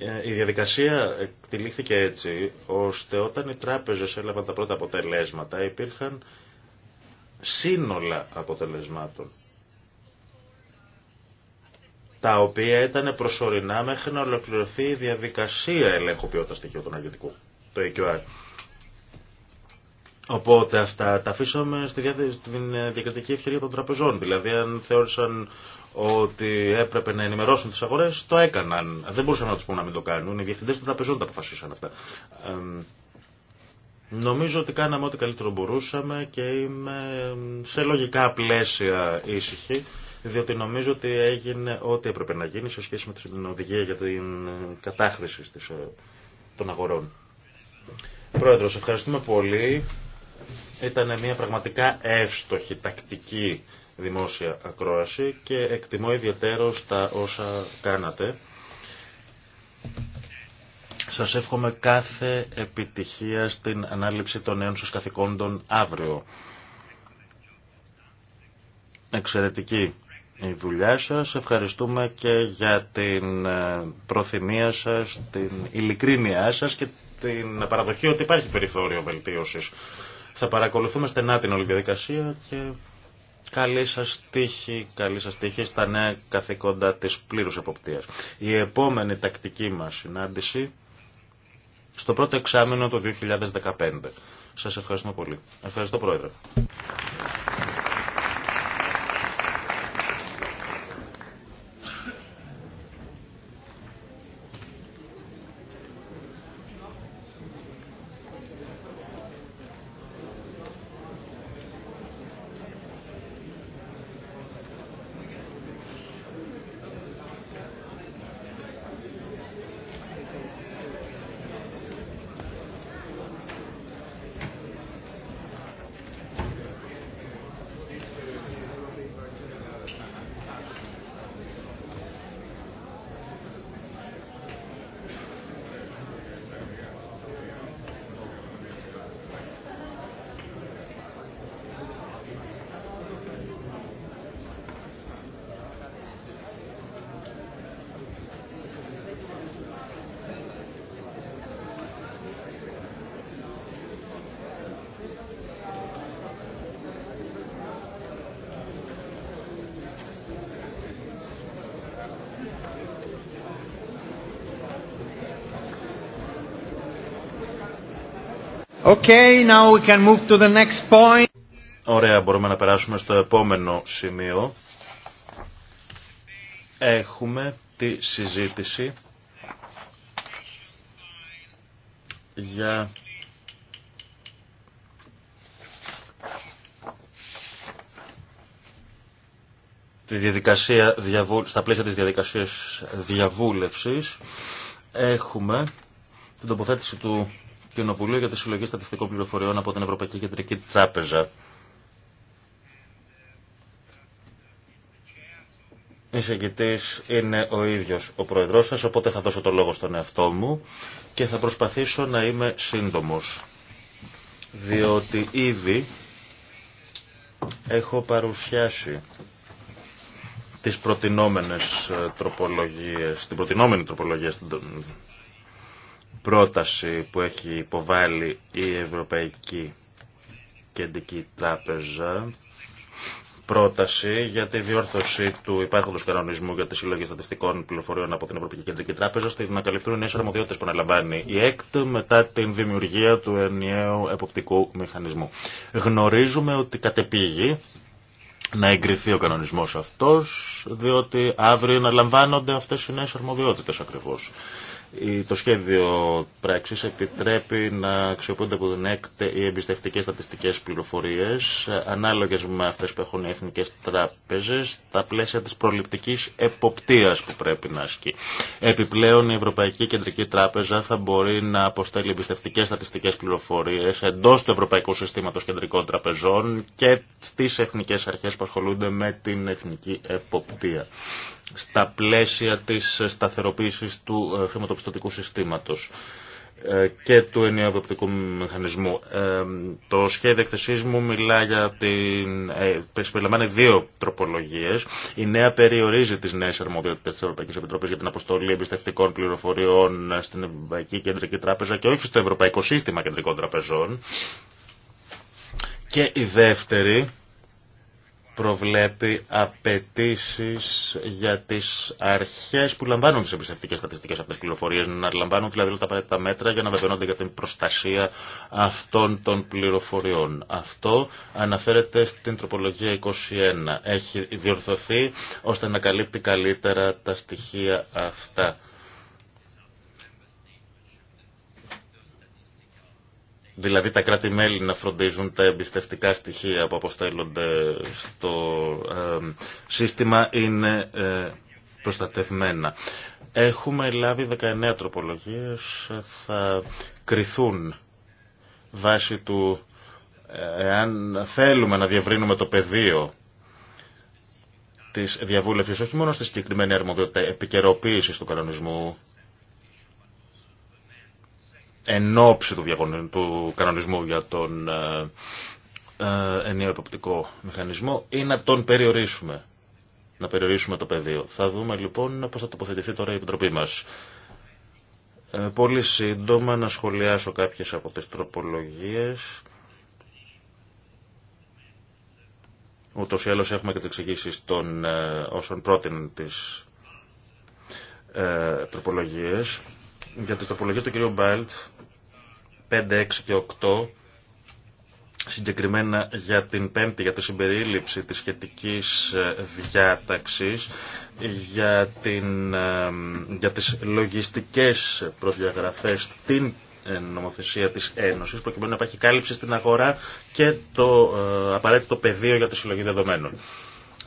ε, η διαδικασία εκτελήθηκε έτσι, ώστε όταν οι τράπεζες έλαβαν τα πρώτα αποτελέσματα, υπήρχαν σύνολα αποτελεσμάτων τα οποία ήταν προσωρινά μέχρι να ολοκληρωθεί η διαδικασία ελέγχου ποιότητα στοιχείου των το EQR. Οπότε αυτά τα αφήσαμε στη στην ε, διακριτική ευκαιρία των τραπεζών. Δηλαδή, αν θεώρησαν ότι έπρεπε να ενημερώσουν τι αγορέ, το έκαναν. Δεν μπορούσαν να του πούμε να μην το κάνουν. Οι διευθυντέ των τραπεζών τα αποφασίσαν αυτά. Ε, νομίζω ότι κάναμε ό,τι καλύτερο μπορούσαμε και είμαι σε λογικά πλαίσια ήσυχη, διότι νομίζω ότι έγινε ό,τι έπρεπε να γίνει σε σχέση με την οδηγία για την κατάχρηση ε, των αγορών. Πρόεδρος, ευχαριστούμε πολύ. Ήταν μια πραγματικά εύστοχη τακτική δημόσια ακρόαση και εκτιμώ ιδιαίτερο τα όσα κάνατε. Σας εύχομαι κάθε επιτυχία στην ανάληψη των νέων σας καθηκόντων αύριο. Εξαιρετική η δουλειά σας. Ευχαριστούμε και για την ε, προθυμία σας, την ειλικρίνειά σας και την παραδοχή ότι υπάρχει περιθώριο βελτίωσης. Θα παρακολουθούμε στενά την όλη διαδικασία και καλή σας τύχη, καλή σας τύχη στα νέα καθήκοντα της πλήρους εποπτείας. Η επόμενη τακτική μας συνάντηση στο πρώτο εξάμεινο του 2015. Σας ευχαριστώ πολύ. Ευχαριστώ Πρόεδρε. Okay, now we next point. Ωραία, μπορούμε να περάσουμε στο επόμενο σημείο. Έχουμε τη συζήτηση για τη διαδικασία στα πλαίσια της διαδικασίας διαβούλευσης έχουμε την τοποθέτηση του Κοινοβουλίου για τη Συλλογή Στατιστικών Πληροφοριών από την Ευρωπαϊκή Κεντρική Τράπεζα. Εισηγητής είναι ο ίδιος ο Πρόεδρός σας, οπότε θα δώσω το λόγο στον εαυτό μου και θα προσπαθήσω να είμαι σύντομος, διότι ήδη έχω παρουσιάσει τις προτινόμενες ε, τροπολογίες, την προτινόμενη τροπολογία στην πρόταση που έχει υποβάλει η Ευρωπαϊκή Κεντρική Τράπεζα πρόταση για τη διόρθωση του υπάρχοντος κανονισμού για τη συλλογή στατιστικών πληροφοριών από την Ευρωπαϊκή Κεντρική Τράπεζα ώστε να καλυφθούν οι νέες αρμοδιότητες που αναλαμβάνει η ΕΚΤ μετά την δημιουργία του ενιαίου εποπτικού μηχανισμού. Γνωρίζουμε ότι κατεπήγει να εγκριθεί ο κανονισμός αυτός διότι αύριο αναλαμβάνονται αυτές οι νέε αρμοδιότητες ακριβώ. Το σχέδιο πράξης επιτρέπει να αξιοποιούνται από την ΕΚΤ οι εμπιστευτικές στατιστικές πληροφορίες ανάλογες με αυτές που έχουν οι εθνικές τράπεζες στα πλαίσια της προληπτικής εποπτείας που πρέπει να ασκεί. Επιπλέον η Ευρωπαϊκή Κεντρική Τράπεζα θα μπορεί να αποστέλει εμπιστευτικές στατιστικές πληροφορίες εντός του Ευρωπαϊκού Συστήματος Κεντρικών Τραπεζών και στις εθνικές αρχές που ασχολούνται με την εθνική εποπτεία στα πλαίσια της σταθεροποίησης του ε, χρηματοπιστωτικού συστήματος ε, και του ενιαίου μηχανισμού. Ε, το σχέδιο εκθεσή μου μιλά για την. δύο τροπολογίες. Η νέα περιορίζει τις νέε αρμοδιότητες τη Ευρωπαϊκή Επιτροπή για την αποστολή εμπιστευτικών πληροφοριών στην Ευρωπαϊκή Κεντρική Τράπεζα και όχι στο Ευρωπαϊκό Σύστημα Κεντρικών Τραπεζών. Και η δεύτερη προβλέπει απαιτήσει για τι αρχέ που λαμβάνουν τι εμπιστευτικέ στατιστικέ αυτέ πληροφορίε, να λαμβάνουν δηλαδή όλα τα απαραίτητα μέτρα για να βεβαιώνονται για την προστασία αυτών των πληροφοριών. Αυτό αναφέρεται στην τροπολογία 21. Έχει διορθωθεί ώστε να καλύπτει καλύτερα τα στοιχεία αυτά. Δηλαδή τα κράτη-μέλη να φροντίζουν τα εμπιστευτικά στοιχεία που αποστέλλονται στο ε, σύστημα είναι ε, προστατευμένα. Έχουμε λάβει 19 τροπολογίες, θα κριθούν βάσει του ε, εάν θέλουμε να διευρύνουμε το πεδίο της διαβούλευσης, όχι μόνο στη συγκεκριμένη αρμοδιότητα επικαιροποίηση του κανονισμού εν ώψη του, του κανονισμού για τον ε, ε, ενίο υποπτικό μηχανισμό ή να τον περιορίσουμε. Να περιορίσουμε το πεδίο. Θα δούμε λοιπόν πώς θα τοποθετηθεί τώρα η Επιτροπή μας. Ε, πολύ σύντομα να σχολιάσω κάποιες από τις τροπολογίες. Ούτως ή άλλως έχουμε και τις εξηγήσεις των ε, όσων πρότειναν τις ε, τροπολογίες. Για τις τροπολογίες του κ. Μπάλτ 5, 6 και 8 συγκεκριμένα για την πέμπτη, για τη συμπερίληψη της σχετικής ε, διάταξης, για, την, ε, για τις λογιστικές προδιαγραφές την ε, νομοθεσία της Ένωσης, προκειμένου να υπάρχει κάλυψη στην αγορά και το απαραίτητο πεδίο για τη συλλογή δεδομένων.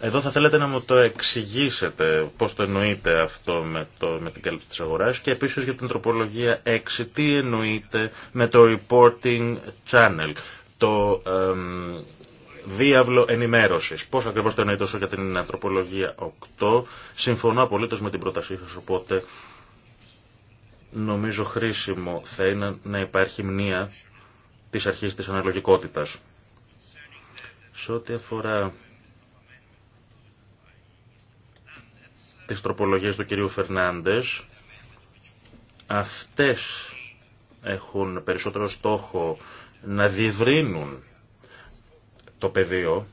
Εδώ θα θέλετε να μου το εξηγήσετε πώς το εννοείτε αυτό με, το, με την κάλυψη της αγοράς και επίσης για την τροπολογία 6 τι εννοείτε με το reporting channel, το διάβλο ενημέρωσης. Πώς ακριβώς το εννοείτε όσο για την τροπολογία 8. Συμφωνώ απολύτως με την πρότασή σας οπότε νομίζω χρήσιμο θα είναι να υπάρχει μνήα της αρχής τη αναλογικότητας. Σε ό,τι αφορά τις τροπολογίες του κυρίου Φερνάντες. Αυτές έχουν περισσότερο στόχο να διευρύνουν το πεδίο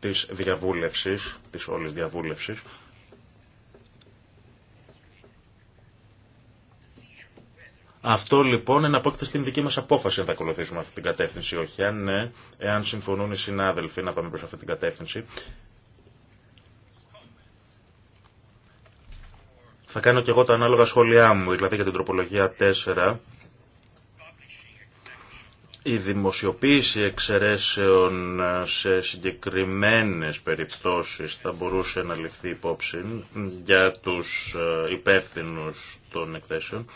της διαβούλευσης, της όλης διαβούλευσης, Αυτό λοιπόν είναι εναπόκειται στην δική μας απόφαση να θα ακολουθήσουμε αυτή την κατεύθυνση όχι. Αν ναι, εάν συμφωνούν οι συνάδελφοι να πάμε προ αυτή την κατεύθυνση Θα κάνω και εγώ τα ανάλογα σχόλιά μου, δηλαδή για την τροπολογία 4. Η δημοσιοποίηση εξαιρέσεων ε, σε συγκεκριμένες περιπτώσεις θα μπορούσε να ληφθεί υπόψη για τους ε, υπεύθυνους των εκθέσεων.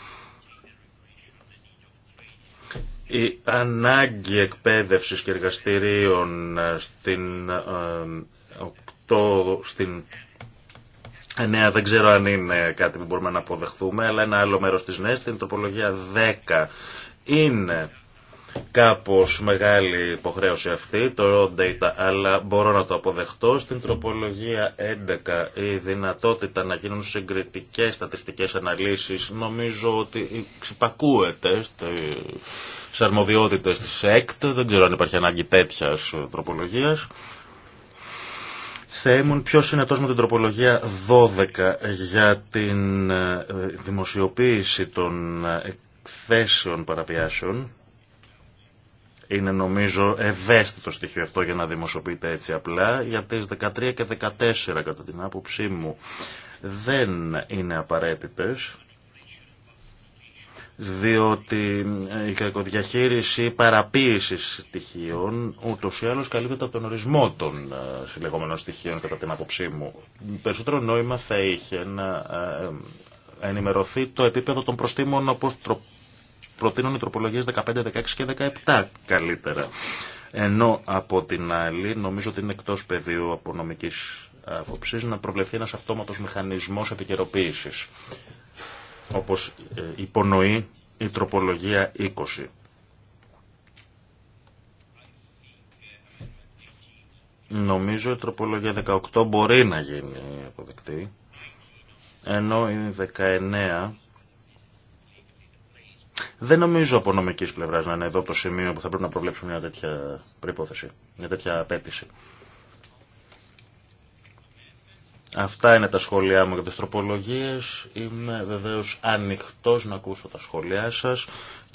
Η ανάγκη εκπαίδευσης και εργαστηρίων ε, στην, στην ε, ναι, δεν ξέρω αν είναι κάτι που μπορούμε να αποδεχθούμε, αλλά ένα άλλο μέρος της ΝΕΣ, την τροπολογία 10, είναι κάπως μεγάλη υποχρέωση αυτή, το raw data, αλλά μπορώ να το αποδεχτώ. Στην τροπολογία 11 η δυνατότητα να γίνουν συγκριτικές στατιστικές αναλύσεις νομίζω ότι ξυπακούεται στις αρμοδιότητες της ΕΚΤ, δεν ξέρω αν υπάρχει ανάγκη τέτοιας τροπολογίας. Θα ήμουν πιο συνετός με την τροπολογία 12 για την ε, δημοσιοποίηση των ε, εκθέσεων παραβιάσεων. Είναι νομίζω ευαίσθητο στοιχείο αυτό για να δημοσιοποιείται έτσι απλά. Για τις 13 και 14 κατά την άποψή μου δεν είναι απαραίτητες διότι η κακοδιαχείριση παραποίηση στοιχείων ούτω ή άλλω καλύπτεται από τον ορισμό των ε, συλλεγόμενων στοιχείων, κατά την άποψή μου. Περισσότερο νόημα θα είχε να ε, ε, ενημερωθεί το επίπεδο των προστήμων όπω προτείνουν οι τροπολογίε 15, 16 και 17 καλύτερα. Ενώ από την άλλη νομίζω ότι είναι εκτό πεδίου απονομική άποψη να προβλεφθεί ένα αυτόματο μηχανισμό επικαιροποίηση όπως ε, υπονοεί η τροπολογία 20. Νομίζω η τροπολογία 18 μπορεί να γίνει αποδεκτή, ενώ η 19 δεν νομίζω από νομικής πλευράς να είναι εδώ το σημείο που θα πρέπει να προβλέψουμε μια τέτοια προπόθεση, μια τέτοια απέτηση. Αυτά είναι τα σχόλιά μου για τις τροπολογίες. Είμαι βεβαίως ανοιχτός να ακούσω τα σχόλιά σας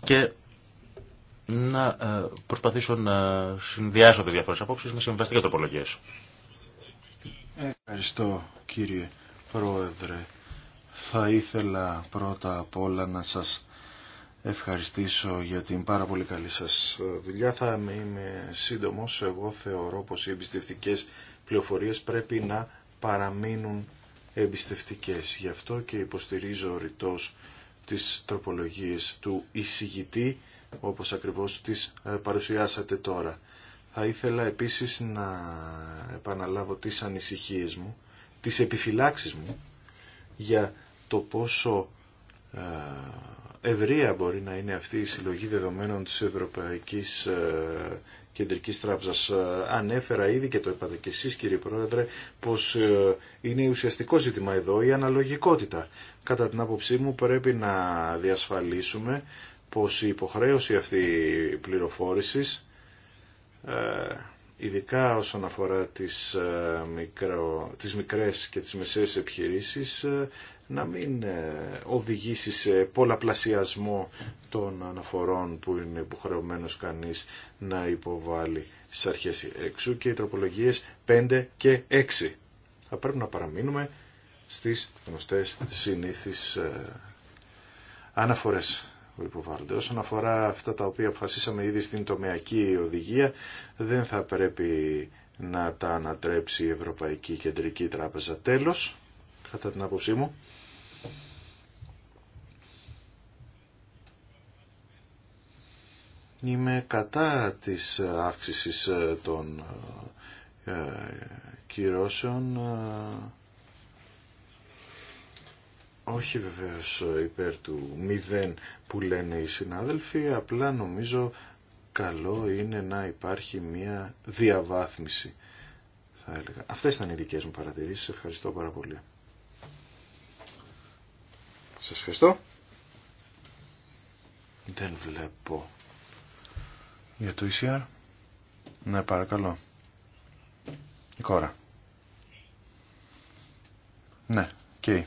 και να ε, προσπαθήσω να συνδυάσω τις διάφορες απόψεις με συμβαστικές τροπολογίες. Ευχαριστώ κύριε Πρόεδρε. Θα ήθελα πρώτα απ' όλα να σας ευχαριστήσω για την πάρα πολύ καλή σας δουλειά. Θα είμαι σύντομος. Εγώ θεωρώ πως οι εμπιστευτικές πληροφορίες πρέπει να παραμείνουν εμπιστευτικές. Γι' αυτό και υποστηρίζω ρητός τις τροπολογίες του εισηγητή, όπως ακριβώς τις ε, παρουσιάσατε τώρα. Θα ήθελα επίσης να επαναλάβω τις ανησυχίες μου, τις επιφυλάξεις μου για το πόσο ε, ευρεία μπορεί να είναι αυτή η συλλογή δεδομένων της Ευρωπαϊκής ε, Κεντρικής Τράπεζας. Ε, ανέφερα ήδη και το είπατε και εσείς κύριε Πρόεδρε πως ε, είναι ουσιαστικό ζήτημα εδώ η αναλογικότητα. Κατά την άποψή μου πρέπει να διασφαλίσουμε πως η υποχρέωση αυτή πληροφόρησης ειδικά όσον αφορά τις, ε, μικρο, τις μικρές και τις μεσαίες επιχειρήσεις, ε, να μην ε, οδηγήσει σε πολλαπλασιασμό των αναφορών που είναι υποχρεωμένο κανείς να υποβάλει στις αρχές εξού και οι τροπολογίες 5 και 6. Θα πρέπει να παραμείνουμε στις γνωστές συνήθεις αναφορές. Όσον αφορά αυτά τα οποία αποφασίσαμε ήδη στην τομεακή οδηγία, δεν θα πρέπει να τα ανατρέψει η Ευρωπαϊκή Κεντρική Τράπεζα. Τέλος, κατά την άποψή μου, είμαι κατά της αύξησης των ε, κυρώσεων ε, όχι βεβαίως υπέρ του μηδέν που λένε οι συνάδελφοι, απλά νομίζω καλό είναι να υπάρχει μια διαβάθμιση. Θα έλεγα. Αυτές ήταν οι δικές μου παρατηρήσεις. Ευχαριστώ πάρα πολύ. Σας ευχαριστώ. Δεν βλέπω για το ECR. Ναι, παρακαλώ. Η κόρα. Ναι, και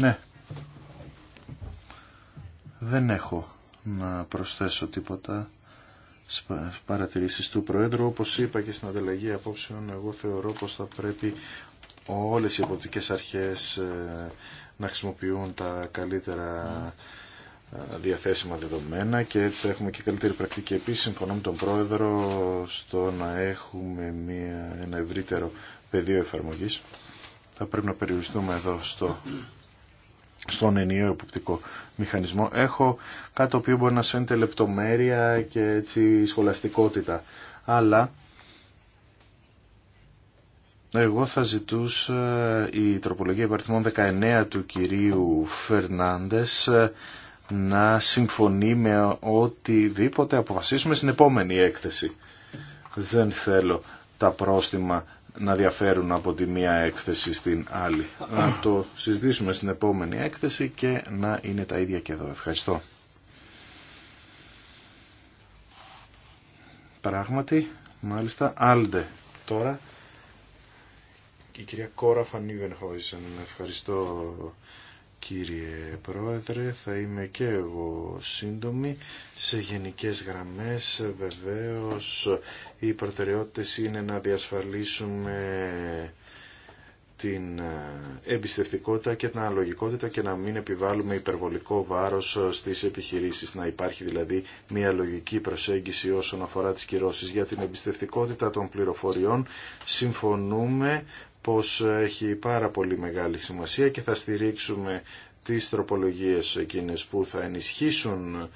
Ναι. Δεν έχω να προσθέσω τίποτα στις παρατηρήσεις του Προέδρου. Όπως είπα και στην ανταλλαγή απόψεων, εγώ θεωρώ πως θα πρέπει όλες οι εποπτικές αρχές ε, να χρησιμοποιούν τα καλύτερα ε, διαθέσιμα δεδομένα και έτσι θα έχουμε και καλύτερη πρακτική. Επίσης συμφωνώ με τον Πρόεδρο στο να έχουμε μια, ένα ευρύτερο πεδίο εφαρμογής. Θα πρέπει να περιοριστούμε εδώ στο στον ενιαίο υποπτικό μηχανισμό. Έχω κάτι το οποίο μπορεί να σένεται λεπτομέρεια και έτσι σχολαστικότητα. Αλλά εγώ θα ζητούσα η τροπολογία υπαριθμών 19 του κυρίου Φερνάντες να συμφωνεί με οτιδήποτε αποφασίσουμε στην επόμενη έκθεση. Δεν θέλω τα πρόστιμα να διαφέρουν από τη μία έκθεση στην άλλη. Να το συζητήσουμε στην επόμενη έκθεση και να είναι τα ίδια και εδώ. Ευχαριστώ. Πράγματι, μάλιστα, άλντε τώρα. Η κυρία Κόρα Ευχαριστώ κύριε Πρόεδρε, θα είμαι και εγώ σύντομη. Σε γενικές γραμμές βεβαίως οι προτεραιότητες είναι να διασφαλίσουμε την ε, εμπιστευτικότητα και την αναλογικότητα και να μην επιβάλλουμε υπερβολικό βάρος ε, στις επιχειρήσεις. Να υπάρχει δηλαδή μια λογική προσέγγιση όσον αφορά τις κυρώσεις. Για την εμπιστευτικότητα των πληροφοριών συμφωνούμε πως έχει πάρα πολύ μεγάλη σημασία και θα στηρίξουμε τις τροπολογίες εκείνες που θα ενισχύσουν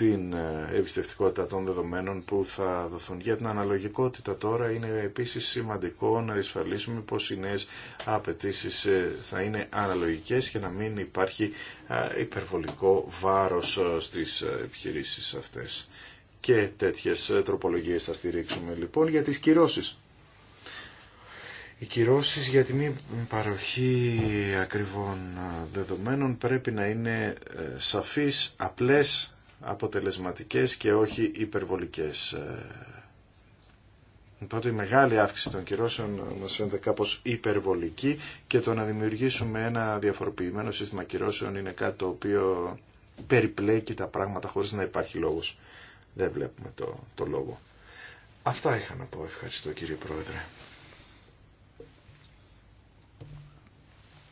την ε, εμπιστευτικότητα των δεδομένων που θα δοθούν. Για την αναλογικότητα τώρα είναι επίσης σημαντικό να ασφαλίσουμε πως οι νέες απαιτήσει ε, θα είναι αναλογικές και να μην υπάρχει υπερβολικό βάρος ε, στις επιχειρήσεις αυτές. Και τέτοιες τροπολογίες θα στηρίξουμε λοιπόν για τις κυρώσεις. Οι κυρώσεις για τη μη παροχή ακριβών δεδομένων πρέπει να είναι σαφείς, απλές αποτελεσματικές και όχι υπερβολικές. Οπότε η μεγάλη αύξηση των κυρώσεων μας φαίνεται κάπως υπερβολική και το να δημιουργήσουμε ένα διαφοροποιημένο σύστημα κυρώσεων είναι κάτι το οποίο περιπλέκει τα πράγματα χωρίς να υπάρχει λόγος. Δεν βλέπουμε το, το λόγο. Αυτά είχα να πω. Ευχαριστώ κύριε Πρόεδρε.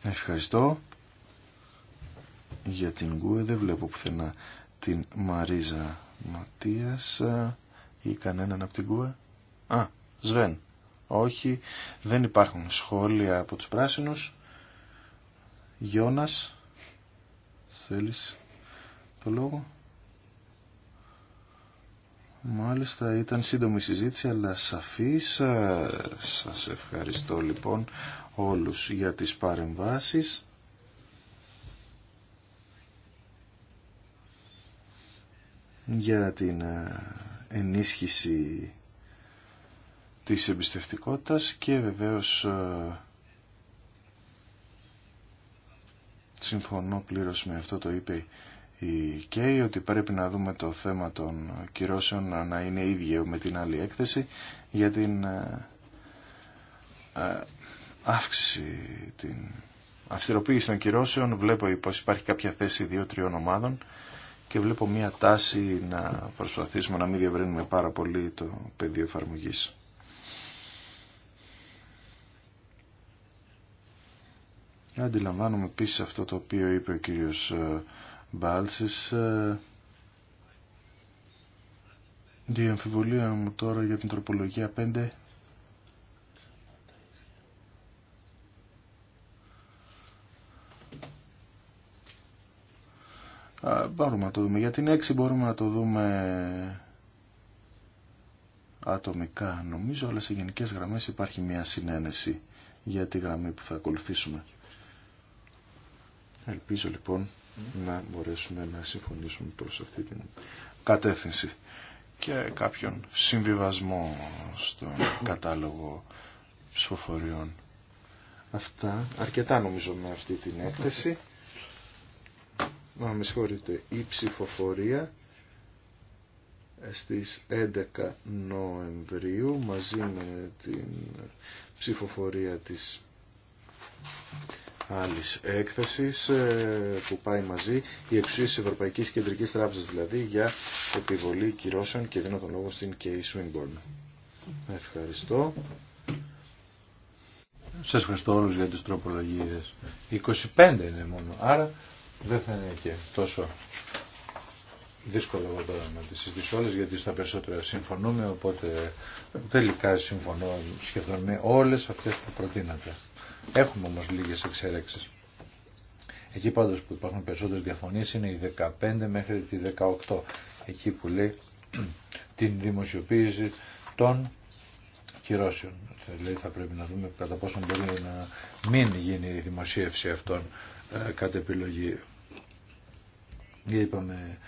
Ευχαριστώ. Για την ΚΟΕ δεν βλέπω πουθενά την Μαρίζα Ματίας ή κανέναν από την ΚΟΕ. Α, Σβέν. Όχι, δεν υπάρχουν σχόλια από τους πράσινους. Γιώνας, θέλεις το λόγο. Μάλιστα ήταν σύντομη συζήτηση αλλά σαφής. Ε, σας ευχαριστώ λοιπόν όλους για τις παρεμβάσεις. για την ε, ενίσχυση της εμπιστευτικότητας και βεβαίως ε, συμφωνώ πλήρως με αυτό το είπε η ΚΕΙ ότι πρέπει να δούμε το θέμα των κυρώσεων να είναι ίδιο με την άλλη έκθεση για την ε, αύξηση, την αυστηροποίηση των κυρώσεων βλέπω πως υπάρχει κάποια θέση δύο-τριών ομάδων και βλέπω μία τάση να προσπαθήσουμε να μην διαβρύνουμε πάρα πολύ το πεδίο εφαρμογή. Αντιλαμβάνομαι επίση αυτό το οποίο είπε ο κύριος ε, Μπάλσης. Ε, Διαμφιβολία μου τώρα για την τροπολογία 5 μπορούμε να το δούμε. Για την 6 μπορούμε να το δούμε ατομικά νομίζω, αλλά σε γενικές γραμμές υπάρχει μια συνένεση για τη γραμμή που θα ακολουθήσουμε. Ελπίζω λοιπόν να μπορέσουμε να συμφωνήσουμε προς αυτή την κατεύθυνση και κάποιον συμβιβασμό στον κατάλογο ψηφοφοριών. Αυτά αρκετά νομίζω με αυτή την έκθεση μα με συγχωρείτε, η ψηφοφορία στις 11 Νοεμβρίου μαζί με την ψηφοφορία της άλλης έκθεσης ε, που πάει μαζί η εξουσία της Ευρωπαϊκής Κεντρικής Τράπεζας δηλαδή για επιβολή κυρώσεων και δίνω τον λόγο στην Κέι Σουίνμπορν. Ευχαριστώ. Σας ευχαριστώ όλους για τις τροπολογίες. 25 είναι μόνο. Άρα δεν θα είναι και τόσο δύσκολο τώρα να τις συζητήσω όλες γιατί στα περισσότερα συμφωνούμε οπότε τελικά συμφωνώ σχεδόν με όλες αυτές που προτείνατε. Έχουμε όμως λίγες εξαιρέξεις. Εκεί πάντως που υπάρχουν περισσότερες διαφωνίες είναι η 15 μέχρι τη 18. Εκεί που λέει *clears throat* την δημοσιοποίηση των κυρώσεων. Δηλαδή θα πρέπει να δούμε κατά πόσο μπορεί να μην γίνει η δημοσίευση αυτών ε, κατ' επιλογή. Είπαμε,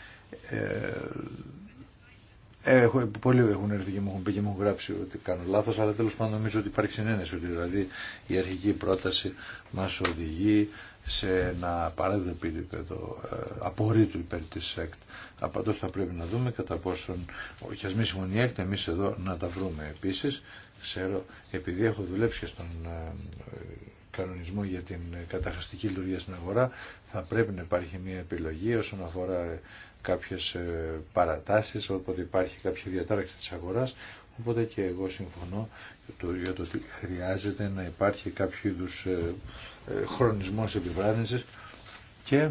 ε, πολλοί έχουν έρθει και μου έχουν πει και μου έχουν γράψει ότι κάνω λάθος, αλλά τέλος πάντων νομίζω ότι υπάρχει συνένεση, ότι δηλαδή η αρχική πρόταση μας οδηγεί σε ένα παράδειγμα επίπεδο ε, απορρίτου υπέρ της ΕΚΤ. Απαντός θα πρέπει να δούμε κατά πόσον, όχι ας μη συμφωνεί η ΕΚΤ, εμείς εδώ να τα βρούμε. Επίσης, ξέρω, επειδή έχω δουλέψει και στον ε, κανονισμό για την καταχρηστική λειτουργία στην αγορά θα πρέπει να υπάρχει μια επιλογή όσον αφορά κάποιες ε, παρατάσεις, όποτε υπάρχει κάποια διατάραξη της αγοράς, οπότε και εγώ συμφωνώ για το ότι χρειάζεται να υπάρχει κάποιο είδου ε, ε, χρονισμός επιβράδυνσης και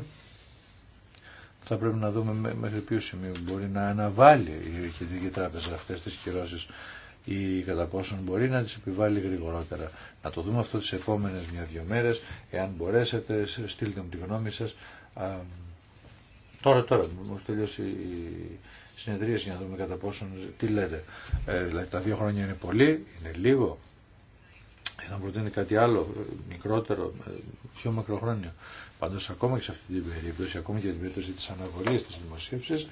θα πρέπει να δούμε μέχρι ποιο σημείο μπορεί να αναβάλει η Κεντρική Τράπεζα αυτές τις κυρώσεις ή κατά πόσον μπορεί να τις επιβάλλει γρηγορότερα. Να το δούμε αυτό τις επόμενες μια-δυο μέρες, εάν μπορέσετε, στείλτε μου τη γνώμη σας. Α, τώρα, τώρα, μου τελειώσει η συνεδρίαση για να δούμε κατά πόσον, τι λέτε. Ε, δηλαδή τα δύο χρόνια είναι πολύ, είναι λίγο, να προτείνει κάτι άλλο, μικρότερο, ε, πιο μακροχρόνιο. Πάντως ακόμα και σε αυτή την περίπτωση, ακόμα και την περίπτωση της αναβολής της δημοσίευσης,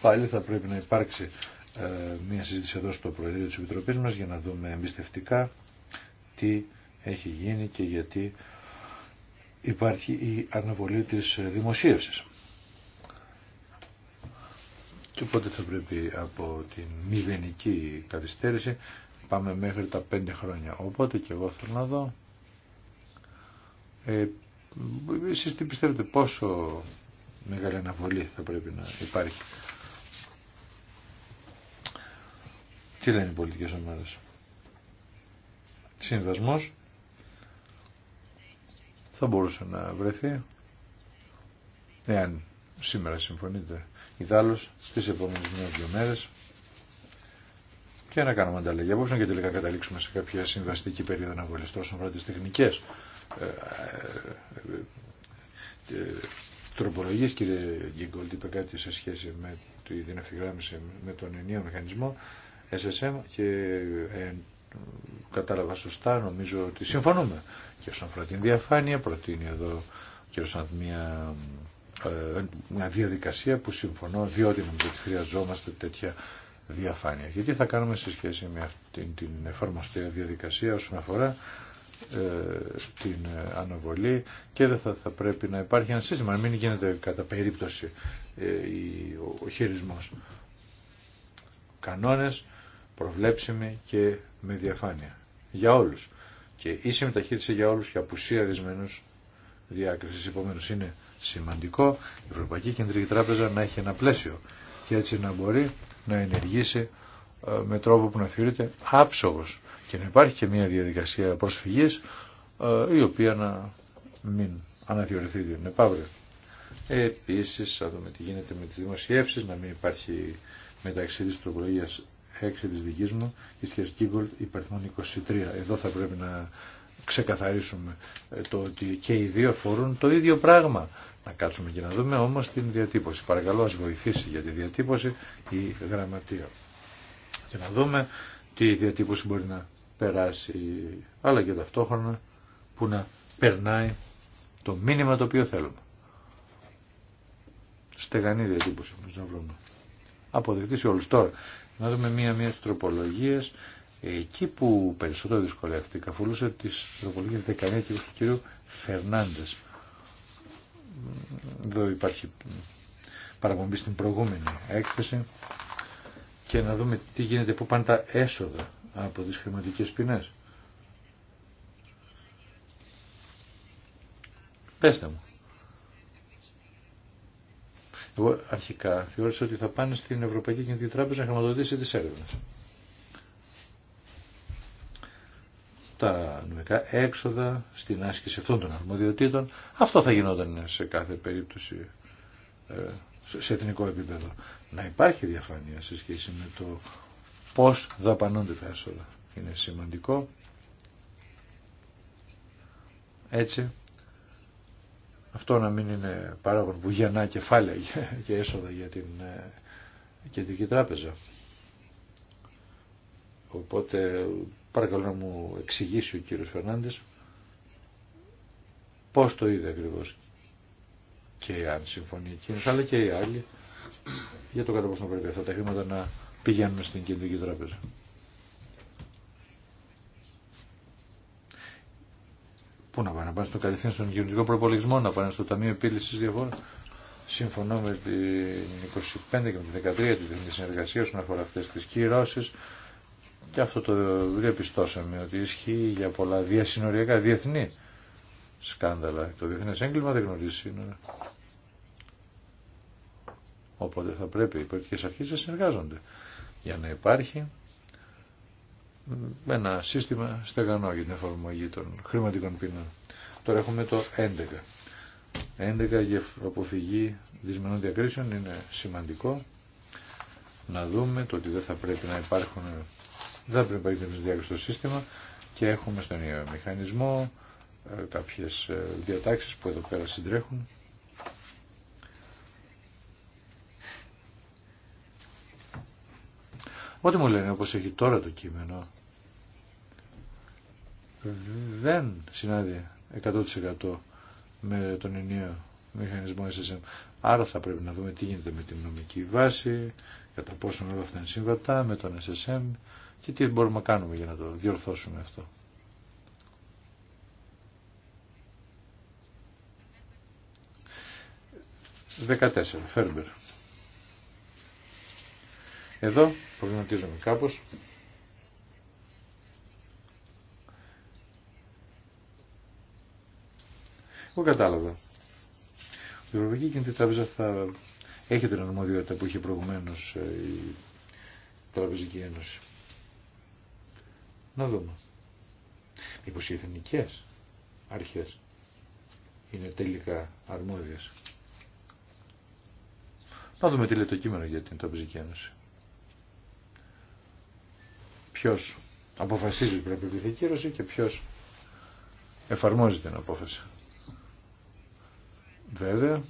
πάλι θα πρέπει να υπάρξει ε, μία συζήτηση εδώ στο Προεδρείο της Επιτροπής μας για να δούμε εμπιστευτικά τι έχει γίνει και γιατί υπάρχει η αναβολή της δημοσίευσης. Και οπότε θα πρέπει από την μηδενική καθυστέρηση πάμε μέχρι τα πέντε χρόνια. Οπότε και εγώ θέλω να δω ε, εσείς τι πιστεύετε πόσο μεγάλη αναβολή θα πρέπει να υπάρχει Τι λένε οι πολιτικές ομάδες. Συνδεσμός θα μπορούσε να βρεθεί εάν σήμερα συμφωνείτε ιδάλλως στις επόμενες μία-δύο μέρες και να κάνουμε ανταλλαγή απόψε και τελικά καταλήξουμε σε κάποια συμβαστική περίοδο να βολεστώ όσον αφορά τις τεχνικές ε, ε, ε, τροπολογίες κύριε Γκίγκολτ είπε κάτι σε σχέση με την ευθυγράμμιση με τον ενίο μηχανισμό SSM και ε, κατάλαβα σωστά, νομίζω ότι συμφωνούμε. Και όσον αφορά την διαφάνεια, προτείνει εδώ και όσον μια, ε, μια διαδικασία που συμφωνώ, διότι νομίζω ότι χρειαζόμαστε τέτοια διαφάνεια. Γιατί θα κάνουμε σε σχέση με αυτή την εφαρμοστεία διαδικασία όσον αφορά ε, την αναβολή και δεν θα, θα πρέπει να υπάρχει ένα σύστημα, να μην γίνεται κατά περίπτωση ε, ο, ο χειρισμός. Κανόνες προβλέψιμη και με διαφάνεια. Για όλους. Και ίση μεταχείριση για όλους και απουσία δυσμένους διάκρισης. Επομένως είναι σημαντικό η Ευρωπαϊκή Κεντρική Τράπεζα να έχει ένα πλαίσιο και έτσι να μπορεί να ενεργήσει ε, με τρόπο που να θεωρείται άψογος και να υπάρχει και μια διαδικασία προσφυγής ε, η οποία να μην αναθεωρηθεί την επαύριο. Επίσης, θα δούμε τι γίνεται με τις δημοσιεύσεις, να μην υπάρχει μεταξύ της τροπολογίας 6 της δικής μου και σχέση Κίγκολτ υπαριθμών 23. Εδώ θα πρέπει να ξεκαθαρίσουμε ε, το ότι και οι δύο φορούν το ίδιο πράγμα. Να κάτσουμε και να δούμε όμως την διατύπωση. Παρακαλώ ας βοηθήσει για τη διατύπωση η γραμματεία. Και να δούμε τι διατύπωση μπορεί να περάσει, αλλά και ταυτόχρονα που να περνάει το μήνυμα το οποίο θέλουμε. Στεγανή διατύπωση όμως να βρούμε. Αποδεκτή όλους τώρα να δούμε μία-μία τροπολογίε εκεί που περισσότερο δυσκολεύτηκα αφορούσε τι τροπολογίες 19 και του κυρίου Φερνάντε. Εδώ υπάρχει παραπομπή στην προηγούμενη έκθεση και να δούμε τι γίνεται, πού πάνε τα έσοδα από τις χρηματικές ποινές. Πέστε μου. Εγώ αρχικά θεώρησα ότι θα πάνε στην Ευρωπαϊκή Κεντρική Τράπεζα να χρηματοδοτήσει τις έρευνες. Τα νομικά έξοδα στην άσκηση αυτών των αρμοδιοτήτων, αυτό θα γινόταν σε κάθε περίπτωση ε, σε εθνικό επίπεδο. Να υπάρχει διαφάνεια σε σχέση με το πώς δαπανώνται τα έσοδα. Είναι σημαντικό. Έτσι αυτό να μην είναι παράγον που γεννά κεφάλαια και έσοδα για την ε, Κεντρική Τράπεζα. Οπότε παρακαλώ να μου εξηγήσει ο κύριος Φερνάντες πώς το είδε ακριβώς και αν συμφωνεί εκείνο, αλλά και οι άλλοι για το κατά πόσο πρέπει αυτά τα χρήματα να πηγαίνουμε στην Κεντρική Τράπεζα. Πού να πάνε, να πάνε στο κατευθείαν στον κοινωνικό προπολογισμό, να πάνε στο Ταμείο Επίλυση Διαφόρων. Συμφωνώ με την 25 και με την 13 τη διεθνή συνεργασία όσον αφορά αυτέ τι κυρώσει. Και αυτό το διαπιστώσαμε ότι ισχύει για πολλά διασυνοριακά διεθνή σκάνδαλα. Το διεθνέ έγκλημα δεν γνωρίζει σύνορα. Οπότε θα πρέπει οι πολιτικέ αρχέ να συνεργάζονται για να υπάρχει ένα σύστημα στεγανό για την εφαρμογή των χρηματικών ποινών. Τώρα έχουμε το 11. 11 για αποφυγή δυσμενών διακρίσεων είναι σημαντικό να δούμε το ότι δεν θα πρέπει να υπάρχουν δεν πρέπει να υπάρχει διάκριση στο σύστημα και έχουμε στον μηχανισμό ε, κάποιες ε, διατάξεις που εδώ πέρα συντρέχουν Ό,τι μου λένε όπως έχει τώρα το κείμενο δεν συνάδει 100% με τον ενίο μηχανισμό SSM. Άρα θα πρέπει να δούμε τι γίνεται με την νομική βάση, κατά πόσο όλα αυτά είναι σύμβατα με τον SSM και τι μπορούμε να κάνουμε για να το διορθώσουμε αυτό. Δεκατέσσερα, Φέρμπερ. Εδώ προβληματίζομαι κάπως. Εγώ κατάλαβα. Η Ευρωπαϊκή Κεντρική Τράπεζα θα έχει την αρμοδιότητα που είχε προηγουμένω ε, η Τραπεζική Ένωση. Να δούμε. Μήπω οι εθνικέ αρχέ είναι τελικά αρμόδιε. Να δούμε τι λέει το κείμενο για την Τραπεζική Ένωση. Ποιο αποφασίζει ότι πρέπει κύρωση και ποιο εφαρμόζει την απόφαση. Βέβαια,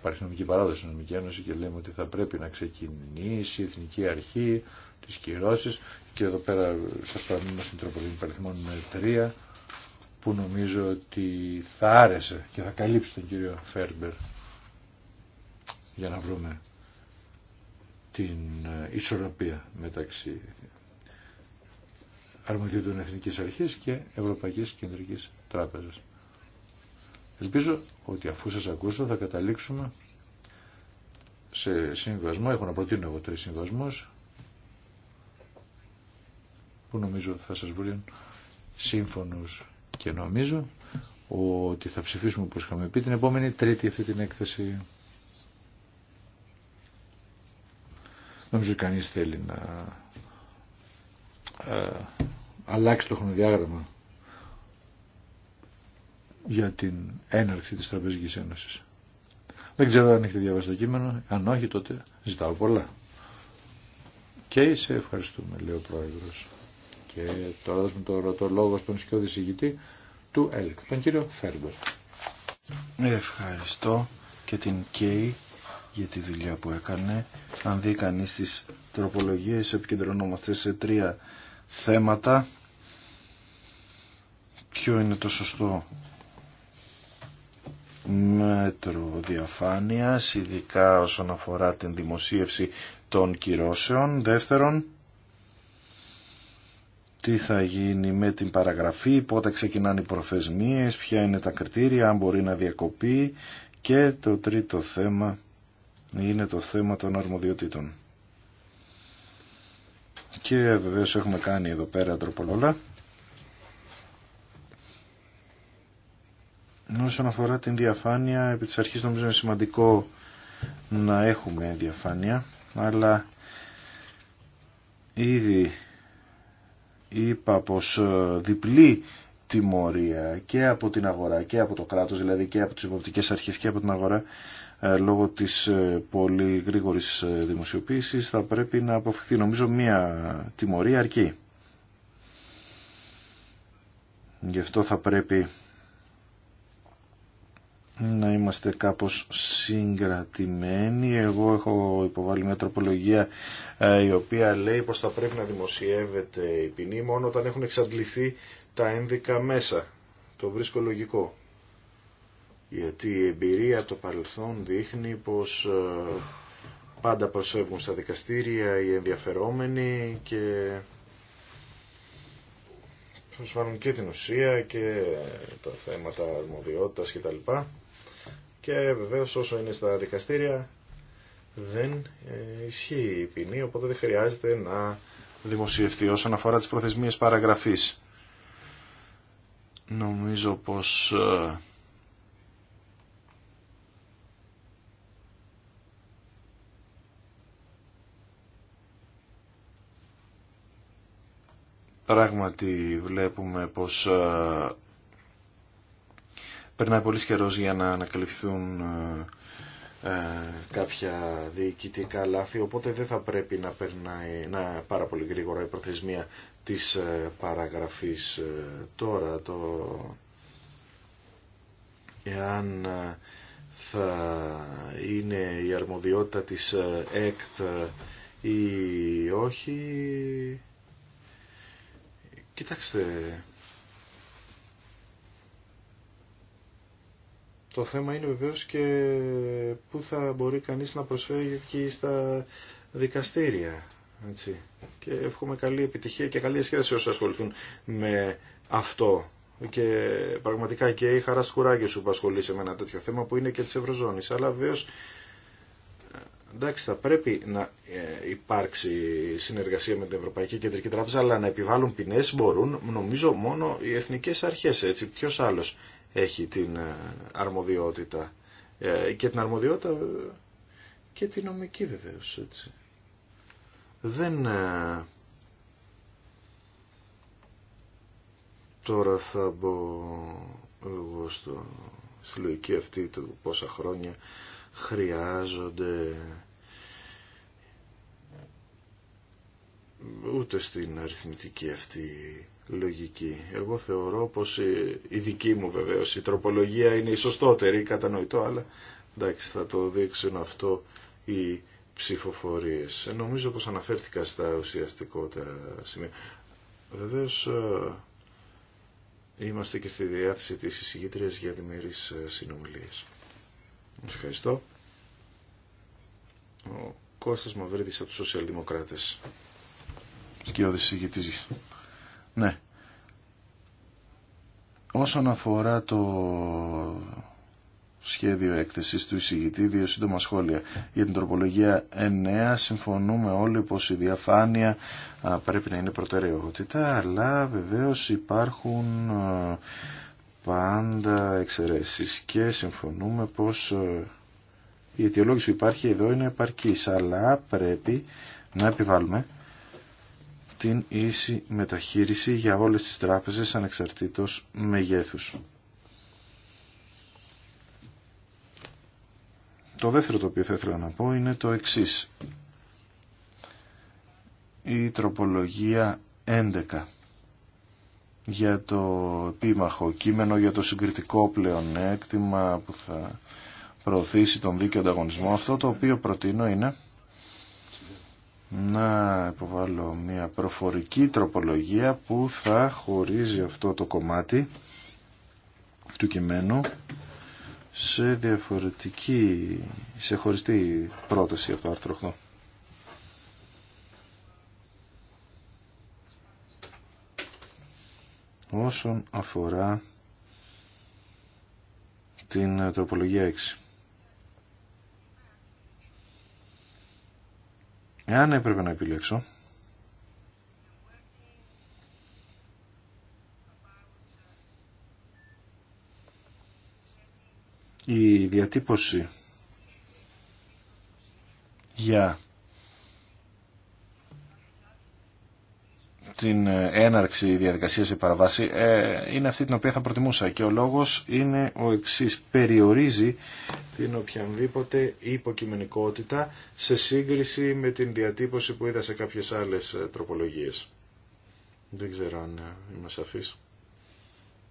υπάρχει νομική παράδοση, νομική ένωση και λέμε ότι θα πρέπει να ξεκινήσει η Εθνική Αρχή της κυρώσεις και εδώ πέρα σας παραμείνουμε στην τροπολίνη παριθμών 3 που νομίζω ότι θα άρεσε και θα καλύψει τον κύριο Φέρμπερ για να βρούμε την ε, ισορροπία μεταξύ των Εθνικής Αρχής και Ευρωπαϊκής Κεντρικής Τράπεζας. Ελπίζω ότι αφού σας ακούσω θα καταλήξουμε σε συμβασμό, έχω να προτείνω εγώ τρεις συμβασμούς, που νομίζω θα σας βρουν σύμφωνους και νομίζω ότι θα ψηφίσουμε όπως είχαμε πει την επόμενη τρίτη αυτή την έκθεση. Νομίζω κανείς θέλει να ε, αλλάξει το χρονοδιάγραμμα για την έναρξη της Τραπεζικής Ένωσης. Δεν ξέρω αν έχετε διαβάσει το κείμενο, αν όχι τότε ζητάω πολλά. Και σε ευχαριστούμε, λέει ο Πρόεδρος. Και τώρα δώσουμε το, ρωτο λόγο στον σκιώδη συγητή του ΕΛΚ, τον κύριο Φέρμπερ. Ευχαριστώ και την ΚΕΙ για τη δουλειά που έκανε. Αν δει κανείς τις τροπολογίες επικεντρωνόμαστε σε τρία θέματα ποιο είναι το σωστό μέτρο διαφάνειας, ειδικά όσον αφορά την δημοσίευση των κυρώσεων. Δεύτερον, τι θα γίνει με την παραγραφή, πότε ξεκινάνε οι προθεσμίες, ποια είναι τα κριτήρια, αν μπορεί να διακοπεί και το τρίτο θέμα είναι το θέμα των αρμοδιοτήτων. Και βεβαίως έχουμε κάνει εδώ πέρα τροπολόλα Όσον αφορά την διαφάνεια, επί της αρχής νομίζω είναι σημαντικό να έχουμε διαφάνεια, αλλά ήδη είπα πως ε, διπλή τιμωρία και από την αγορά και από το κράτος, δηλαδή και από τις υποπτικές αρχές και από την αγορά, ε, λόγω της ε, πολύ γρήγορης δημοσιοποίησης θα πρέπει να αποφευχθεί νομίζω μία τιμωρία αρκεί. Γι' αυτό θα πρέπει να είμαστε κάπως συγκρατημένοι. Εγώ έχω υποβάλει μια τροπολογία ε, η οποία λέει πως θα πρέπει να δημοσιεύεται η ποινή μόνο όταν έχουν εξαντληθεί τα ένδικα μέσα. Το βρίσκω λογικό. Γιατί η εμπειρία το παρελθόν δείχνει πως ε, πάντα προσέχουν στα δικαστήρια οι ενδιαφερόμενοι και προσφέρουν και την ουσία και τα θέματα αρμοδιότητας κτλ και βεβαίως όσο είναι στα δικαστήρια δεν ε, ισχύει η ποινή, οπότε δεν χρειάζεται να δημοσιευτεί όσον αφορά τις προθεσμίες παραγραφής. Νομίζω πως ε, πράγματι βλέπουμε πως ε, περνάει πολύ καιρό για να ανακαλυφθούν ε, ε, κάποια διοικητικά λάθη, οπότε δεν θα πρέπει να περνάει να, πάρα πολύ γρήγορα η προθεσμία της ε, παραγραφής τώρα. Το, εάν θα είναι η αρμοδιότητα της ΕΚΤ ή όχι... Κοιτάξτε, Το θέμα είναι βεβαίως και πού θα μπορεί κανείς να προσφέρει εκεί στα δικαστήρια. Έτσι. Και εύχομαι καλή επιτυχία και καλή σε όσοι ασχοληθούν με αυτό. Και πραγματικά και η χαρά σκουράγιο σου που ασχολείσαι με ένα τέτοιο θέμα που είναι και τη Ευρωζώνη. Αλλά βεβαίω. Εντάξει, θα πρέπει να ε, υπάρξει συνεργασία με την Ευρωπαϊκή Κεντρική Τράπεζα, αλλά να επιβάλλουν ποινές μπορούν, νομίζω, μόνο οι εθνικές αρχές, έτσι, ποιος έχει την ε, αρμοδιότητα ε, και την αρμοδιότητα ε, και την νομική βεβαίως έτσι. Δεν τώρα θα μπω εγώ στο, στη λογική αυτή του πόσα χρόνια χρειάζονται ούτε στην αριθμητική αυτή λογική. Εγώ θεωρώ πως η, δική μου βεβαίως η τροπολογία είναι η σωστότερη, κατανοητό, αλλά εντάξει θα το δείξουν αυτό οι ψηφοφορίες. Ε, νομίζω πως αναφέρθηκα στα ουσιαστικότερα σημεία. Βεβαίως ε, είμαστε και στη διάθεση της εισηγήτριας για διμερείς ε, συνομιλίες. Ευχαριστώ. Ο Κώστας Μαυρίδης από τους Σοσιαλδημοκράτες. Σκιώδης ναι. Όσον αφορά το σχέδιο έκθεσης του εισηγητή, δύο σύντομα σχόλια. Για την τροπολογία 9 συμφωνούμε όλοι πως η διαφάνεια πρέπει να είναι προτεραιότητα, αλλά βεβαίως υπάρχουν πάντα εξαιρέσεις και συμφωνούμε πως η αιτιολόγηση που υπάρχει εδώ είναι επαρκής, αλλά πρέπει να επιβάλλουμε την ίση μεταχείριση για όλες τις τράπεζες ανεξαρτήτως μεγέθους. Το δεύτερο το οποίο θα ήθελα να πω είναι το εξής. Η τροπολογία 11 για το επίμαχο κείμενο, για το συγκριτικό πλεονέκτημα που θα προωθήσει τον δίκαιο ανταγωνισμό. Αυτό το οποίο προτείνω είναι να υποβάλω μια προφορική τροπολογία που θα χωρίζει αυτό το κομμάτι του κειμένου σε διαφορετική, σε χωριστή πρόταση από το άρθρο 8. όσον αφορά την τροπολογία 6. Εάν έπρεπε να επιλέξω, η διατύπωση για την ε, έναρξη διαδικασίας υπαραβάση παραβάση ε, είναι αυτή την οποία θα προτιμούσα και ο λόγος είναι ο εξής περιορίζει την οποιαδήποτε υποκειμενικότητα σε σύγκριση με την διατύπωση που είδα σε κάποιες άλλες ε, τροπολογίες δεν ξέρω αν είμαι σαφής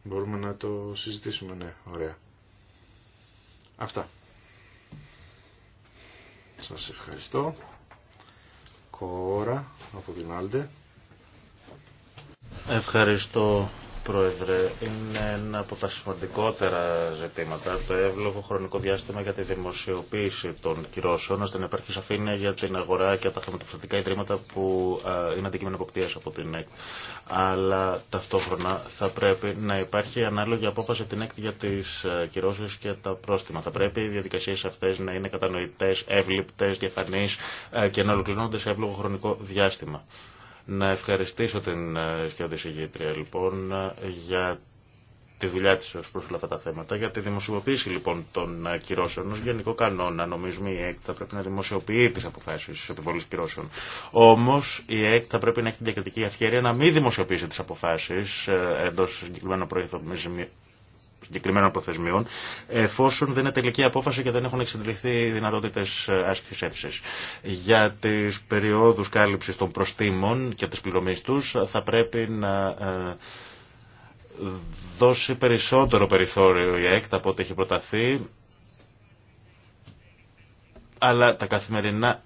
μπορούμε να το συζητήσουμε ναι ωραία αυτά σας ευχαριστώ Κόρα από την Ευχαριστώ, Πρόεδρε. Είναι ένα από τα σημαντικότερα ζητήματα το εύλογο χρονικό διάστημα για τη δημοσιοποίηση των κυρώσεων, ώστε να υπάρχει σαφήνεια για την αγορά και τα χρηματοπιστωτικά ιδρύματα που είναι αντικείμενο εποπτεία από την ΕΚΤ. Αλλά ταυτόχρονα θα πρέπει να υπάρχει ανάλογη απόφαση την ΕΚΤ για τι κυρώσει και τα πρόστιμα. Θα πρέπει οι διαδικασίε αυτέ να είναι κατανοητέ, εύληπτε, διαφανεί και να ολοκληρώνονται σε εύλογο χρονικό διάστημα. Να ευχαριστήσω την ε, Σκιώδη λοιπόν για τη δουλειά της ως προς όλα αυτά τα θέματα. Για τη δημοσιοποίηση λοιπόν των ε, κυρώσεων ως γενικό κανόνα νομίζουμε η ΕΚ θα πρέπει να δημοσιοποιεί τις αποφάσεις επιβολής κυρώσεων. Όμως η ΕΚ θα πρέπει να έχει την διακριτική ευκαιρία να μην δημοσιοποιήσει τις αποφάσεις ε, εντός προϊόντος συγκεκριμένων προθεσμιών, εφόσον δεν είναι τελική απόφαση και δεν έχουν οι δυνατότητε ε, άσκηση έψη. Για τι περιόδου κάλυψη των προστήμων και τη πληρωμή του, θα πρέπει να ε, δώσει περισσότερο περιθώριο η ΕΚΤ από ό,τι έχει προταθεί αλλά τα καθημερινά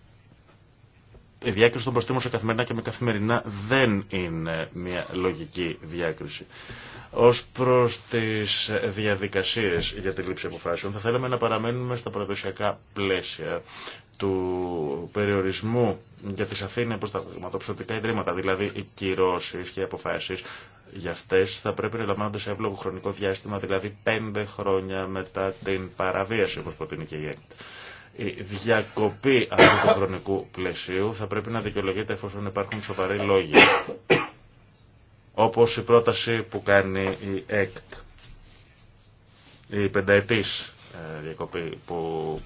η διάκριση των προστήμων σε καθημερινά και με καθημερινά δεν είναι μια λογική διάκριση. Ως προς τις διαδικασίες για τη λήψη αποφάσεων θα θέλαμε να παραμένουμε στα παραδοσιακά πλαίσια του περιορισμού για τις Αθήνα προς τα χρηματοπιστωτικά ιδρύματα, δηλαδή οι κυρώσεις και οι αποφάσεις για αυτές θα πρέπει να λαμβάνονται σε εύλογο χρονικό διάστημα, δηλαδή πέντε χρόνια μετά την παραβίαση, όπω προτείνει και η ΕΚΤ. Η διακοπή αυτού του χρονικού πλαισίου θα πρέπει να δικαιολογείται εφόσον υπάρχουν σοβαροί λόγοι. Όπως η πρόταση που κάνει η ΕΚΤ. Η πενταετής ε, διακοπή που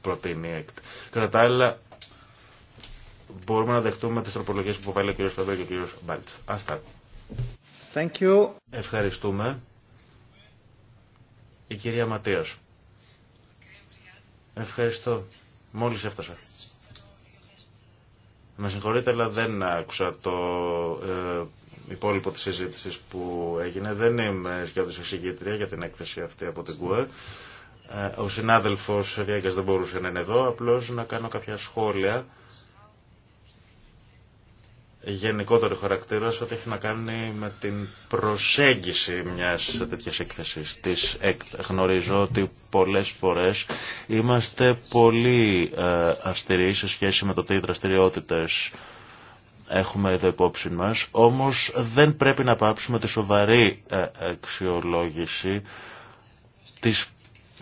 προτείνει η ΕΚΤ. Κατά τα άλλα, μπορούμε να δεχτούμε τις τροπολογίες που βάλει ο κ. Φαμπέ και ο κ. Μπάλτς. Αυτά. Thank Ευχαριστούμε. Η κυρία Ματίας. Ευχαριστώ. Μόλις έφτασα. Με συγχωρείτε, αλλά δεν άκουσα το ε, υπόλοιπο της συζήτηση που έγινε. Δεν είμαι σχεδόν εισηγήτρια για την έκθεση αυτή από την ΚΟΕ. Ε, ο συνάδελφος Βιέγκας δεν μπορούσε να είναι εδώ, απλώς να κάνω κάποια σχόλια γενικότερο χαρακτήρα ό,τι έχει να κάνει με την προσέγγιση μιας τέτοιας έκθεσης της Γνωρίζω ότι πολλές φορές είμαστε πολύ ε, αστεροί σε σχέση με το τι δραστηριότητες έχουμε εδώ υπόψη μας, όμως δεν πρέπει να πάψουμε τη σοβαρή ε, αξιολόγηση της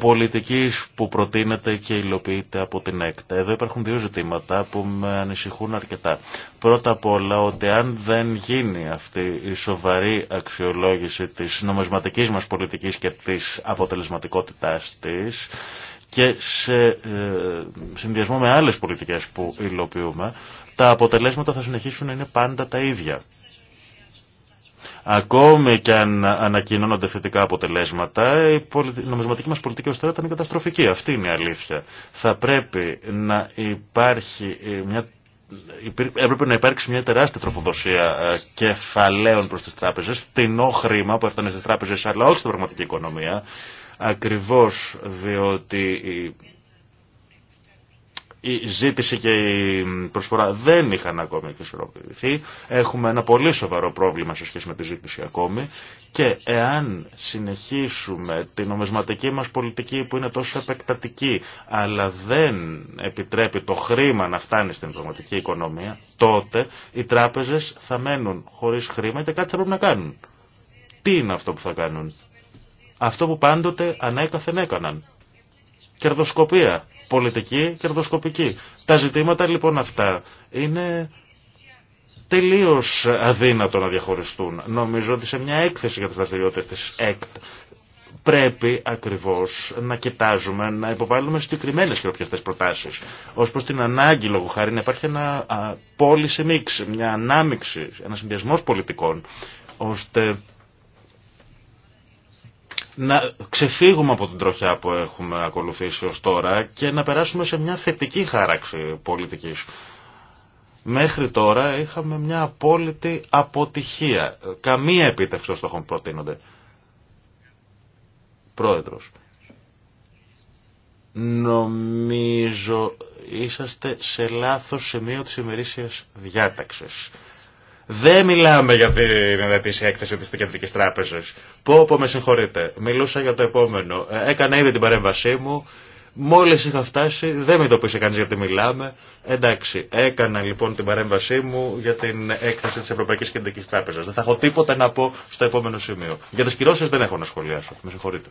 πολιτικής που προτείνεται και υλοποιείται από την ΕΚΤ. Εδώ υπάρχουν δύο ζητήματα που με ανησυχούν αρκετά. Πρώτα απ' όλα ότι αν δεν γίνει αυτή η σοβαρή αξιολόγηση της νομισματικής μας πολιτικής και της αποτελεσματικότητάς της και σε ε, συνδυασμό με άλλες πολιτικές που υλοποιούμε, τα αποτελέσματα θα συνεχίσουν να είναι πάντα τα ίδια. Ακόμη και αν ανακοινώνονται θετικά αποτελέσματα, η νομισματική μας πολιτική ως τώρα ήταν καταστροφική. Αυτή είναι η αλήθεια. Θα πρέπει να υπάρχει μια έπρεπε να υπάρξει μια τεράστια τροφοδοσία ε, κεφαλαίων προς τις τράπεζες, φτηνό χρήμα που έφτανε στις τράπεζες αλλά όχι στην πραγματική οικονομία, ακριβώς διότι η ζήτηση και η προσφορά δεν είχαν ακόμη εξισορροπηθεί. Έχουμε ένα πολύ σοβαρό πρόβλημα σε σχέση με τη ζήτηση ακόμη και εάν συνεχίσουμε την νομισματική μας πολιτική που είναι τόσο επεκτατική αλλά δεν επιτρέπει το χρήμα να φτάνει στην πραγματική οικονομία, τότε οι τράπεζες θα μένουν χωρίς χρήμα και κάτι θα πρέπει να κάνουν. Τι είναι αυτό που θα κάνουν. Αυτό που πάντοτε ανέκαθεν έκαναν. Κερδοσκοπία πολιτική κερδοσκοπική. Τα ζητήματα λοιπόν αυτά είναι τελείως αδύνατο να διαχωριστούν. Νομίζω ότι σε μια έκθεση για τις δραστηριότητες της ΕΚΤ πρέπει ακριβώς να κοιτάζουμε, να υποβάλουμε συγκεκριμένε χειροπιαστές προτάσεις, ως προς την ανάγκη λόγω χάρη να υπάρχει ένα πόλη σε μίξη, μια ανάμιξη, ένα συνδυασμό πολιτικών, ώστε να ξεφύγουμε από την τροχιά που έχουμε ακολουθήσει ως τώρα και να περάσουμε σε μια θετική χάραξη πολιτικής. Μέχρι τώρα είχαμε μια απόλυτη αποτυχία. Καμία επίτευξη των στόχων προτείνονται. Πρόεδρος. Νομίζω είσαστε σε λάθος σημείο της ημερήσιας διάταξης. Δεν μιλάμε για την ετήσια έκθεση τη Κεντρική Τράπεζα. Πω, πω, με συγχωρείτε. Μιλούσα για το επόμενο. Ε, έκανα ήδη την παρέμβασή μου. Μόλι είχα φτάσει, δεν με ειδοποίησε κανεί γιατί μιλάμε. Εντάξει, έκανα λοιπόν την παρέμβασή μου για την έκθεση τη Ευρωπαϊκή Κεντρική Τράπεζα. Δεν θα έχω τίποτα να πω στο επόμενο σημείο. Για τι κυρώσει δεν έχω να σχολιάσω. Με συγχωρείτε.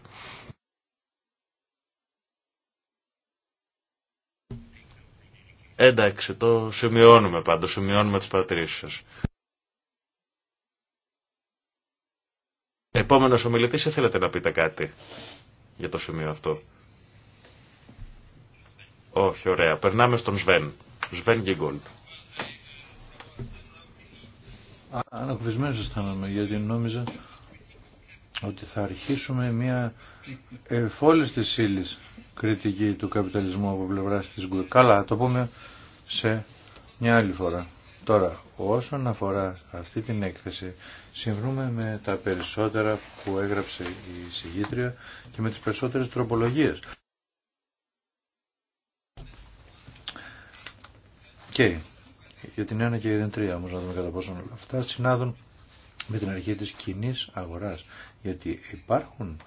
Εντάξει, το σημειώνουμε πάντως, σημειώνουμε τις παρατηρήσεις σας. Επόμενος ομιλητής, θέλετε να πείτε κάτι για το σημείο αυτό. Όχι, ωραία. Περνάμε στον Σβέν. Σβέν Γκίγκολτ. Ανακουφισμένος αισθάνομαι, γιατί νόμιζα ότι θα αρχίσουμε μια εφόλης της ύλη κριτική του καπιταλισμού από πλευράς της Γκουε. Καλά, το πούμε σε μια άλλη φορά. Τώρα, Όσον αφορά αυτή την έκθεση, συμβρούμε με τα περισσότερα που έγραψε η συγγήτρια και με τις περισσότερες τροπολογίες. Και για την 1 και για την 3 όμως να δούμε κατά πόσο όλα αυτά συνάδουν με την αρχή της κοινή αγοράς. Γιατί υπάρχουν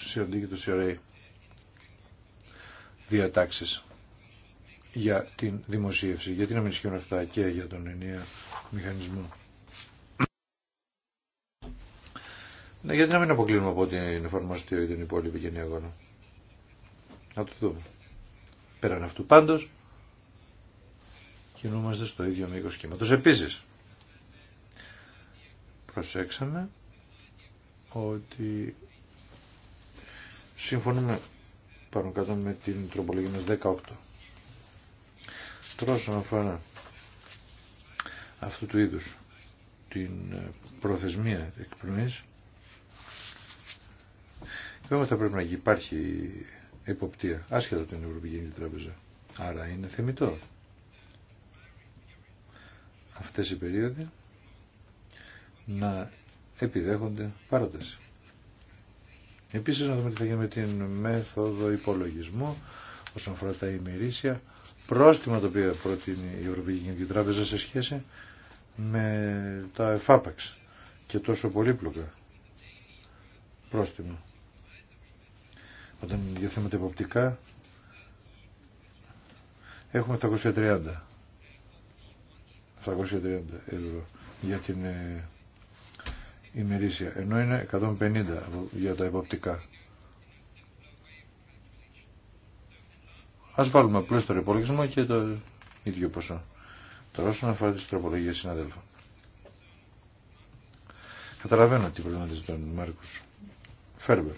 σε αντίκειτο σε διατάξεις για την δημοσίευση. Γιατί να μην ισχύουν αυτά και για τον ενιαίο μηχανισμό. Ναι, γιατί να μην αποκλείουμε από ό,τι είναι εφαρμοστεί ή τον υπόλοιπη γενιά Να το δούμε. Πέραν αυτού πάντως, κινούμαστε στο ίδιο μήκο σχήματος. Επίσης, προσέξαμε ότι συμφωνούμε πάνω κάτω με την τροπολογία μας 18 τρόσο να αφορά αυτού του είδους την ε, προθεσμία εκπνοής βέβαια θα πρέπει να υπάρχει εποπτεία άσχετα από την Ευρωπαϊκή Τράπεζα. Άρα είναι θεμητό. Αυτές οι περίοδοι να επιδέχονται παράταση. Επίσης να δούμε τι θα γίνει με την μέθοδο υπολογισμού όσον αφορά τα ημερήσια πρόστιμα τα οποία προτείνει η Ευρωπαϊκή Κεντρική Τράπεζα σε σχέση με τα εφάπαξ και τόσο πολύπλοκα πρόστιμα. Όταν για θέματα υποπτικά έχουμε 730 730 ευρώ για την ε, ημερήσια, ενώ είναι 150 για τα υποπτικά. Ας βάλουμε απλώ τον υπολογισμό και το ίδιο ποσό. Τώρα όσον αφορά τις τροπολογίες συναδέλφων. Καταλαβαίνω τι προβληματίζει τον Μάρκο Φέρμπερ.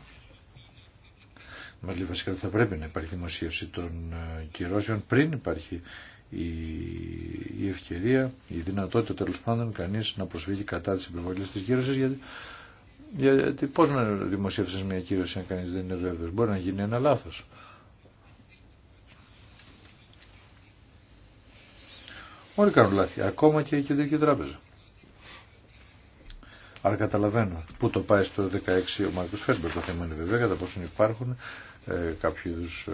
Μα λέει βασικά θα πρέπει να υπάρχει δημοσίευση των ε, κυρώσεων πριν υπάρχει η, η ευκαιρία, η δυνατότητα τέλο πάντων κανεί να προσφύγει κατά τη επιβολή τη κύρωση. γιατί γιατί πώ να δημοσίευσει μια κύρωση αν κανεί δεν είναι βέβαιο. Μπορεί να γίνει ένα λάθο. Όλοι κάνουν λάθη, ακόμα και η Κεντρική Τράπεζα. Άρα καταλαβαίνω πού το πάει στο 16 ο Μάρκος Φέρμπερ. Το θέμα είναι βέβαια κατά πόσον υπάρχουν ε, κάποιου ε,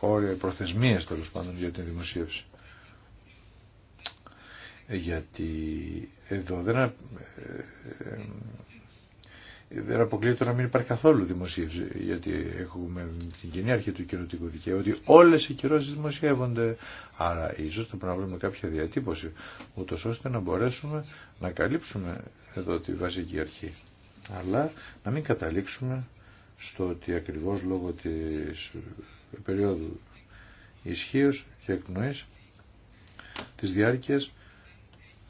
όρια, προθεσμίες τέλο πάντων για την δημοσίευση. Ε, γιατί εδώ δεν, ε, δεν αποκλείεται να μην υπάρχει καθόλου δημοσίευση, γιατί έχουμε την κοινή αρχή του κοινωτικού δικαίου, ότι όλες οι κυρώσεις δημοσιεύονται. Άρα ίσως το πρέπει να βρούμε κάποια διατύπωση, ούτω ώστε να μπορέσουμε να καλύψουμε εδώ τη βασική αρχή. Αλλά να μην καταλήξουμε στο ότι ακριβώς λόγω της περίοδου ισχύω και εκνοής της διάρκειας,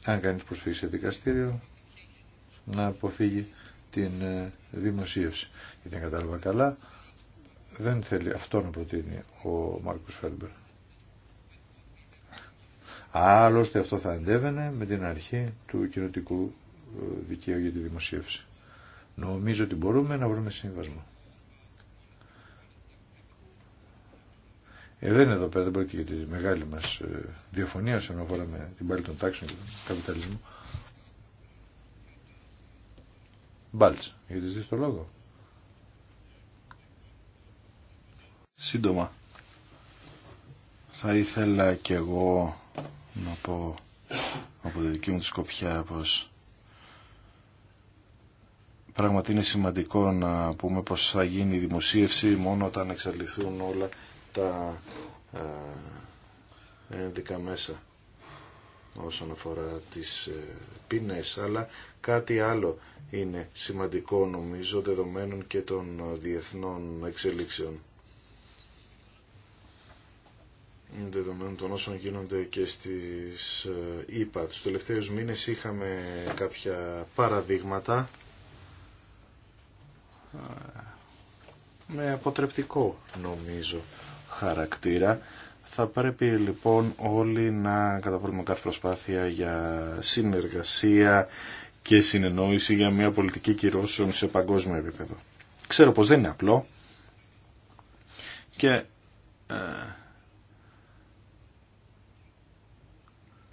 αν κανείς προσφύγει σε δικαστήριο, να αποφύγει την ε, δημοσίευση. Γιατί αν κατάλαβα καλά, δεν θέλει αυτό να προτείνει ο Μάρκος Φέρμπερ. Άλλωστε αυτό θα αντέβαινε με την αρχή του κοινωτικού ε, δικαίου για τη δημοσίευση. Νομίζω ότι μπορούμε να βρούμε συμβασμό. Ε, δεν είναι εδώ πέρα, δεν πρόκειται για τη μεγάλη μας ε, διαφωνία όσον αφορά με την πάλη των τάξεων και τον καπιταλισμό. Μπάλτς, γιατί ζητείς το λόγο. Σύντομα. Θα ήθελα κι εγώ να πω από τη δική μου τη σκοπιά πως πράγματι είναι σημαντικό να πούμε πως θα γίνει η δημοσίευση μόνο όταν εξαλειφθούν όλα τα ε, ένδικα μέσα όσον αφορά τις ε, ποινές, αλλά κάτι άλλο είναι σημαντικό νομίζω δεδομένων και των ε, διεθνών εξελίξεων. Δεδομένων των όσων γίνονται και στις ΙΠΑ. Ε, Τους τελευταίους μήνες είχαμε κάποια παραδείγματα με αποτρεπτικό νομίζω χαρακτήρα θα πρέπει λοιπόν όλοι να καταβάλουμε κάθε προσπάθεια για συνεργασία και συνεννόηση για μια πολιτική κυρώσεων σε παγκόσμιο επίπεδο. Ξέρω πως δεν είναι απλό και ε,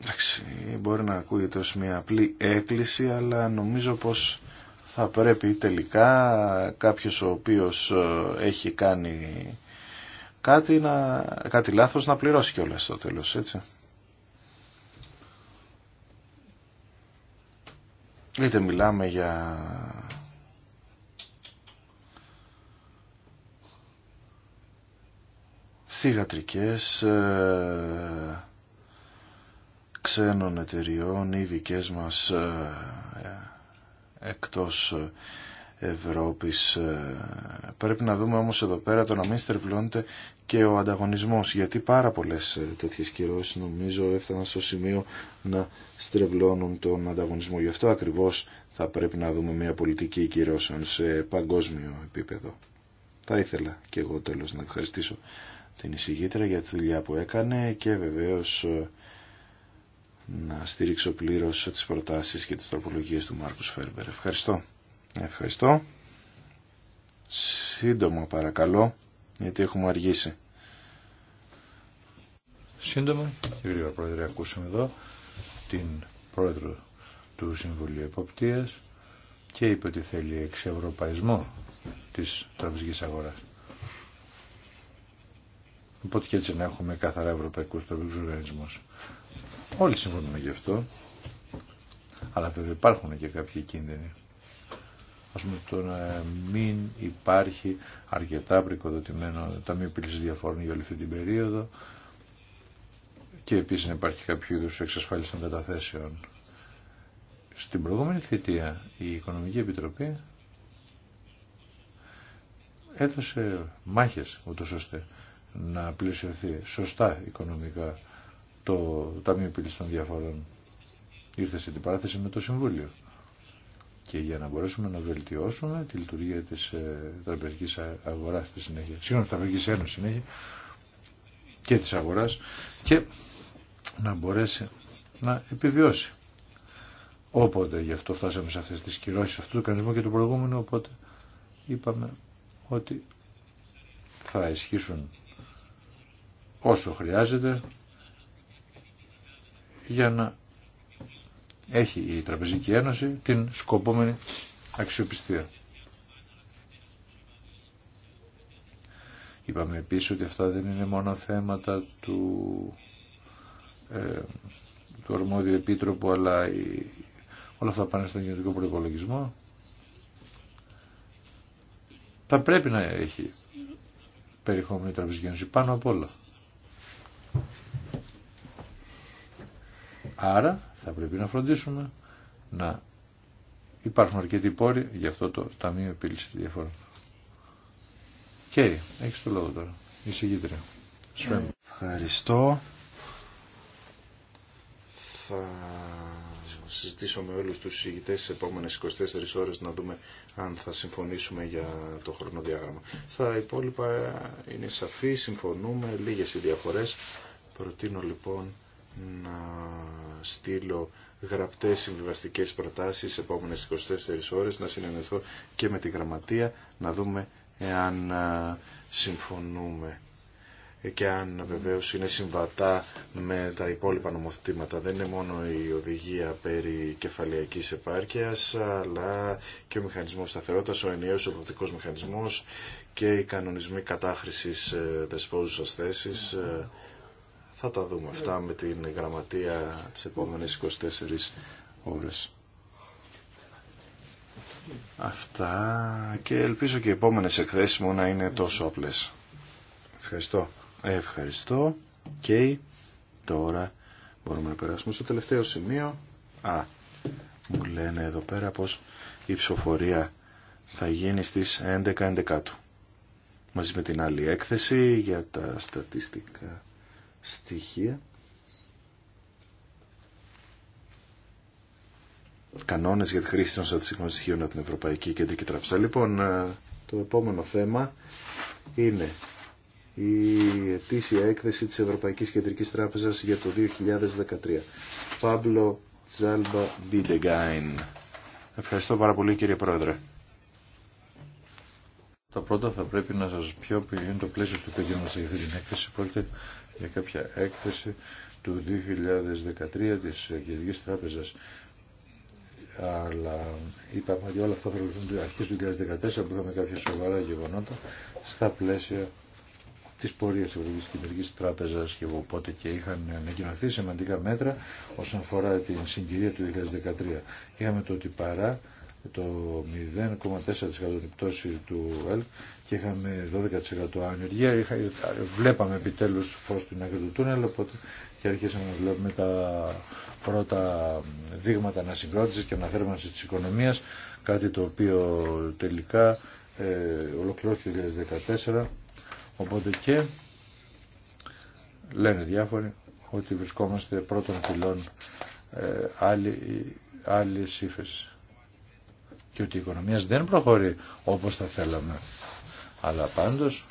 εντάξει, μπορεί να ακούγεται ως μια απλή έκκληση αλλά νομίζω πως θα πρέπει τελικά κάποιος ο οποίος ε, έχει κάνει κάτι, να, κάτι λάθος να πληρώσει κιόλας στο τέλος, έτσι. Είτε μιλάμε για θηγατρικές ε, ξένων εταιριών ή δικές μας ε, εκτός ε, Ευρώπης. Ε, πρέπει να δούμε όμως εδώ πέρα το να μην στερβλώνεται και ο ανταγωνισμός, γιατί πάρα πολλές ε, τέτοιες κυρώσεις νομίζω έφταναν στο σημείο να στρεβλώνουν τον ανταγωνισμό. Γι' αυτό ακριβώς θα πρέπει να δούμε μια πολιτική κυρώσεων σε παγκόσμιο επίπεδο. Θα ήθελα και εγώ τέλος να ευχαριστήσω την εισηγήτρια για τη δουλειά που έκανε και βεβαίως ε, να στήριξω πλήρως τις προτάσεις και τις τροπολογίες του Μάρκους Φέρμπερ. Ευχαριστώ. Ευχαριστώ. Σύντομα παρακαλώ, γιατί έχουμε αργήσει. Σύντομα κύριε γρήγορα πρόεδρε, ακούσαμε εδώ την πρόεδρο του Συμβουλίου Εποπτείας και είπε ότι θέλει εξευρωπαϊσμό της τραπεζικής αγοράς. Οπότε και έτσι να έχουμε καθαρά ευρωπαϊκούς τραπεζικούς οργανισμούς. Όλοι συμφωνούμε γι' αυτό, αλλά βέβαια υπάρχουν και κάποιοι κίνδυνοι ας πούμε το να μην υπάρχει αρκετά πρικοδοτημένο ταμείο πύλησης διαφόρων για όλη αυτή την περίοδο και επίσης να υπάρχει κάποιο είδου εξασφάλιση των καταθέσεων. Στην προηγούμενη θητεία η Οικονομική Επιτροπή έδωσε μάχες ούτως ώστε να πλησιωθεί σωστά οικονομικά το Ταμείο Πύλησης των Διαφορών. Ήρθε σε την παράθεση με το Συμβούλιο και για να μπορέσουμε να βελτιώσουμε τη λειτουργία της ε, τραπεζικής αγοράς στη συνέχεια, συγγνώμη, τραπεζικής ένωσης συνέχεια και της αγοράς και να μπορέσει να επιβιώσει. Όποτε γι' αυτό φτάσαμε σε αυτές τις κυρώσεις αυτού του κανονισμού και του προηγούμενου, οπότε είπαμε ότι θα ισχύσουν όσο χρειάζεται για να έχει η Τραπεζική Ένωση την σκοπόμενη αξιοπιστία. Είπαμε επίσης ότι αυτά δεν είναι μόνο θέματα του, ε, του επίτροπου, αλλά όλα αυτά πάνε στον γενικό προπολογισμό. Θα πρέπει να έχει περιεχόμενη τραπεζική ένωση πάνω απ' όλα. Άρα θα πρέπει να φροντίσουμε να υπάρχουν αρκετοί πόροι για αυτό το Ταμείο Επίλυση Διαφόρων. Κέρι, έχεις το λόγο τώρα. Εισηγήτρια. Ευχαριστώ. Θα συζητήσω με όλους τους συζητητές τις επόμενες 24 ώρες να δούμε αν θα συμφωνήσουμε για το χρονοδιάγραμμα. Στα υπόλοιπα είναι σαφή, συμφωνούμε, λίγες οι διαφορές. Προτείνω λοιπόν να στείλω γραπτές συμβιβαστικές προτάσεις επόμενες 24 ώρες, να συνενεθώ και με τη γραμματεία, να δούμε εάν συμφωνούμε και αν βεβαίω είναι συμβατά με τα υπόλοιπα νομοθετήματα. Δεν είναι μόνο η οδηγία περί κεφαλιακής επάρκειας, αλλά και ο μηχανισμός σταθερότητας, ο ενιαίος οπτικός μηχανισμός και οι κανονισμοί κατάχρησης ε, δεσπόζουσας θέσης, ε, θα τα δούμε αυτά με την γραμματεία τις επόμενες 24 ώρες. Αυτά και ελπίζω και οι επόμενες εκθέσεις μου να είναι τόσο απλές. Ευχαριστώ. Ευχαριστώ. Και τώρα μπορούμε να περάσουμε στο τελευταίο σημείο. Α, μου λένε εδώ πέρα πως η ψηφοφορία θα γίνει στις 11.11 του. Μαζί με την άλλη έκθεση για τα στατιστικά στοιχεία κανόνες για τη χρήση των στατιστικών στοιχείων από την Ευρωπαϊκή Κεντρική Τράπεζα. Λοιπόν, ε, το επόμενο θέμα είναι η ετήσια έκθεση της Ευρωπαϊκής Κεντρικής Τράπεζας για το 2013. Παμπλο Τζάλμπα Μπιντεγκάιν. Ευχαριστώ πάρα πολύ κύριε Πρόεδρε. Το πρώτο θα πρέπει να σας πιω ποιο είναι το πλαίσιο του παιδιού μας αυτή την έκθεση. Πρόκειται για κάποια έκθεση του 2013 της Κεντρικής Τράπεζας αλλά είπαμε ότι όλα αυτά θα αρχής αρχής του 2014 που είχαμε κάποια σοβαρά γεγονότα στα πλαίσια της πορείας της Ευρωπαϊκής Κεντρικής Τράπεζας και οπότε και είχαν ανακοινωθεί σημαντικά μέτρα όσον αφορά την συγκυρία του 2013. Είχαμε το ότι παρά το 0,4% την πτώση του ΕΛΚ και είχαμε 12% ανεργία. βλέπαμε επιτέλους φως στην άκρη του τούνελ οπότε και αρχίσαμε να βλέπουμε τα πρώτα δείγματα ανασυγκρότησης και αναθέρμανσης της οικονομίας κάτι το οποίο τελικά ε, ολοκληρώθηκε το 2014 οπότε και λένε διάφοροι ότι βρισκόμαστε πρώτων φυλών ε, άλλη, άλλη και ότι η οικονομία δεν προχωρεί όπως θα θέλαμε. Αλλά πάντως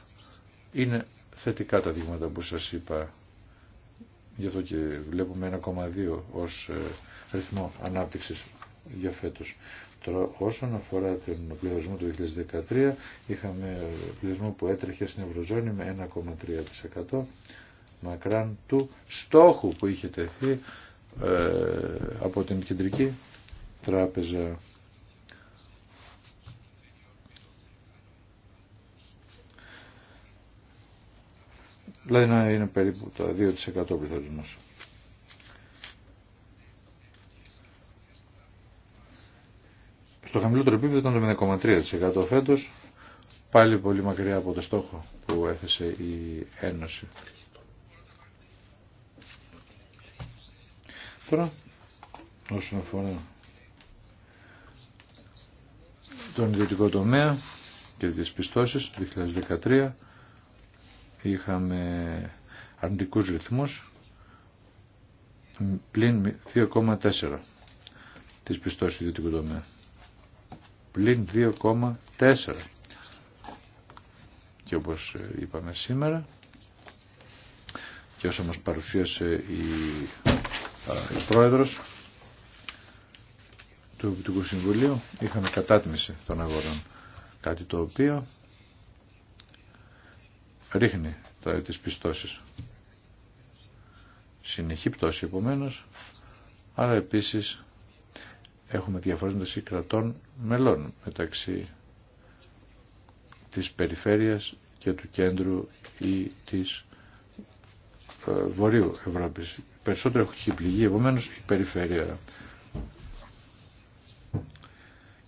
είναι θετικά τα δείγματα που σας είπα. Γι' αυτό και βλέπουμε 1,2 ως ε, ρυθμό ανάπτυξης για φέτος. Τώρα, όσον αφορά τον πληθυσμό του 2013, είχαμε πληθυσμό που έτρεχε στην Ευρωζώνη με 1,3% μακράν του στόχου που είχε τεθεί ε, από την Κεντρική Τράπεζα. Δηλαδή να είναι περίπου το 2% πληθωρισμός. Στο χαμηλότερο επίπεδο ήταν το 0,3% φέτος, πάλι πολύ μακριά από το στόχο που έθεσε η Ένωση. Τώρα, όσον αφορά τον ιδιωτικό τομέα και τις πιστώσεις, 2013, είχαμε αρνητικούς ρυθμούς πλην 2,4 της πιστώσης ιδιωτικού τομέα. Πλην 2,4. Και όπως είπαμε σήμερα και όσο μας παρουσίασε η, η πρόεδρος του Επιτικού Συμβουλίου είχαμε κατάτμιση των αγορών. Κάτι το οποίο ρίχνει τα, τις πιστώσεις. Συνεχή πτώση επομένω, αλλά επίσης έχουμε διαφορές μεταξύ κρατών μελών, μεταξύ της περιφέρειας και του κέντρου ή της ε, Βορείου Ευρώπης. Περισσότερο έχει πληγεί επομένω η περιφέρεια.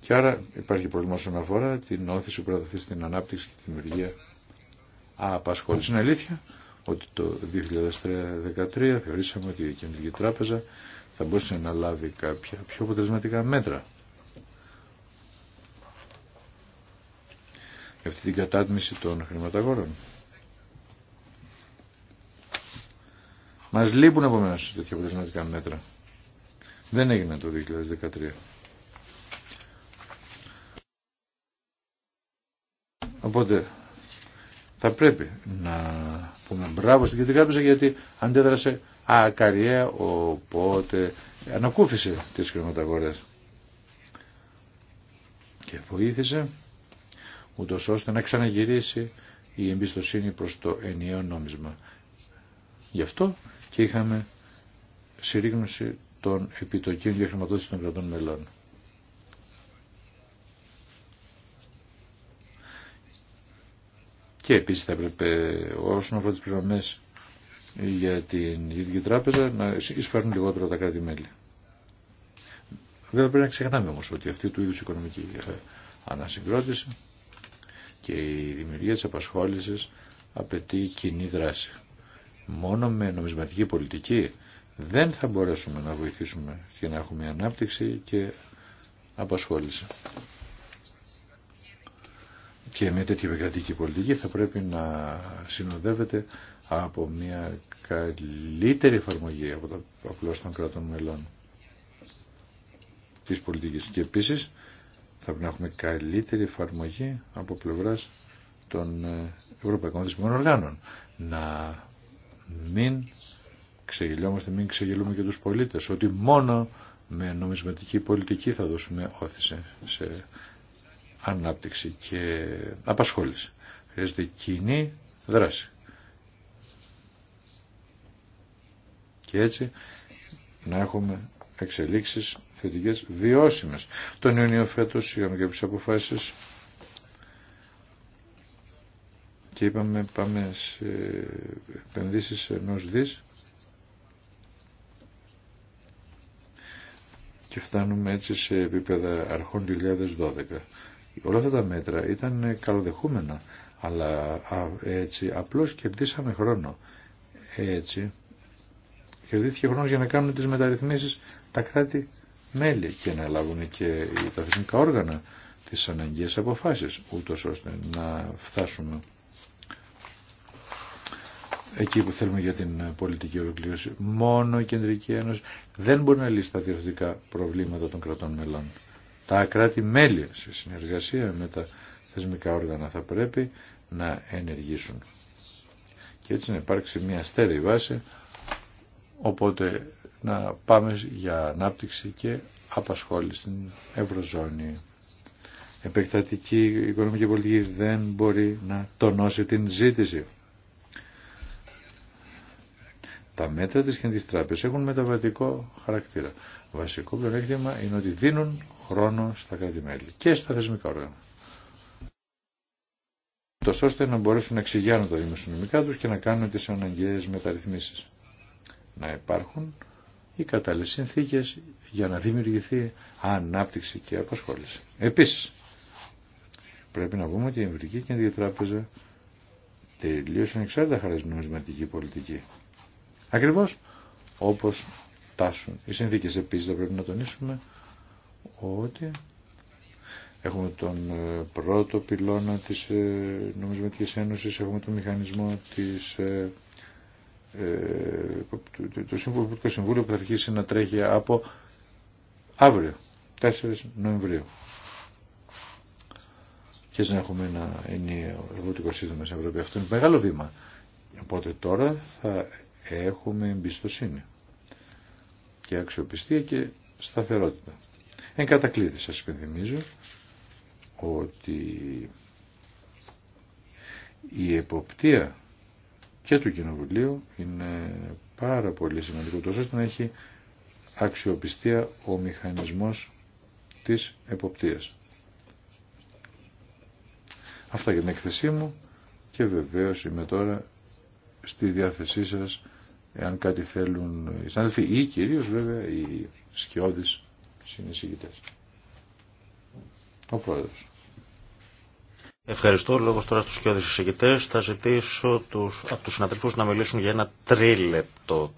Και άρα υπάρχει πρόβλημα όσον αφορά την όθηση που προδοθεί στην ανάπτυξη και τη δημιουργία απασχόληση. Είναι αλήθεια ότι το 2013 θεωρήσαμε ότι η Κεντρική Τράπεζα θα μπορούσε να λάβει κάποια πιο αποτελεσματικά μέτρα. Για αυτή την κατάτμιση των χρηματαγόρων. Μας λείπουν επομένω τέτοια αποτελεσματικά μέτρα. Δεν έγινε το 2013. Οπότε θα πρέπει να πούμε μπράβο στην Κεντρική Τράπεζα γιατί αντέδρασε ακαριέα οπότε ανακούφισε τις χρηματαγορές και βοήθησε ούτως ώστε να ξαναγυρίσει η εμπιστοσύνη προς το ενιαίο νόμισμα. Γι' αυτό και είχαμε συρρήγνωση των επιτοκίων για χρηματοδότηση των κρατών μελών. Και επίση θα έπρεπε όσον αφορά τι πληρωμές για την ίδια τράπεζα να εισφέρουν λιγότερο τα κράτη-μέλη. Βέβαια πρέπει να ξεχνάμε όμως ότι αυτή του είδου οικονομική ε, ανασυγκρότηση και η δημιουργία τη απασχόλησης απαιτεί κοινή δράση. Μόνο με νομισματική πολιτική δεν θα μπορέσουμε να βοηθήσουμε και να έχουμε ανάπτυξη και απασχόληση. Και μια τέτοια επικρατική πολιτική θα πρέπει να συνοδεύεται από μια καλύτερη εφαρμογή από τα απλώς των κρατών μελών της πολιτικής. Και επίσης θα πρέπει να έχουμε καλύτερη εφαρμογή από πλευράς των ε, Ευρωπαϊκών Δεσμικών Οργάνων. Να μην ξεγελιόμαστε, μην ξεγελούμε και τους πολίτες, ότι μόνο με νομισματική πολιτική θα δώσουμε όθηση σε ανάπτυξη και απασχόληση. Χρειάζεται κοινή δράση. Και έτσι να έχουμε εξελίξεις θετικές βιώσιμες. Τον Ιούνιο φέτο είχαμε κάποιες αποφάσεις και είπαμε πάμε σε επενδύσεις ενός δις και φτάνουμε έτσι σε επίπεδα αρχών 2012. Όλα αυτά τα μέτρα ήταν καλοδεχούμενα, αλλά έτσι απλώς κερδίσαμε χρόνο. Έτσι κερδίθηκε χρόνος για να κάνουν τις μεταρρυθμίσεις τα κράτη-μέλη και να λάβουν και τα θεσμικά όργανα τις αναγκαίες αποφάσεις, ούτως ώστε να φτάσουμε εκεί που θέλουμε για την πολιτική ολοκλήρωση. Μόνο η Κεντρική Ένωση δεν μπορεί να λύσει τα διευθυντικά προβλήματα των κρατών μελών τα κράτη-μέλη σε συνεργασία με τα θεσμικά όργανα θα πρέπει να ενεργήσουν. Και έτσι να υπάρξει μια στέρεη βάση, οπότε να πάμε για ανάπτυξη και απασχόληση στην Ευρωζώνη. Επεκτατική οικονομική πολιτική δεν μπορεί να τονώσει την ζήτηση. Τα μέτρα της και τράπεζας έχουν μεταβατικό χαρακτήρα. Βασικό πλεονέκτημα είναι ότι δίνουν χρόνο στα κράτη-μέλη και στα θεσμικά όργανα. Τόσο ώστε να μπορέσουν να εξηγιάνουν τα δημοσιονομικά του και να κάνουν τι αναγκαίες μεταρρυθμίσεις. Να υπάρχουν οι κατάλληλε συνθήκε για να δημιουργηθεί ανάπτυξη και απασχόληση. Επίση πρέπει να πούμε ότι η Ευρική Κέντρια Τράπεζα τελείωσε ανεξάρτητα χαρές νομισματική πολιτική. Ακριβώ, όπω τάσουν οι συνθήκε επίση θα πρέπει να τονίσουμε ότι έχουμε τον ε, πρώτο πυλώνα της ε, Νομισματικής Ένωσης, έχουμε τον μηχανισμό της ε, το που θα αρχίσει να τρέχει από αύριο, 4 Νοεμβρίου. Και να έχουμε ένα ενιαίο εργοτικό σύνδεμα στην Ευρώπη. Αυτό είναι μεγάλο βήμα. Οπότε τώρα θα έχουμε εμπιστοσύνη και αξιοπιστία και σταθερότητα. Εν κατακλείδη σας υπενθυμίζω ότι η εποπτεία και του Κοινοβουλίου είναι πάρα πολύ σημαντικό τόσο ώστε να έχει αξιοπιστία ο μηχανισμός της εποπτείας. Αυτά για την εκθεσή μου και βεβαίως είμαι τώρα στη διάθεσή σας εάν κάτι θέλουν οι συνάδελφοι ή κυρίως βέβαια οι σκιώδεις συνεισηγητές. Ο Πρόεδρος. Ευχαριστώ. Λόγω τώρα στους κοιόδης εισηγητές. Θα ζητήσω τους, από τους συναδελφούς να μιλήσουν για ένα τρίλεπτο.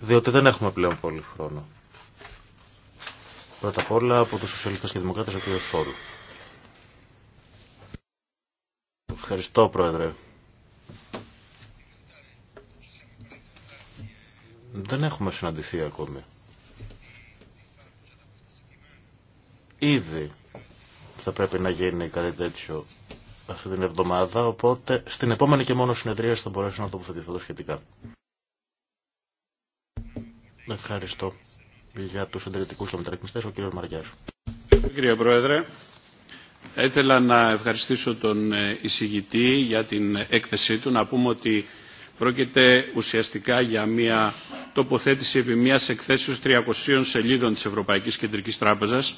Διότι δεν έχουμε πλέον πολύ χρόνο. Πρώτα απ' όλα από τους Σοσιαλιστές και Δημοκράτες ο κ. Σόλου. Ευχαριστώ Πρόεδρε. δεν έχουμε συναντηθεί ακόμη. Ήδη θα πρέπει να γίνει κάτι τέτοιο αυτή την εβδομάδα, οπότε στην επόμενη και μόνο συνεδρία θα μπορέσω να τοποθετηθώ το σχετικά. Ευχαριστώ για τους συντηρητικού και μεταρρυθμιστές, ο κύριος Μαριάς. Κύριε Πρόεδρε, ήθελα να ευχαριστήσω τον εισηγητή για την έκθεσή του, να πούμε ότι Πρόκειται ουσιαστικά για μια τοποθέτηση επί μιας εκθέσεως 300 σελίδων της Ευρωπαϊκής Κεντρικής Τράπεζας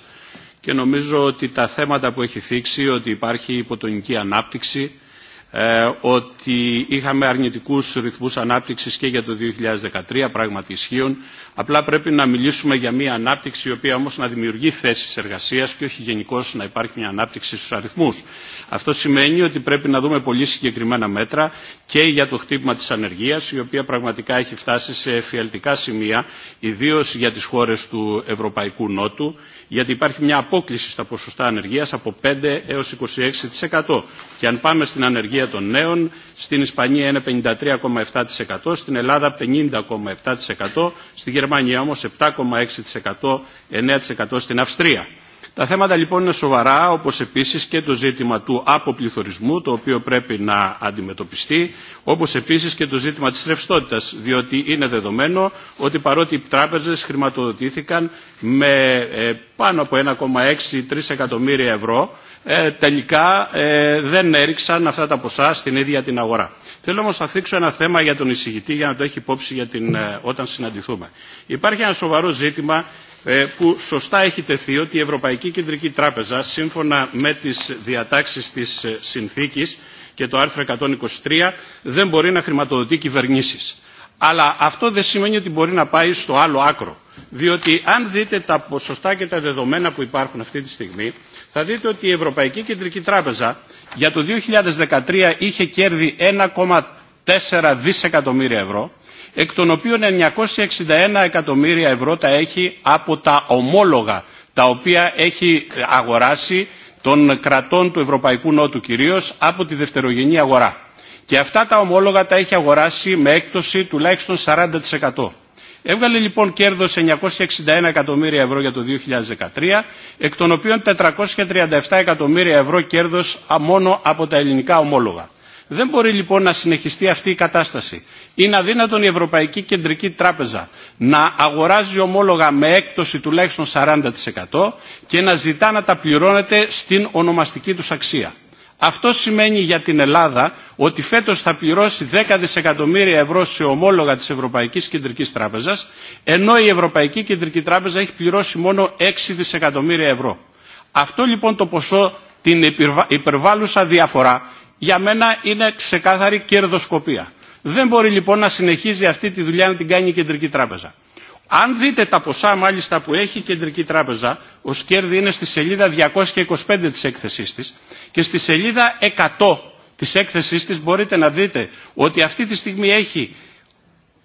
και νομίζω ότι τα θέματα που έχει θίξει, ότι υπάρχει υποτονική ανάπτυξη, ε, ότι είχαμε αρνητικούς ρυθμούς ανάπτυξης και για το 2013, πράγματι ισχύουν. Απλά πρέπει να μιλήσουμε για μια ανάπτυξη η οποία όμως να δημιουργεί θέσεις εργασίας και όχι γενικώ να υπάρχει μια ανάπτυξη στους αριθμούς. Αυτό σημαίνει ότι πρέπει να δούμε πολύ συγκεκριμένα μέτρα και για το χτύπημα της ανεργίας η οποία πραγματικά έχει φτάσει σε εφιαλτικά σημεία ιδίω για τις χώρες του Ευρωπαϊκού Νότου γιατί υπάρχει μια απόκληση στα ποσοστά ανεργίας από 5 έως 26%. Και αν πάμε στην ανεργία των νέων, στην Ισπανία είναι 53,7%, στην Ελλάδα 50,7%, στη Γερμανία όμως 7,6%, 9% στην Αυστρία. Τα θέματα λοιπόν είναι σοβαρά, όπως επίσης και το ζήτημα του αποπληθωρισμού, το οποίο πρέπει να αντιμετωπιστεί, όπως επίσης και το ζήτημα της ρευστότητα, διότι είναι δεδομένο ότι παρότι οι τράπεζες χρηματοδοτήθηκαν με ε, πάνω από 1,6-3 εκατομμύρια ευρώ, ε, τελικά ε, δεν έριξαν αυτά τα ποσά στην ίδια την αγορά. Θέλω όμως να θίξω ένα θέμα για τον εισηγητή για να το έχει υπόψη για την, ε, όταν συναντηθούμε. Υπάρχει ένα σοβαρό ζήτημα που σωστά έχει τεθεί ότι η Ευρωπαϊκή Κεντρική Τράπεζα σύμφωνα με τις διατάξεις της συνθήκης και το άρθρο 123 δεν μπορεί να χρηματοδοτεί κυβερνήσεις. Αλλά αυτό δεν σημαίνει ότι μπορεί να πάει στο άλλο άκρο. Διότι αν δείτε τα ποσοστά και τα δεδομένα που υπάρχουν αυτή τη στιγμή, θα δείτε ότι η Ευρωπαϊκή Κεντρική Τράπεζα για το 2013 είχε κέρδη 1,4 δισεκατομμύρια ευρώ, εκ των οποίων 961 εκατομμύρια ευρώ τα έχει από τα ομόλογα, τα οποία έχει αγοράσει των κρατών του Ευρωπαϊκού Νότου κυρίως από τη δευτερογενή αγορά. Και αυτά τα ομόλογα τα έχει αγοράσει με έκπτωση τουλάχιστον 40%. Έβγαλε λοιπόν κέρδος 961 εκατομμύρια ευρώ για το 2013, εκ των οποίων 437 εκατομμύρια ευρώ κέρδος μόνο από τα ελληνικά ομόλογα. Δεν μπορεί λοιπόν να συνεχιστεί αυτή η κατάσταση. Είναι αδύνατον η Ευρωπαϊκή Κεντρική Τράπεζα να αγοράζει ομόλογα με έκπτωση τουλάχιστον 40% και να ζητά να τα πληρώνεται στην ονομαστική τους αξία. Αυτό σημαίνει για την Ελλάδα ότι φέτος θα πληρώσει 10 δισεκατομμύρια ευρώ σε ομόλογα της Ευρωπαϊκής Κεντρικής Τράπεζας, ενώ η Ευρωπαϊκή Κεντρική Τράπεζα έχει πληρώσει μόνο 6 δισεκατομμύρια ευρώ. Αυτό λοιπόν το ποσό, την υπερβάλλουσα διαφορά, για μένα είναι ξεκάθαρη κερδοσκοπία. Δεν μπορεί λοιπόν να συνεχίζει αυτή τη δουλειά να την κάνει η Κεντρική Τράπεζα. Αν δείτε τα ποσά μάλιστα που έχει η Κεντρική Τράπεζα, ο κέρδη είναι στη σελίδα 225 της έκθεσής της, και στη σελίδα 100 της έκθεσής της μπορείτε να δείτε ότι αυτή τη στιγμή έχει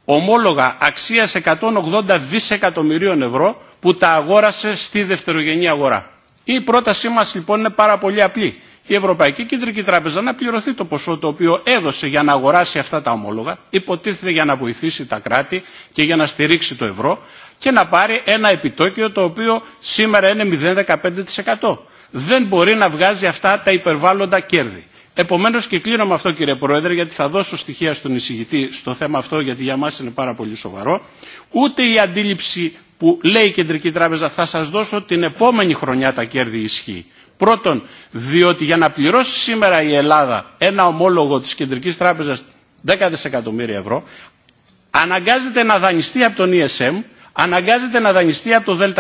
ομόλογα αξίας 180 δισεκατομμυρίων ευρώ που τα αγόρασε στη δευτερογενή αγορά. Η πρότασή μας λοιπόν είναι πάρα πολύ απλή. Η Ευρωπαϊκή Κεντρική Τράπεζα να πληρωθεί το ποσό το οποίο έδωσε για να αγοράσει αυτά τα ομόλογα, υποτίθεται για να βοηθήσει τα κράτη και για να στηρίξει το ευρώ και να πάρει ένα επιτόκιο το οποίο σήμερα είναι 0,15% δεν μπορεί να βγάζει αυτά τα υπερβάλλοντα κέρδη. Επομένω και κλείνω με αυτό κύριε Πρόεδρε γιατί θα δώσω στοιχεία στον εισηγητή στο θέμα αυτό γιατί για μα είναι πάρα πολύ σοβαρό. Ούτε η αντίληψη που λέει η Κεντρική Τράπεζα θα σα δώσω την επόμενη χρονιά τα κέρδη ισχύει. Πρώτον, διότι για να πληρώσει σήμερα η Ελλάδα ένα ομόλογο τη Κεντρική Τράπεζα 10 δισεκατομμύρια ευρώ αναγκάζεται να δανειστεί από τον ESM, αναγκάζεται να δανειστεί από το ΔΝΤ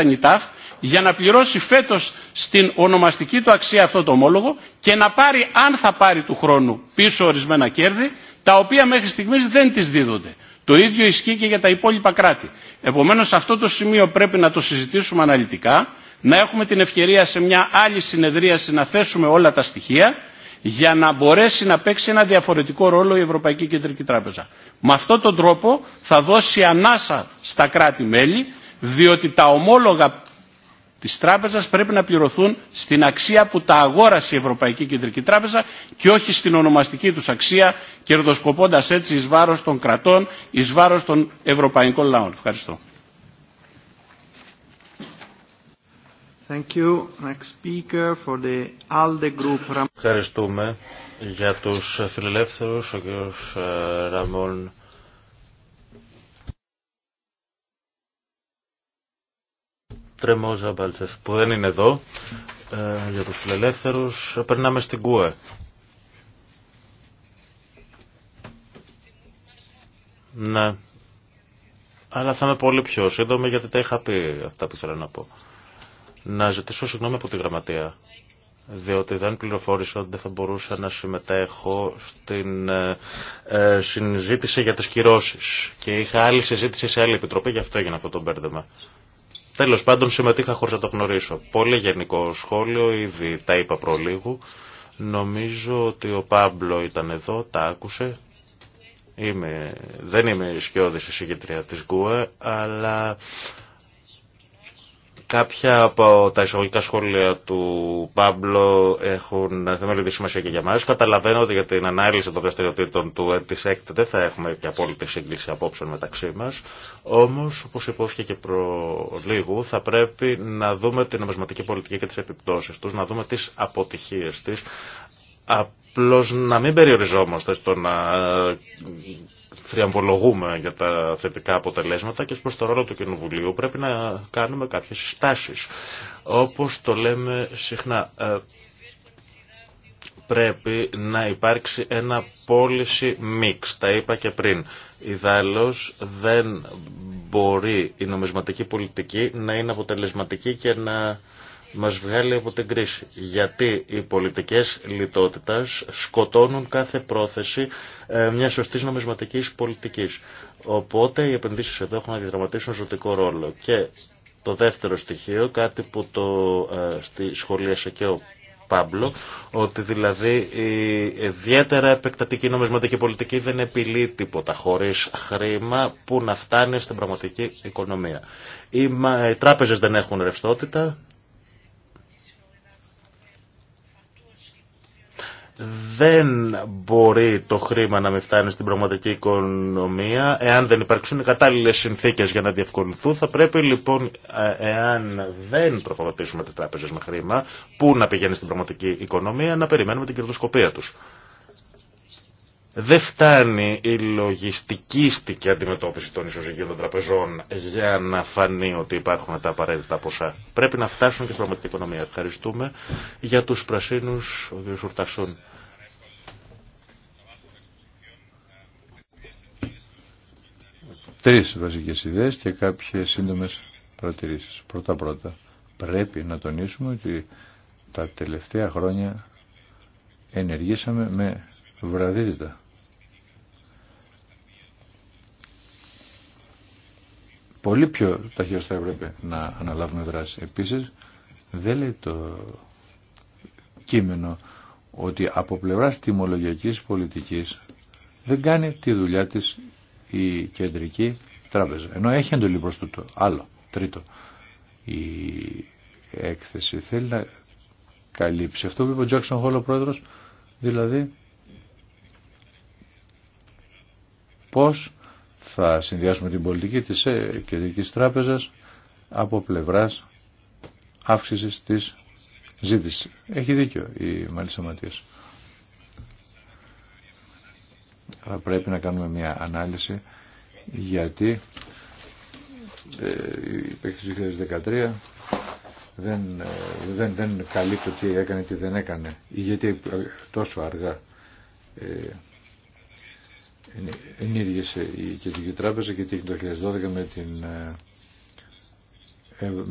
για να πληρώσει φέτος στην ονομαστική του αξία αυτό το ομόλογο και να πάρει, αν θα πάρει του χρόνου, πίσω ορισμένα κέρδη, τα οποία μέχρι στιγμής δεν τις δίδονται. Το ίδιο ισχύει και για τα υπόλοιπα κράτη. Επομένως αυτό το σημείο πρέπει να το συζητήσουμε αναλυτικά, να έχουμε την ευκαιρία σε μια άλλη συνεδρίαση να θέσουμε όλα τα στοιχεία για να μπορέσει να παίξει ένα διαφορετικό ρόλο η Ευρωπαϊκή Κεντρική Τράπεζα. Με αυτόν τον τρόπο θα δώσει ανάσα στα κράτη-μέλη, διότι τα ομόλογα Τις τράπεζες πρέπει να πληρωθούν στην αξία που τα αγόρασε η Ευρωπαϊκή Κεντρική Τράπεζα και όχι στην ονομαστική τους αξία, κερδοσκοπώντας έτσι εις βάρος των κρατών, εις βάρος των ευρωπαϊκών λαών. Ευχαριστώ. Ευχαριστούμε για τους φιλελεύθερους, ο κ. Ε, Ραμόν Τρεμόζα Μπάλτσεφ που δεν είναι εδώ ε, για τους φιλελεύθερους. Περνάμε στην ΚΟΕ. Ναι. Αλλά θα είμαι πολύ πιο σύντομη γιατί τα είχα πει αυτά που ήθελα να πω. Να ζητήσω συγγνώμη από τη γραμματεία. Διότι δεν πληροφόρησα ότι δεν θα μπορούσα να συμμετέχω στην ε, ε συζήτηση για τις κυρώσεις. Και είχα άλλη συζήτηση σε άλλη επιτροπή, γι' αυτό έγινε αυτό το μπέρδεμα. Τέλος πάντων συμμετείχα χωρίς να το γνωρίσω. Πολύ γενικό σχόλιο, ήδη τα είπα προλίγου. Νομίζω ότι ο Πάμπλο ήταν εδώ, τα άκουσε. Είμαι, δεν είμαι σκιώδης συγκεντρία της ΓΚΟΕ, αλλά Κάποια από τα εισαγωγικά σχόλια του Πάμπλο έχουν θεμελιώδη σημασία και για μα. Καταλαβαίνω ότι για την ανάλυση των δραστηριοτήτων του ε, τη ΕΚΤ δεν θα έχουμε και απόλυτη σύγκληση απόψεων μεταξύ μα. Όμω, όπω υπόσχε και προ θα πρέπει να δούμε την νομισματική πολιτική και τι επιπτώσει του, να δούμε τι αποτυχίε τη. Απλώ να μην περιοριζόμαστε στο να θριαμβολογούμε για τα θετικά αποτελέσματα και προ το ρόλο του Κοινοβουλίου πρέπει να κάνουμε κάποιες συστάσεις. Όπως το λέμε συχνά, ε, πρέπει να υπάρξει ένα πώληση μίξ, τα είπα και πριν. Ιδάλω δεν μπορεί η νομισματική πολιτική να είναι αποτελεσματική και να μας βγάλει από την κρίση. Γιατί οι πολιτικές λιτότητας σκοτώνουν κάθε πρόθεση ε, μια σωστή νομισματικής πολιτικής. Οπότε οι επενδύσεις εδώ έχουν να διαδραματίσουν ζωτικό ρόλο. Και το δεύτερο στοιχείο, κάτι που το ε, στη σχολίασε και ο Πάμπλο, ότι δηλαδή η ιδιαίτερα επεκτατική νομισματική πολιτική δεν επιλύει τίποτα χωρίς χρήμα που να φτάνει στην πραγματική οικονομία. Οι τράπεζες δεν έχουν ρευστότητα, δεν μπορεί το χρήμα να μην φτάνει στην πραγματική οικονομία εάν δεν υπάρξουν κατάλληλες συνθήκες για να διευκολυνθούν. Θα πρέπει λοιπόν, ε, εάν δεν τροφοδοτήσουμε τις τράπεζες με χρήμα, που να πηγαίνει στην πραγματική οικονομία, να περιμένουμε την κερδοσκοπία τους. Δεν φτάνει η λογιστική λογιστικίστικη αντιμετώπιση των ισοζυγίων των τραπεζών για να φανεί ότι υπάρχουν τα απαραίτητα ποσά. Πρέπει να φτάσουν και στην πραγματική οικονομία. Ευχαριστούμε για τους πρασίνους, ο κ. Ουρτασούν. Τρεις βασικές ιδέες και κάποιες σύντομες παρατηρήσεις. Πρώτα-πρώτα, πρέπει να τονίσουμε ότι τα τελευταία χρόνια ενεργήσαμε με βραδίδιτα πολύ πιο ταχύως θα έπρεπε να αναλάβουμε δράση. Επίσης, δεν λέει το κείμενο ότι από πλευράς τιμολογιακή πολιτικής δεν κάνει τη δουλειά της η κεντρική τράπεζα. Ενώ έχει εντολή προς τούτο. Άλλο. Τρίτο. Η έκθεση θέλει να καλύψει. Αυτό που είπε ο Τζάξον Χόλο πρόεδρος, δηλαδή πώς θα συνδυάσουμε την πολιτική της ε, Κεντρικής Τράπεζας από πλευράς αύξησης της ζήτησης. Έχει δίκιο η Μαλίσσα Ματίας. Θα πρέπει να κάνουμε μια ανάλυση γιατί ε, η παίκτης 2013 δεν, ε, δεν, δεν καλύπτει τι έκανε, τι δεν έκανε γιατί τόσο αργά ενήργησε η Κεντρική Τράπεζα και το 2012 με την, ε,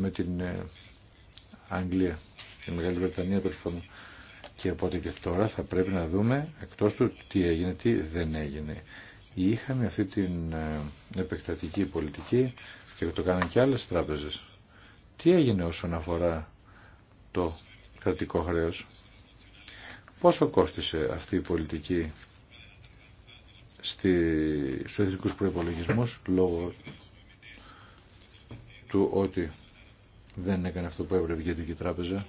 ε, την ε, Αγγλία, τη Μεγάλη Βρετανία τέλο πάντων. Και οπότε και τώρα θα πρέπει να δούμε εκτός του τι έγινε, τι δεν έγινε. Είχαμε αυτή την επεκτατική πολιτική και το κάναν και άλλες τράπεζες. Τι έγινε όσον αφορά το κρατικό χρέος. Πόσο κόστησε αυτή η πολιτική στους εθνικούς προϋπολογισμούς λόγω του ότι δεν έκανε αυτό που έπρεπε η Κεντρική Τράπεζα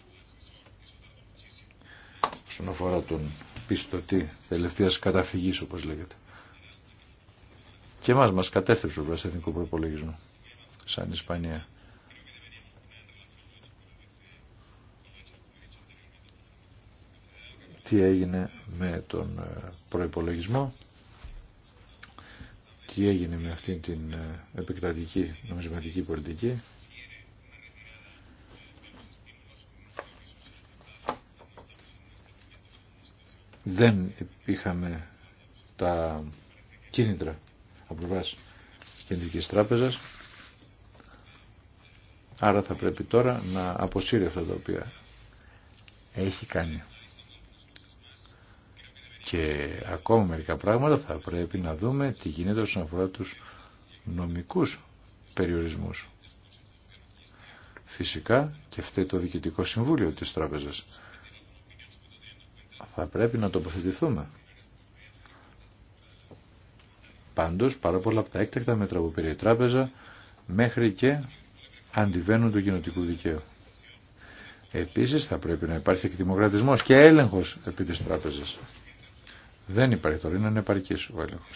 στον αφορά τον πιστωτή τελευταίας καταφυγής όπως λέγεται. Και εμάς μας κατέθεσε ο εθνικό προπολογισμό σαν Ισπανία. Τι έγινε με τον ε, προϋπολογισμό τι έγινε με αυτήν την ε, επικρατική νομισματική πολιτική. Δεν είχαμε τα κίνητρα από πλευρά Κεντρικής Τράπεζα. Άρα θα πρέπει τώρα να αποσύρει αυτά τα οποία έχει κάνει και ακόμα μερικά πράγματα θα πρέπει να δούμε τι γίνεται όσον αφορά τους νομικούς περιορισμούς. Φυσικά και φταίει το Διοικητικό Συμβούλιο της Τράπεζας. Θα πρέπει να τοποθετηθούμε. Πάντως, πάρα πολλά από τα έκτακτα μέτρα που πήρε η Τράπεζα μέχρι και αντιβαίνουν το κοινοτικού δικαίου. Επίσης θα πρέπει να υπάρχει δημοκρατισμός και έλεγχος επί της τράπεζας. Δεν υπάρχει τώρα, είναι ανεπαρκή ο έλεγχο.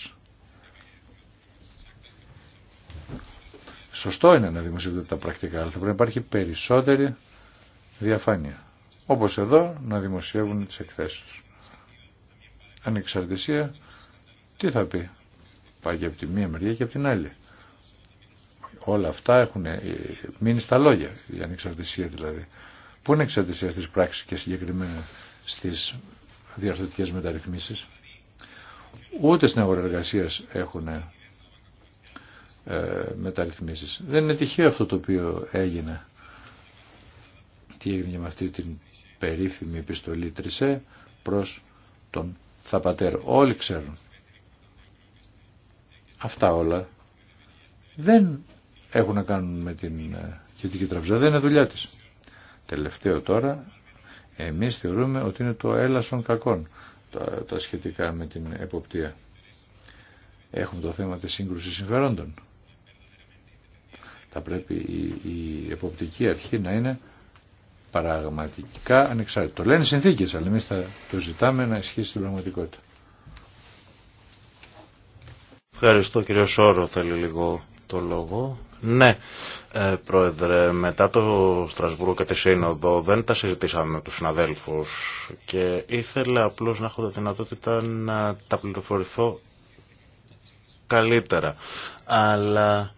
Σωστό είναι να δημοσιεύονται τα πρακτικά, αλλά θα πρέπει να υπάρχει περισσότερη διαφάνεια. Όπω εδώ να δημοσιεύουν τις εκθέσεις. Ανεξαρτησία, τι θα πει. Πάει και από τη μία μεριά και από την άλλη. Όλα αυτά έχουν ε, μείνει στα λόγια, η ανεξαρτησία δηλαδή. Πού είναι εξαρτησία στις πράξεις και συγκεκριμένα στι διαρθωτικέ μεταρρυθμίσει ούτε στην αγορά εργασία έχουν ε, Δεν είναι τυχαίο αυτό το οποίο έγινε. Τι έγινε με αυτή την περίφημη επιστολή Τρισέ προς τον Θαπατέρ. Όλοι ξέρουν. Αυτά όλα δεν έχουν να κάνουν με την ε, κοινωνική τραπεζά. Δεν είναι δουλειά της. Τελευταίο τώρα, εμείς θεωρούμε ότι είναι το έλασον κακόν τα, σχετικά με την εποπτεία. Έχουμε το θέμα της σύγκρουσης συμφερόντων. Θα πρέπει η, εποπτική αρχή να είναι πραγματικά ανεξάρτητη. Το λένε οι συνθήκες, αλλά εμείς θα το ζητάμε να ισχύσει στην πραγματικότητα. Ευχαριστώ κύριο Σόρο, θέλει λίγο το λόγο. Ναι, ε, Πρόεδρε, μετά το Στρασβούργο και τη Σύνοδο δεν τα συζητήσαμε με τους συναδέλφους και ήθελα απλώς να έχω τη δυνατότητα να τα πληροφορηθώ καλύτερα. Αλλά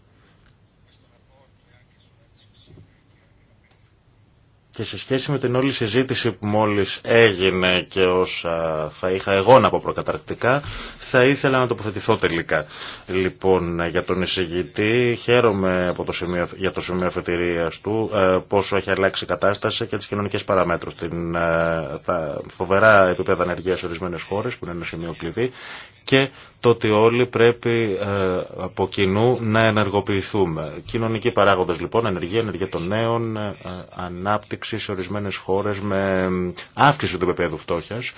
Και σε σχέση με την όλη συζήτηση που μόλις έγινε και όσα θα είχα εγώ να πω προκαταρκτικά, θα ήθελα να τοποθετηθώ τελικά. Λοιπόν, για τον εισηγητή χαίρομαι από το σημείο, για το σημείο αφετηρίας του, ε, πόσο έχει αλλάξει η κατάσταση και τις κοινωνικές παραμέτρους, την, ε, τα φοβερά επίπεδα ανεργία σε ορισμένες χώρες, που είναι ένα σημείο κλειδί, και το ότι όλοι πρέπει ε, από κοινού να ενεργοποιηθούμε. Κοινωνικοί παράγοντες λοιπόν, ενεργεία ενεργεια των νέων, ανάπτυξη, εξή σε ορισμένες χώρες με αύξηση του επίπεδου φτώχειας,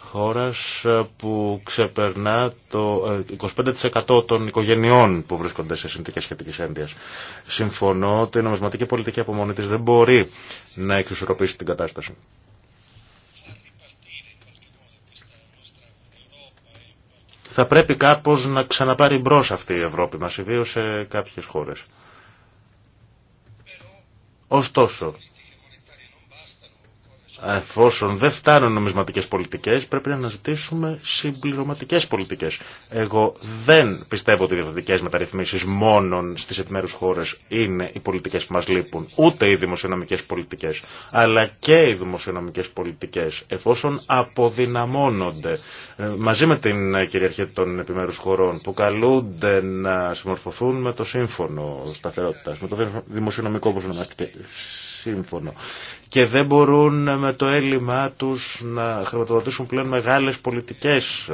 χώρας ε, που ξεπερνά το 25% ε, των οικογενειών που βρίσκονται σε συνθήκες σχετικής ένδυας. Συμφωνώ ότι η νομισματική πολιτική απομονή δεν μπορεί να εξισορροπήσει την κατάσταση. θα πρέπει κάπως να ξαναπάρει μπρο αυτή η Ευρώπη μας, ιδίως σε κάποιες χώρες. Ωστόσο, Εφόσον δεν φτάνουν νομισματικές πολιτικές, πρέπει να αναζητήσουμε συμπληρωματικές πολιτικές. Εγώ δεν πιστεύω ότι οι διευθυντικές μεταρρυθμίσεις μόνον στις επιμέρους χώρες είναι οι πολιτικές που μας λείπουν, ούτε οι δημοσιονομικές πολιτικές, αλλά και οι δημοσιονομικές πολιτικές, εφόσον αποδυναμώνονται ε, μαζί με την κυριαρχία των επιμέρους χωρών, που καλούνται να συμμορφωθούν με το σύμφωνο σταθερότητας, με το δημοσιονομικό όπως ονομάστηκε σύμφωνο. Και δεν μπορούν με το έλλειμμα τους να χρηματοδοτήσουν πλέον μεγάλες πολιτικές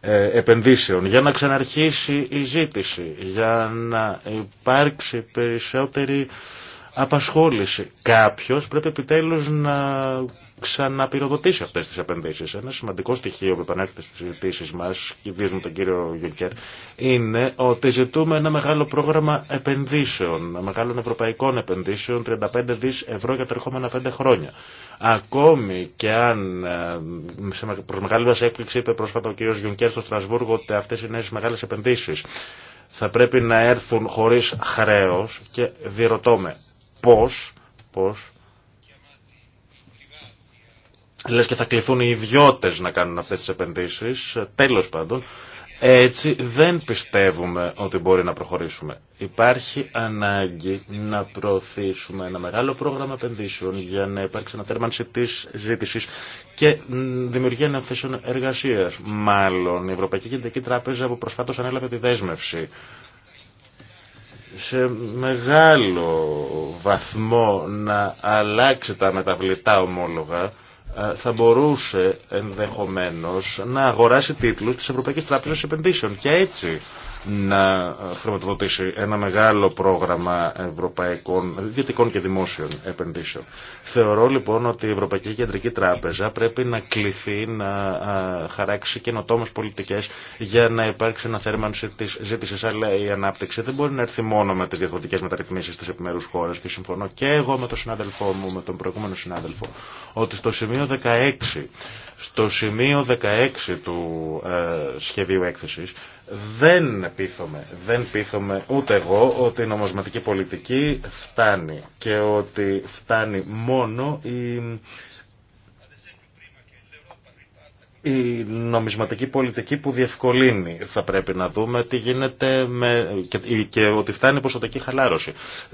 ε, επενδύσεων, για να ξαναρχίσει η ζήτηση, για να υπάρξει περισσότερη απασχόληση. Κάποιο πρέπει επιτέλου να ξαναπυροδοτήσει αυτέ τι επενδύσει. Ένα σημαντικό στοιχείο που επανέρχεται στι συζητήσει μα, ιδίω με τον κύριο Γιουνκέρ, είναι ότι ζητούμε ένα μεγάλο πρόγραμμα επενδύσεων, μεγάλων ευρωπαϊκών επενδύσεων, 35 δι ευρώ για τα ερχόμενα 5 χρόνια. Ακόμη και αν ε, προ μεγάλη μα έκπληξη είπε πρόσφατα ο κύριο Γιουνκέρ στο Στρασβούργο ότι αυτέ οι νέε μεγάλε επενδύσει θα πρέπει να έρθουν χωρίς χρέος και διερωτώ πώς, πώς, λες και θα κληθούν οι ιδιώτες να κάνουν αυτές τις επενδύσεις, τέλος πάντων, έτσι δεν πιστεύουμε ότι μπορεί να προχωρήσουμε. Υπάρχει ανάγκη να προωθήσουμε ένα μεγάλο πρόγραμμα επενδύσεων για να υπάρξει ανατέρμανση τη ζήτηση και δημιουργία αναθέσεων εργασία. Μάλλον η Ευρωπαϊκή Κεντρική Τράπεζα που προσφάτω ανέλαβε τη δέσμευση σε μεγάλο βαθμό να αλλάξει τα μεταβλητά ομόλογα ε, θα μπορούσε ενδεχομένως να αγοράσει τίτλους της Ευρωπαϊκής Τράπεζας Επενδύσεων και έτσι να χρηματοδοτήσει ένα μεγάλο πρόγραμμα ευρωπαϊκών, ιδιωτικών και δημόσιων επενδύσεων. Θεωρώ λοιπόν ότι η Ευρωπαϊκή Κεντρική Τράπεζα πρέπει να κληθεί να χαράξει καινοτόμε πολιτικέ για να υπάρξει ένα θέρμανση τη ζήτηση. Αλλά η ανάπτυξη δεν μπορεί να έρθει μόνο με τι διαφορετικέ μεταρρυθμίσει τη επιμέρου χώρε. Και συμφωνώ και εγώ με τον συνάδελφό μου, με τον προηγούμενο συνάδελφο, ότι στο σημείο 16 στο σημείο 16 του ε, σχεδίου έκθεσης δεν πείθομαι, δεν πείθομαι ούτε εγώ ότι η νομοσματική πολιτική φτάνει και ότι φτάνει μόνο η... Η νομισματική πολιτική που διευκολύνει θα πρέπει να δούμε τι γίνεται με... και ότι φτάνει η ποσοτική χαλάρωση.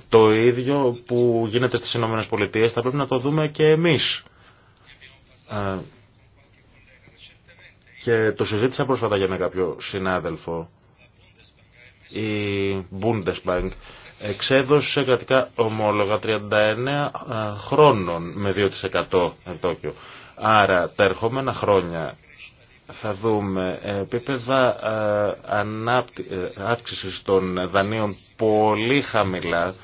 Το ίδιο που γίνεται στις ΗΠΑ θα πρέπει να το δούμε και εμείς. Ε, και το συζήτησα πρόσφατα για με κάποιο συνάδελφο. Η Bundesbank εξέδωσε κρατικά ομόλογα 39 ε, χρόνων με 2% Τόκιο, Άρα τα ερχόμενα χρόνια θα δούμε επίπεδα ε, ε, αύξηση των δανείων πολύ χαμηλά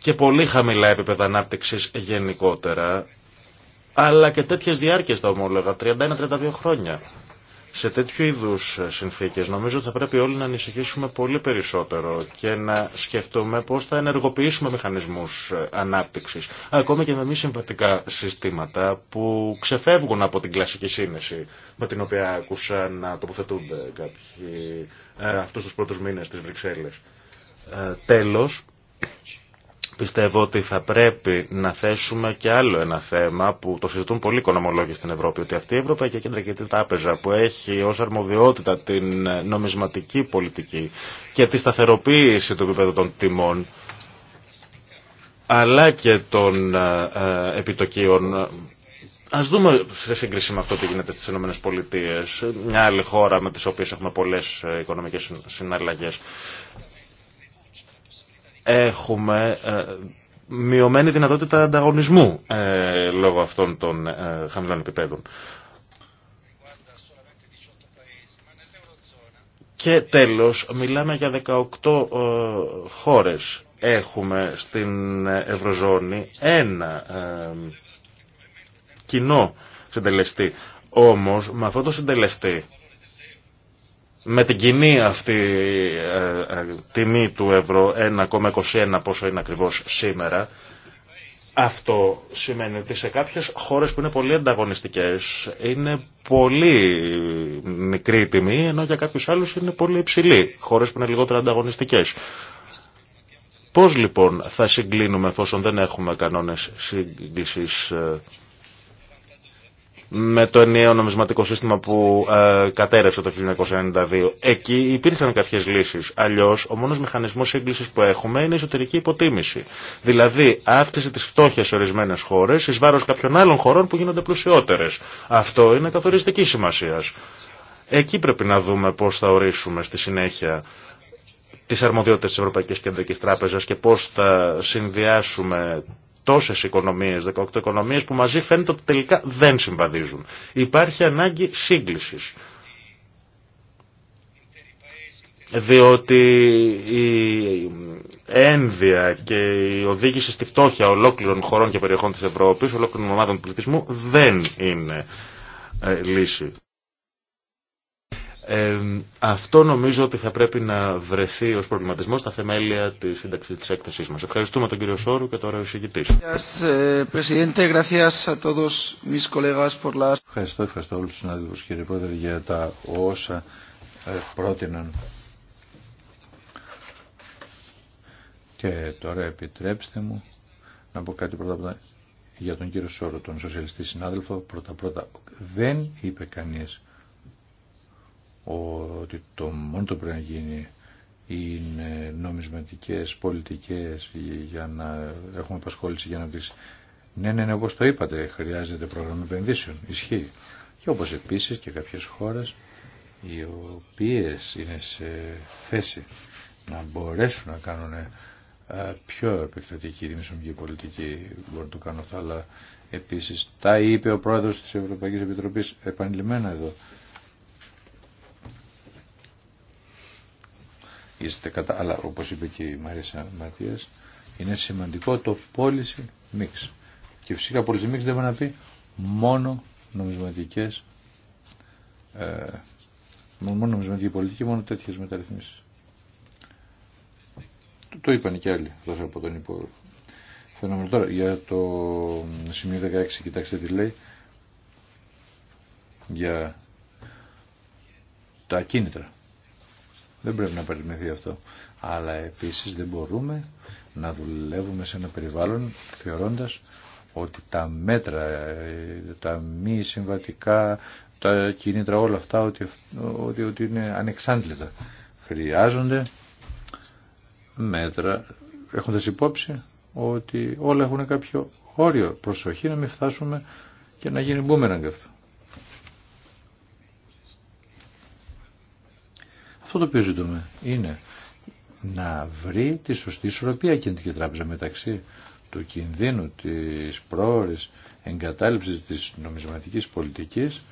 και πολύ χαμηλά επίπεδα ανάπτυξης γενικότερα αλλά και τέτοιε διάρκειες τα ομόλογα, 31-32 χρόνια. Σε τέτοιου είδου συνθήκες νομίζω ότι θα πρέπει όλοι να ανησυχήσουμε πολύ περισσότερο και να σκεφτούμε πώς θα ενεργοποιήσουμε μηχανισμούς ανάπτυξης, ακόμα και με μη συμβατικά συστήματα που ξεφεύγουν από την κλασική σύνεση με την οποία άκουσα να τοποθετούνται κάποιοι ε, αυτούς τους πρώτους μήνες τη Βρυξέλλες. Ε, τέλος, Πιστεύω ότι θα πρέπει να θέσουμε και άλλο ένα θέμα που το συζητούν πολλοί οικονομολόγοι στην Ευρώπη, ότι αυτή η Ευρωπαϊκή Κεντρική Τράπεζα που έχει ως αρμοδιότητα την νομισματική πολιτική και τη σταθεροποίηση του επίπεδου των τιμών, αλλά και των ε, ε, επιτοκίων, Α δούμε σε σύγκριση με αυτό τι γίνεται στι ΗΠΑ, μια άλλη χώρα με τι οποίε έχουμε πολλέ ε, οικονομικέ συναλλαγέ έχουμε ε, μειωμένη δυνατότητα ανταγωνισμού ε, λόγω αυτών των ε, χαμηλών επιπέδων. Και τέλος, μιλάμε για 18 χώρες. Έχουμε στην Ευρωζώνη ένα κοινό συντελεστή. Όμως, με αυτό το συντελεστή με την κοινή αυτή ε, ε τιμή του ευρώ 1,21 πόσο είναι ακριβώς σήμερα αυτό σημαίνει ότι σε κάποιες χώρες που είναι πολύ ανταγωνιστικές είναι πολύ μικρή τιμή ενώ για κάποιους άλλους είναι πολύ υψηλή χώρες που είναι λιγότερα ανταγωνιστικές Πώς λοιπόν θα συγκλίνουμε εφόσον δεν έχουμε κανόνες σύγκλησης ε, με το ενιαίο νομισματικό σύστημα που ε, κατέρευσε το 1992. Εκεί υπήρχαν κάποιες λύσεις. Αλλιώς ο μόνος μηχανισμός σύγκλησης που έχουμε είναι η εσωτερική υποτίμηση. Δηλαδή αύξηση της φτώχειας σε ορισμένες χώρες εις βάρος κάποιων άλλων χωρών που γίνονται πλουσιότερες. Αυτό είναι καθοριστική σημασία. Εκεί πρέπει να δούμε πώς θα ορίσουμε στη συνέχεια τις αρμοδιότητες της Ευρωπαϊκής Κεντρικής Τράπεζας και πώς θα συνδυάσουμε τόσε οικονομίε, 18 οικονομίε που μαζί φαίνεται ότι τελικά δεν συμβαδίζουν. Υπάρχει ανάγκη σύγκληση. Διότι η ένδυα και η οδήγηση στη φτώχεια ολόκληρων χωρών και περιοχών της Ευρώπης, ολόκληρων ομάδων πληθυσμού, δεν είναι ε, λύση αυτό νομίζω ότι θα πρέπει να βρεθεί ως προβληματισμό στα θεμέλια της σύνταξη της έκθεσής μας. Ευχαριστούμε τον κύριο Σόρου και τώρα ο εισηγητής. Ε, ευχαριστώ, ευχαριστώ όλους τους συναδελφούς κύριε Πρόεδρε για τα όσα ε, πρότειναν. Και τώρα επιτρέψτε μου να πω κάτι πρώτα για τον κύριο Σόρου, τον σοσιαλιστή συνάδελφο. Πρώτα πρώτα δεν είπε κανείς ότι το μόνο το πρέπει να γίνει είναι νομισματικές πολιτικές για να έχουμε απασχόληση για να δεις ναι, ναι, ναι, όπως το είπατε, χρειάζεται πρόγραμμα επενδύσεων, ισχύει. Και όπως επίσης και κάποιες χώρες οι οποίες είναι σε θέση να μπορέσουν να κάνουν ε, πιο επεκτατική δημιουργική πολιτική, μπορούν να το κάνουν αυτά, αλλά επίσης τα είπε ο πρόεδρος της Ευρωπαϊκής Επιτροπής επανειλημμένα εδώ, είστε κατά, αλλά όπως είπε και η Μαρίσα Ματίας, είναι σημαντικό το policy mix. Και φυσικά policy mix δεν μπορεί να πει μόνο νομισματικές, ε, μόνο νομισματική πολιτική, μόνο τέτοιες μεταρρυθμίσεις. Το, το είπαν και άλλοι, δώσα από τον υπόλοιπο. τώρα, για το σημείο 16, κοιτάξτε τι λέει, για τα κίνητρα. Δεν πρέπει να παρεμεθεί αυτό. Αλλά επίσης δεν μπορούμε να δουλεύουμε σε ένα περιβάλλον θεωρώντας ότι τα μέτρα, τα μη συμβατικά, τα κινήτρα, όλα αυτά ότι, ότι, ότι είναι ανεξάντλητα. Χρειάζονται μέτρα έχοντας υπόψη ότι όλα έχουν κάποιο όριο. Προσοχή να μην φτάσουμε και να γίνει μπούμεραγκ αυτό. Αυτό το οποίο ζητούμε είναι να βρει τη σωστή ισορροπία κινητική Κεντρική Τράπεζα μεταξύ του κινδύνου της πρόορης εγκατάλειψης της νομισματικής πολιτικής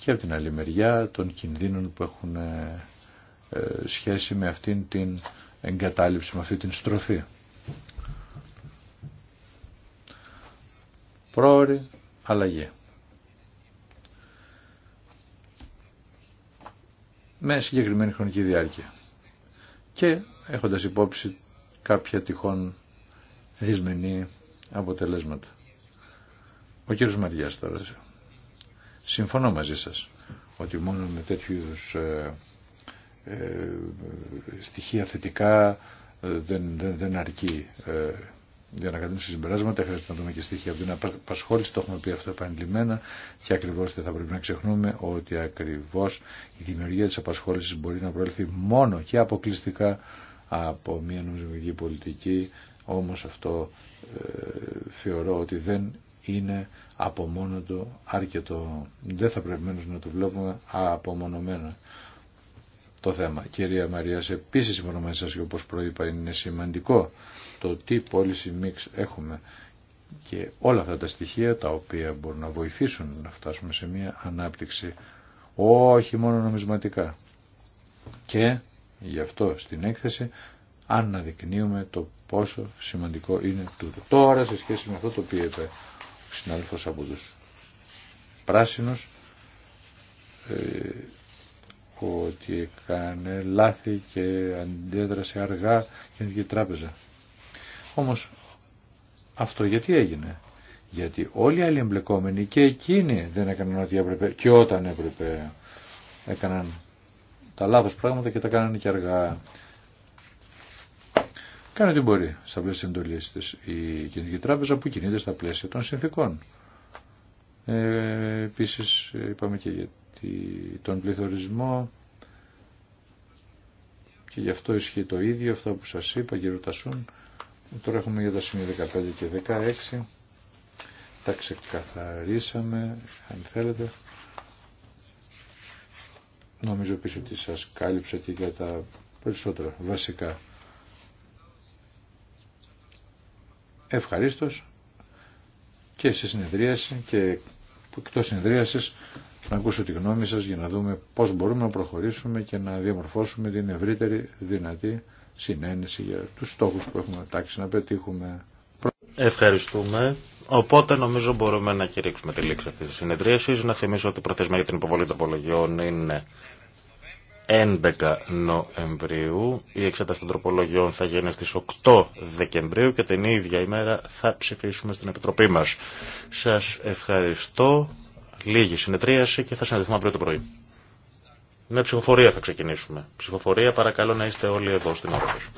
και από την άλλη μεριά των κινδύνων που έχουν ε, ε, σχέση με αυτήν την εγκατάλειψη, με αυτή την στροφή. Πρόορη αλλαγή. με συγκεκριμένη χρονική διάρκεια και έχοντας υπόψη κάποια τυχόν δυσμενή αποτελέσματα. Ο κύριος Μαριάς τώρα. Συμφωνώ μαζί σας ότι μόνο με τέτοιου ε, ε, στοιχεία θετικά ε, δεν, δεν, αρκεί ε, για να κατέβουμε συμπεράσματα χρειάζεται να δούμε και στοιχεία από την απασχόληση. Το έχουμε πει αυτό επανειλημμένα και ακριβώ δεν θα πρέπει να ξεχνούμε ότι ακριβώ η δημιουργία τη απασχόληση μπορεί να προέλθει μόνο και αποκλειστικά από μια νομισματική πολιτική. Όμω αυτό ε, θεωρώ ότι δεν είναι από μόνο το αρκετό. Δεν θα πρέπει να το βλέπουμε απομονωμένα το θέμα. Κυρία Μαρία, επίση συμφωνώ μαζί σα και όπω προείπα είναι σημαντικό το τι πόληση μίξ έχουμε και όλα αυτά τα στοιχεία τα οποία μπορούν να βοηθήσουν να φτάσουμε σε μια ανάπτυξη όχι μόνο νομισματικά. Και γι' αυτό στην έκθεση αναδεικνύουμε το πόσο σημαντικό είναι τούτο. Τώρα σε σχέση με αυτό το οποίο είπε ο συνάδελφος από τους πράσινους ε, ότι έκανε λάθη και αντέδρασε αργά και η τράπεζα. Όμως αυτό γιατί έγινε. Γιατί όλοι οι άλλοι εμπλεκόμενοι και εκείνοι δεν έκαναν ό,τι έπρεπε και όταν έπρεπε έκαναν τα λάθος πράγματα και τα κάνανε και αργά. Κάνει ό,τι μπορεί στα πλαίσια εντολής τη η Κεντρική Τράπεζα που κινείται στα πλαίσια των συνθήκων. Ε, Επίση, είπαμε και για τον πληθωρισμό και γι' αυτό ισχύει το ίδιο, αυτό που σας είπα, κύριο Τασούν, Τώρα έχουμε για τα σημεία 15 και 16. Τα ξεκαθαρίσαμε, αν θέλετε. Νομίζω πίσω ότι σας κάλυψα και για τα περισσότερα βασικά. Ευχαρίστως και σε συνεδρίαση και εκτός συνεδρίασης να ακούσω τη γνώμη σας για να δούμε πώς μπορούμε να προχωρήσουμε και να διαμορφώσουμε την ευρύτερη δυνατή συνένεση για τους στόχους που έχουμε τάξει να πετύχουμε. Ευχαριστούμε. Οπότε νομίζω μπορούμε να κηρύξουμε τη λήξη αυτής της συνεδρίασης. Να θυμίσω ότι η προθεσμία για την υποβολή των απολογιών είναι 11 Νοεμβρίου. Η εξέταση των τροπολογιών θα γίνει στις 8 Δεκεμβρίου και την ίδια ημέρα θα ψηφίσουμε στην Επιτροπή μας. Σας ευχαριστώ. Λίγη συνεδρίαση και θα συναντηθούμε αύριο το πρωί. Με ψηφοφορία θα ξεκινήσουμε. Ψηφοφορία παρακαλώ να είστε όλοι εδώ στην ώρα σας.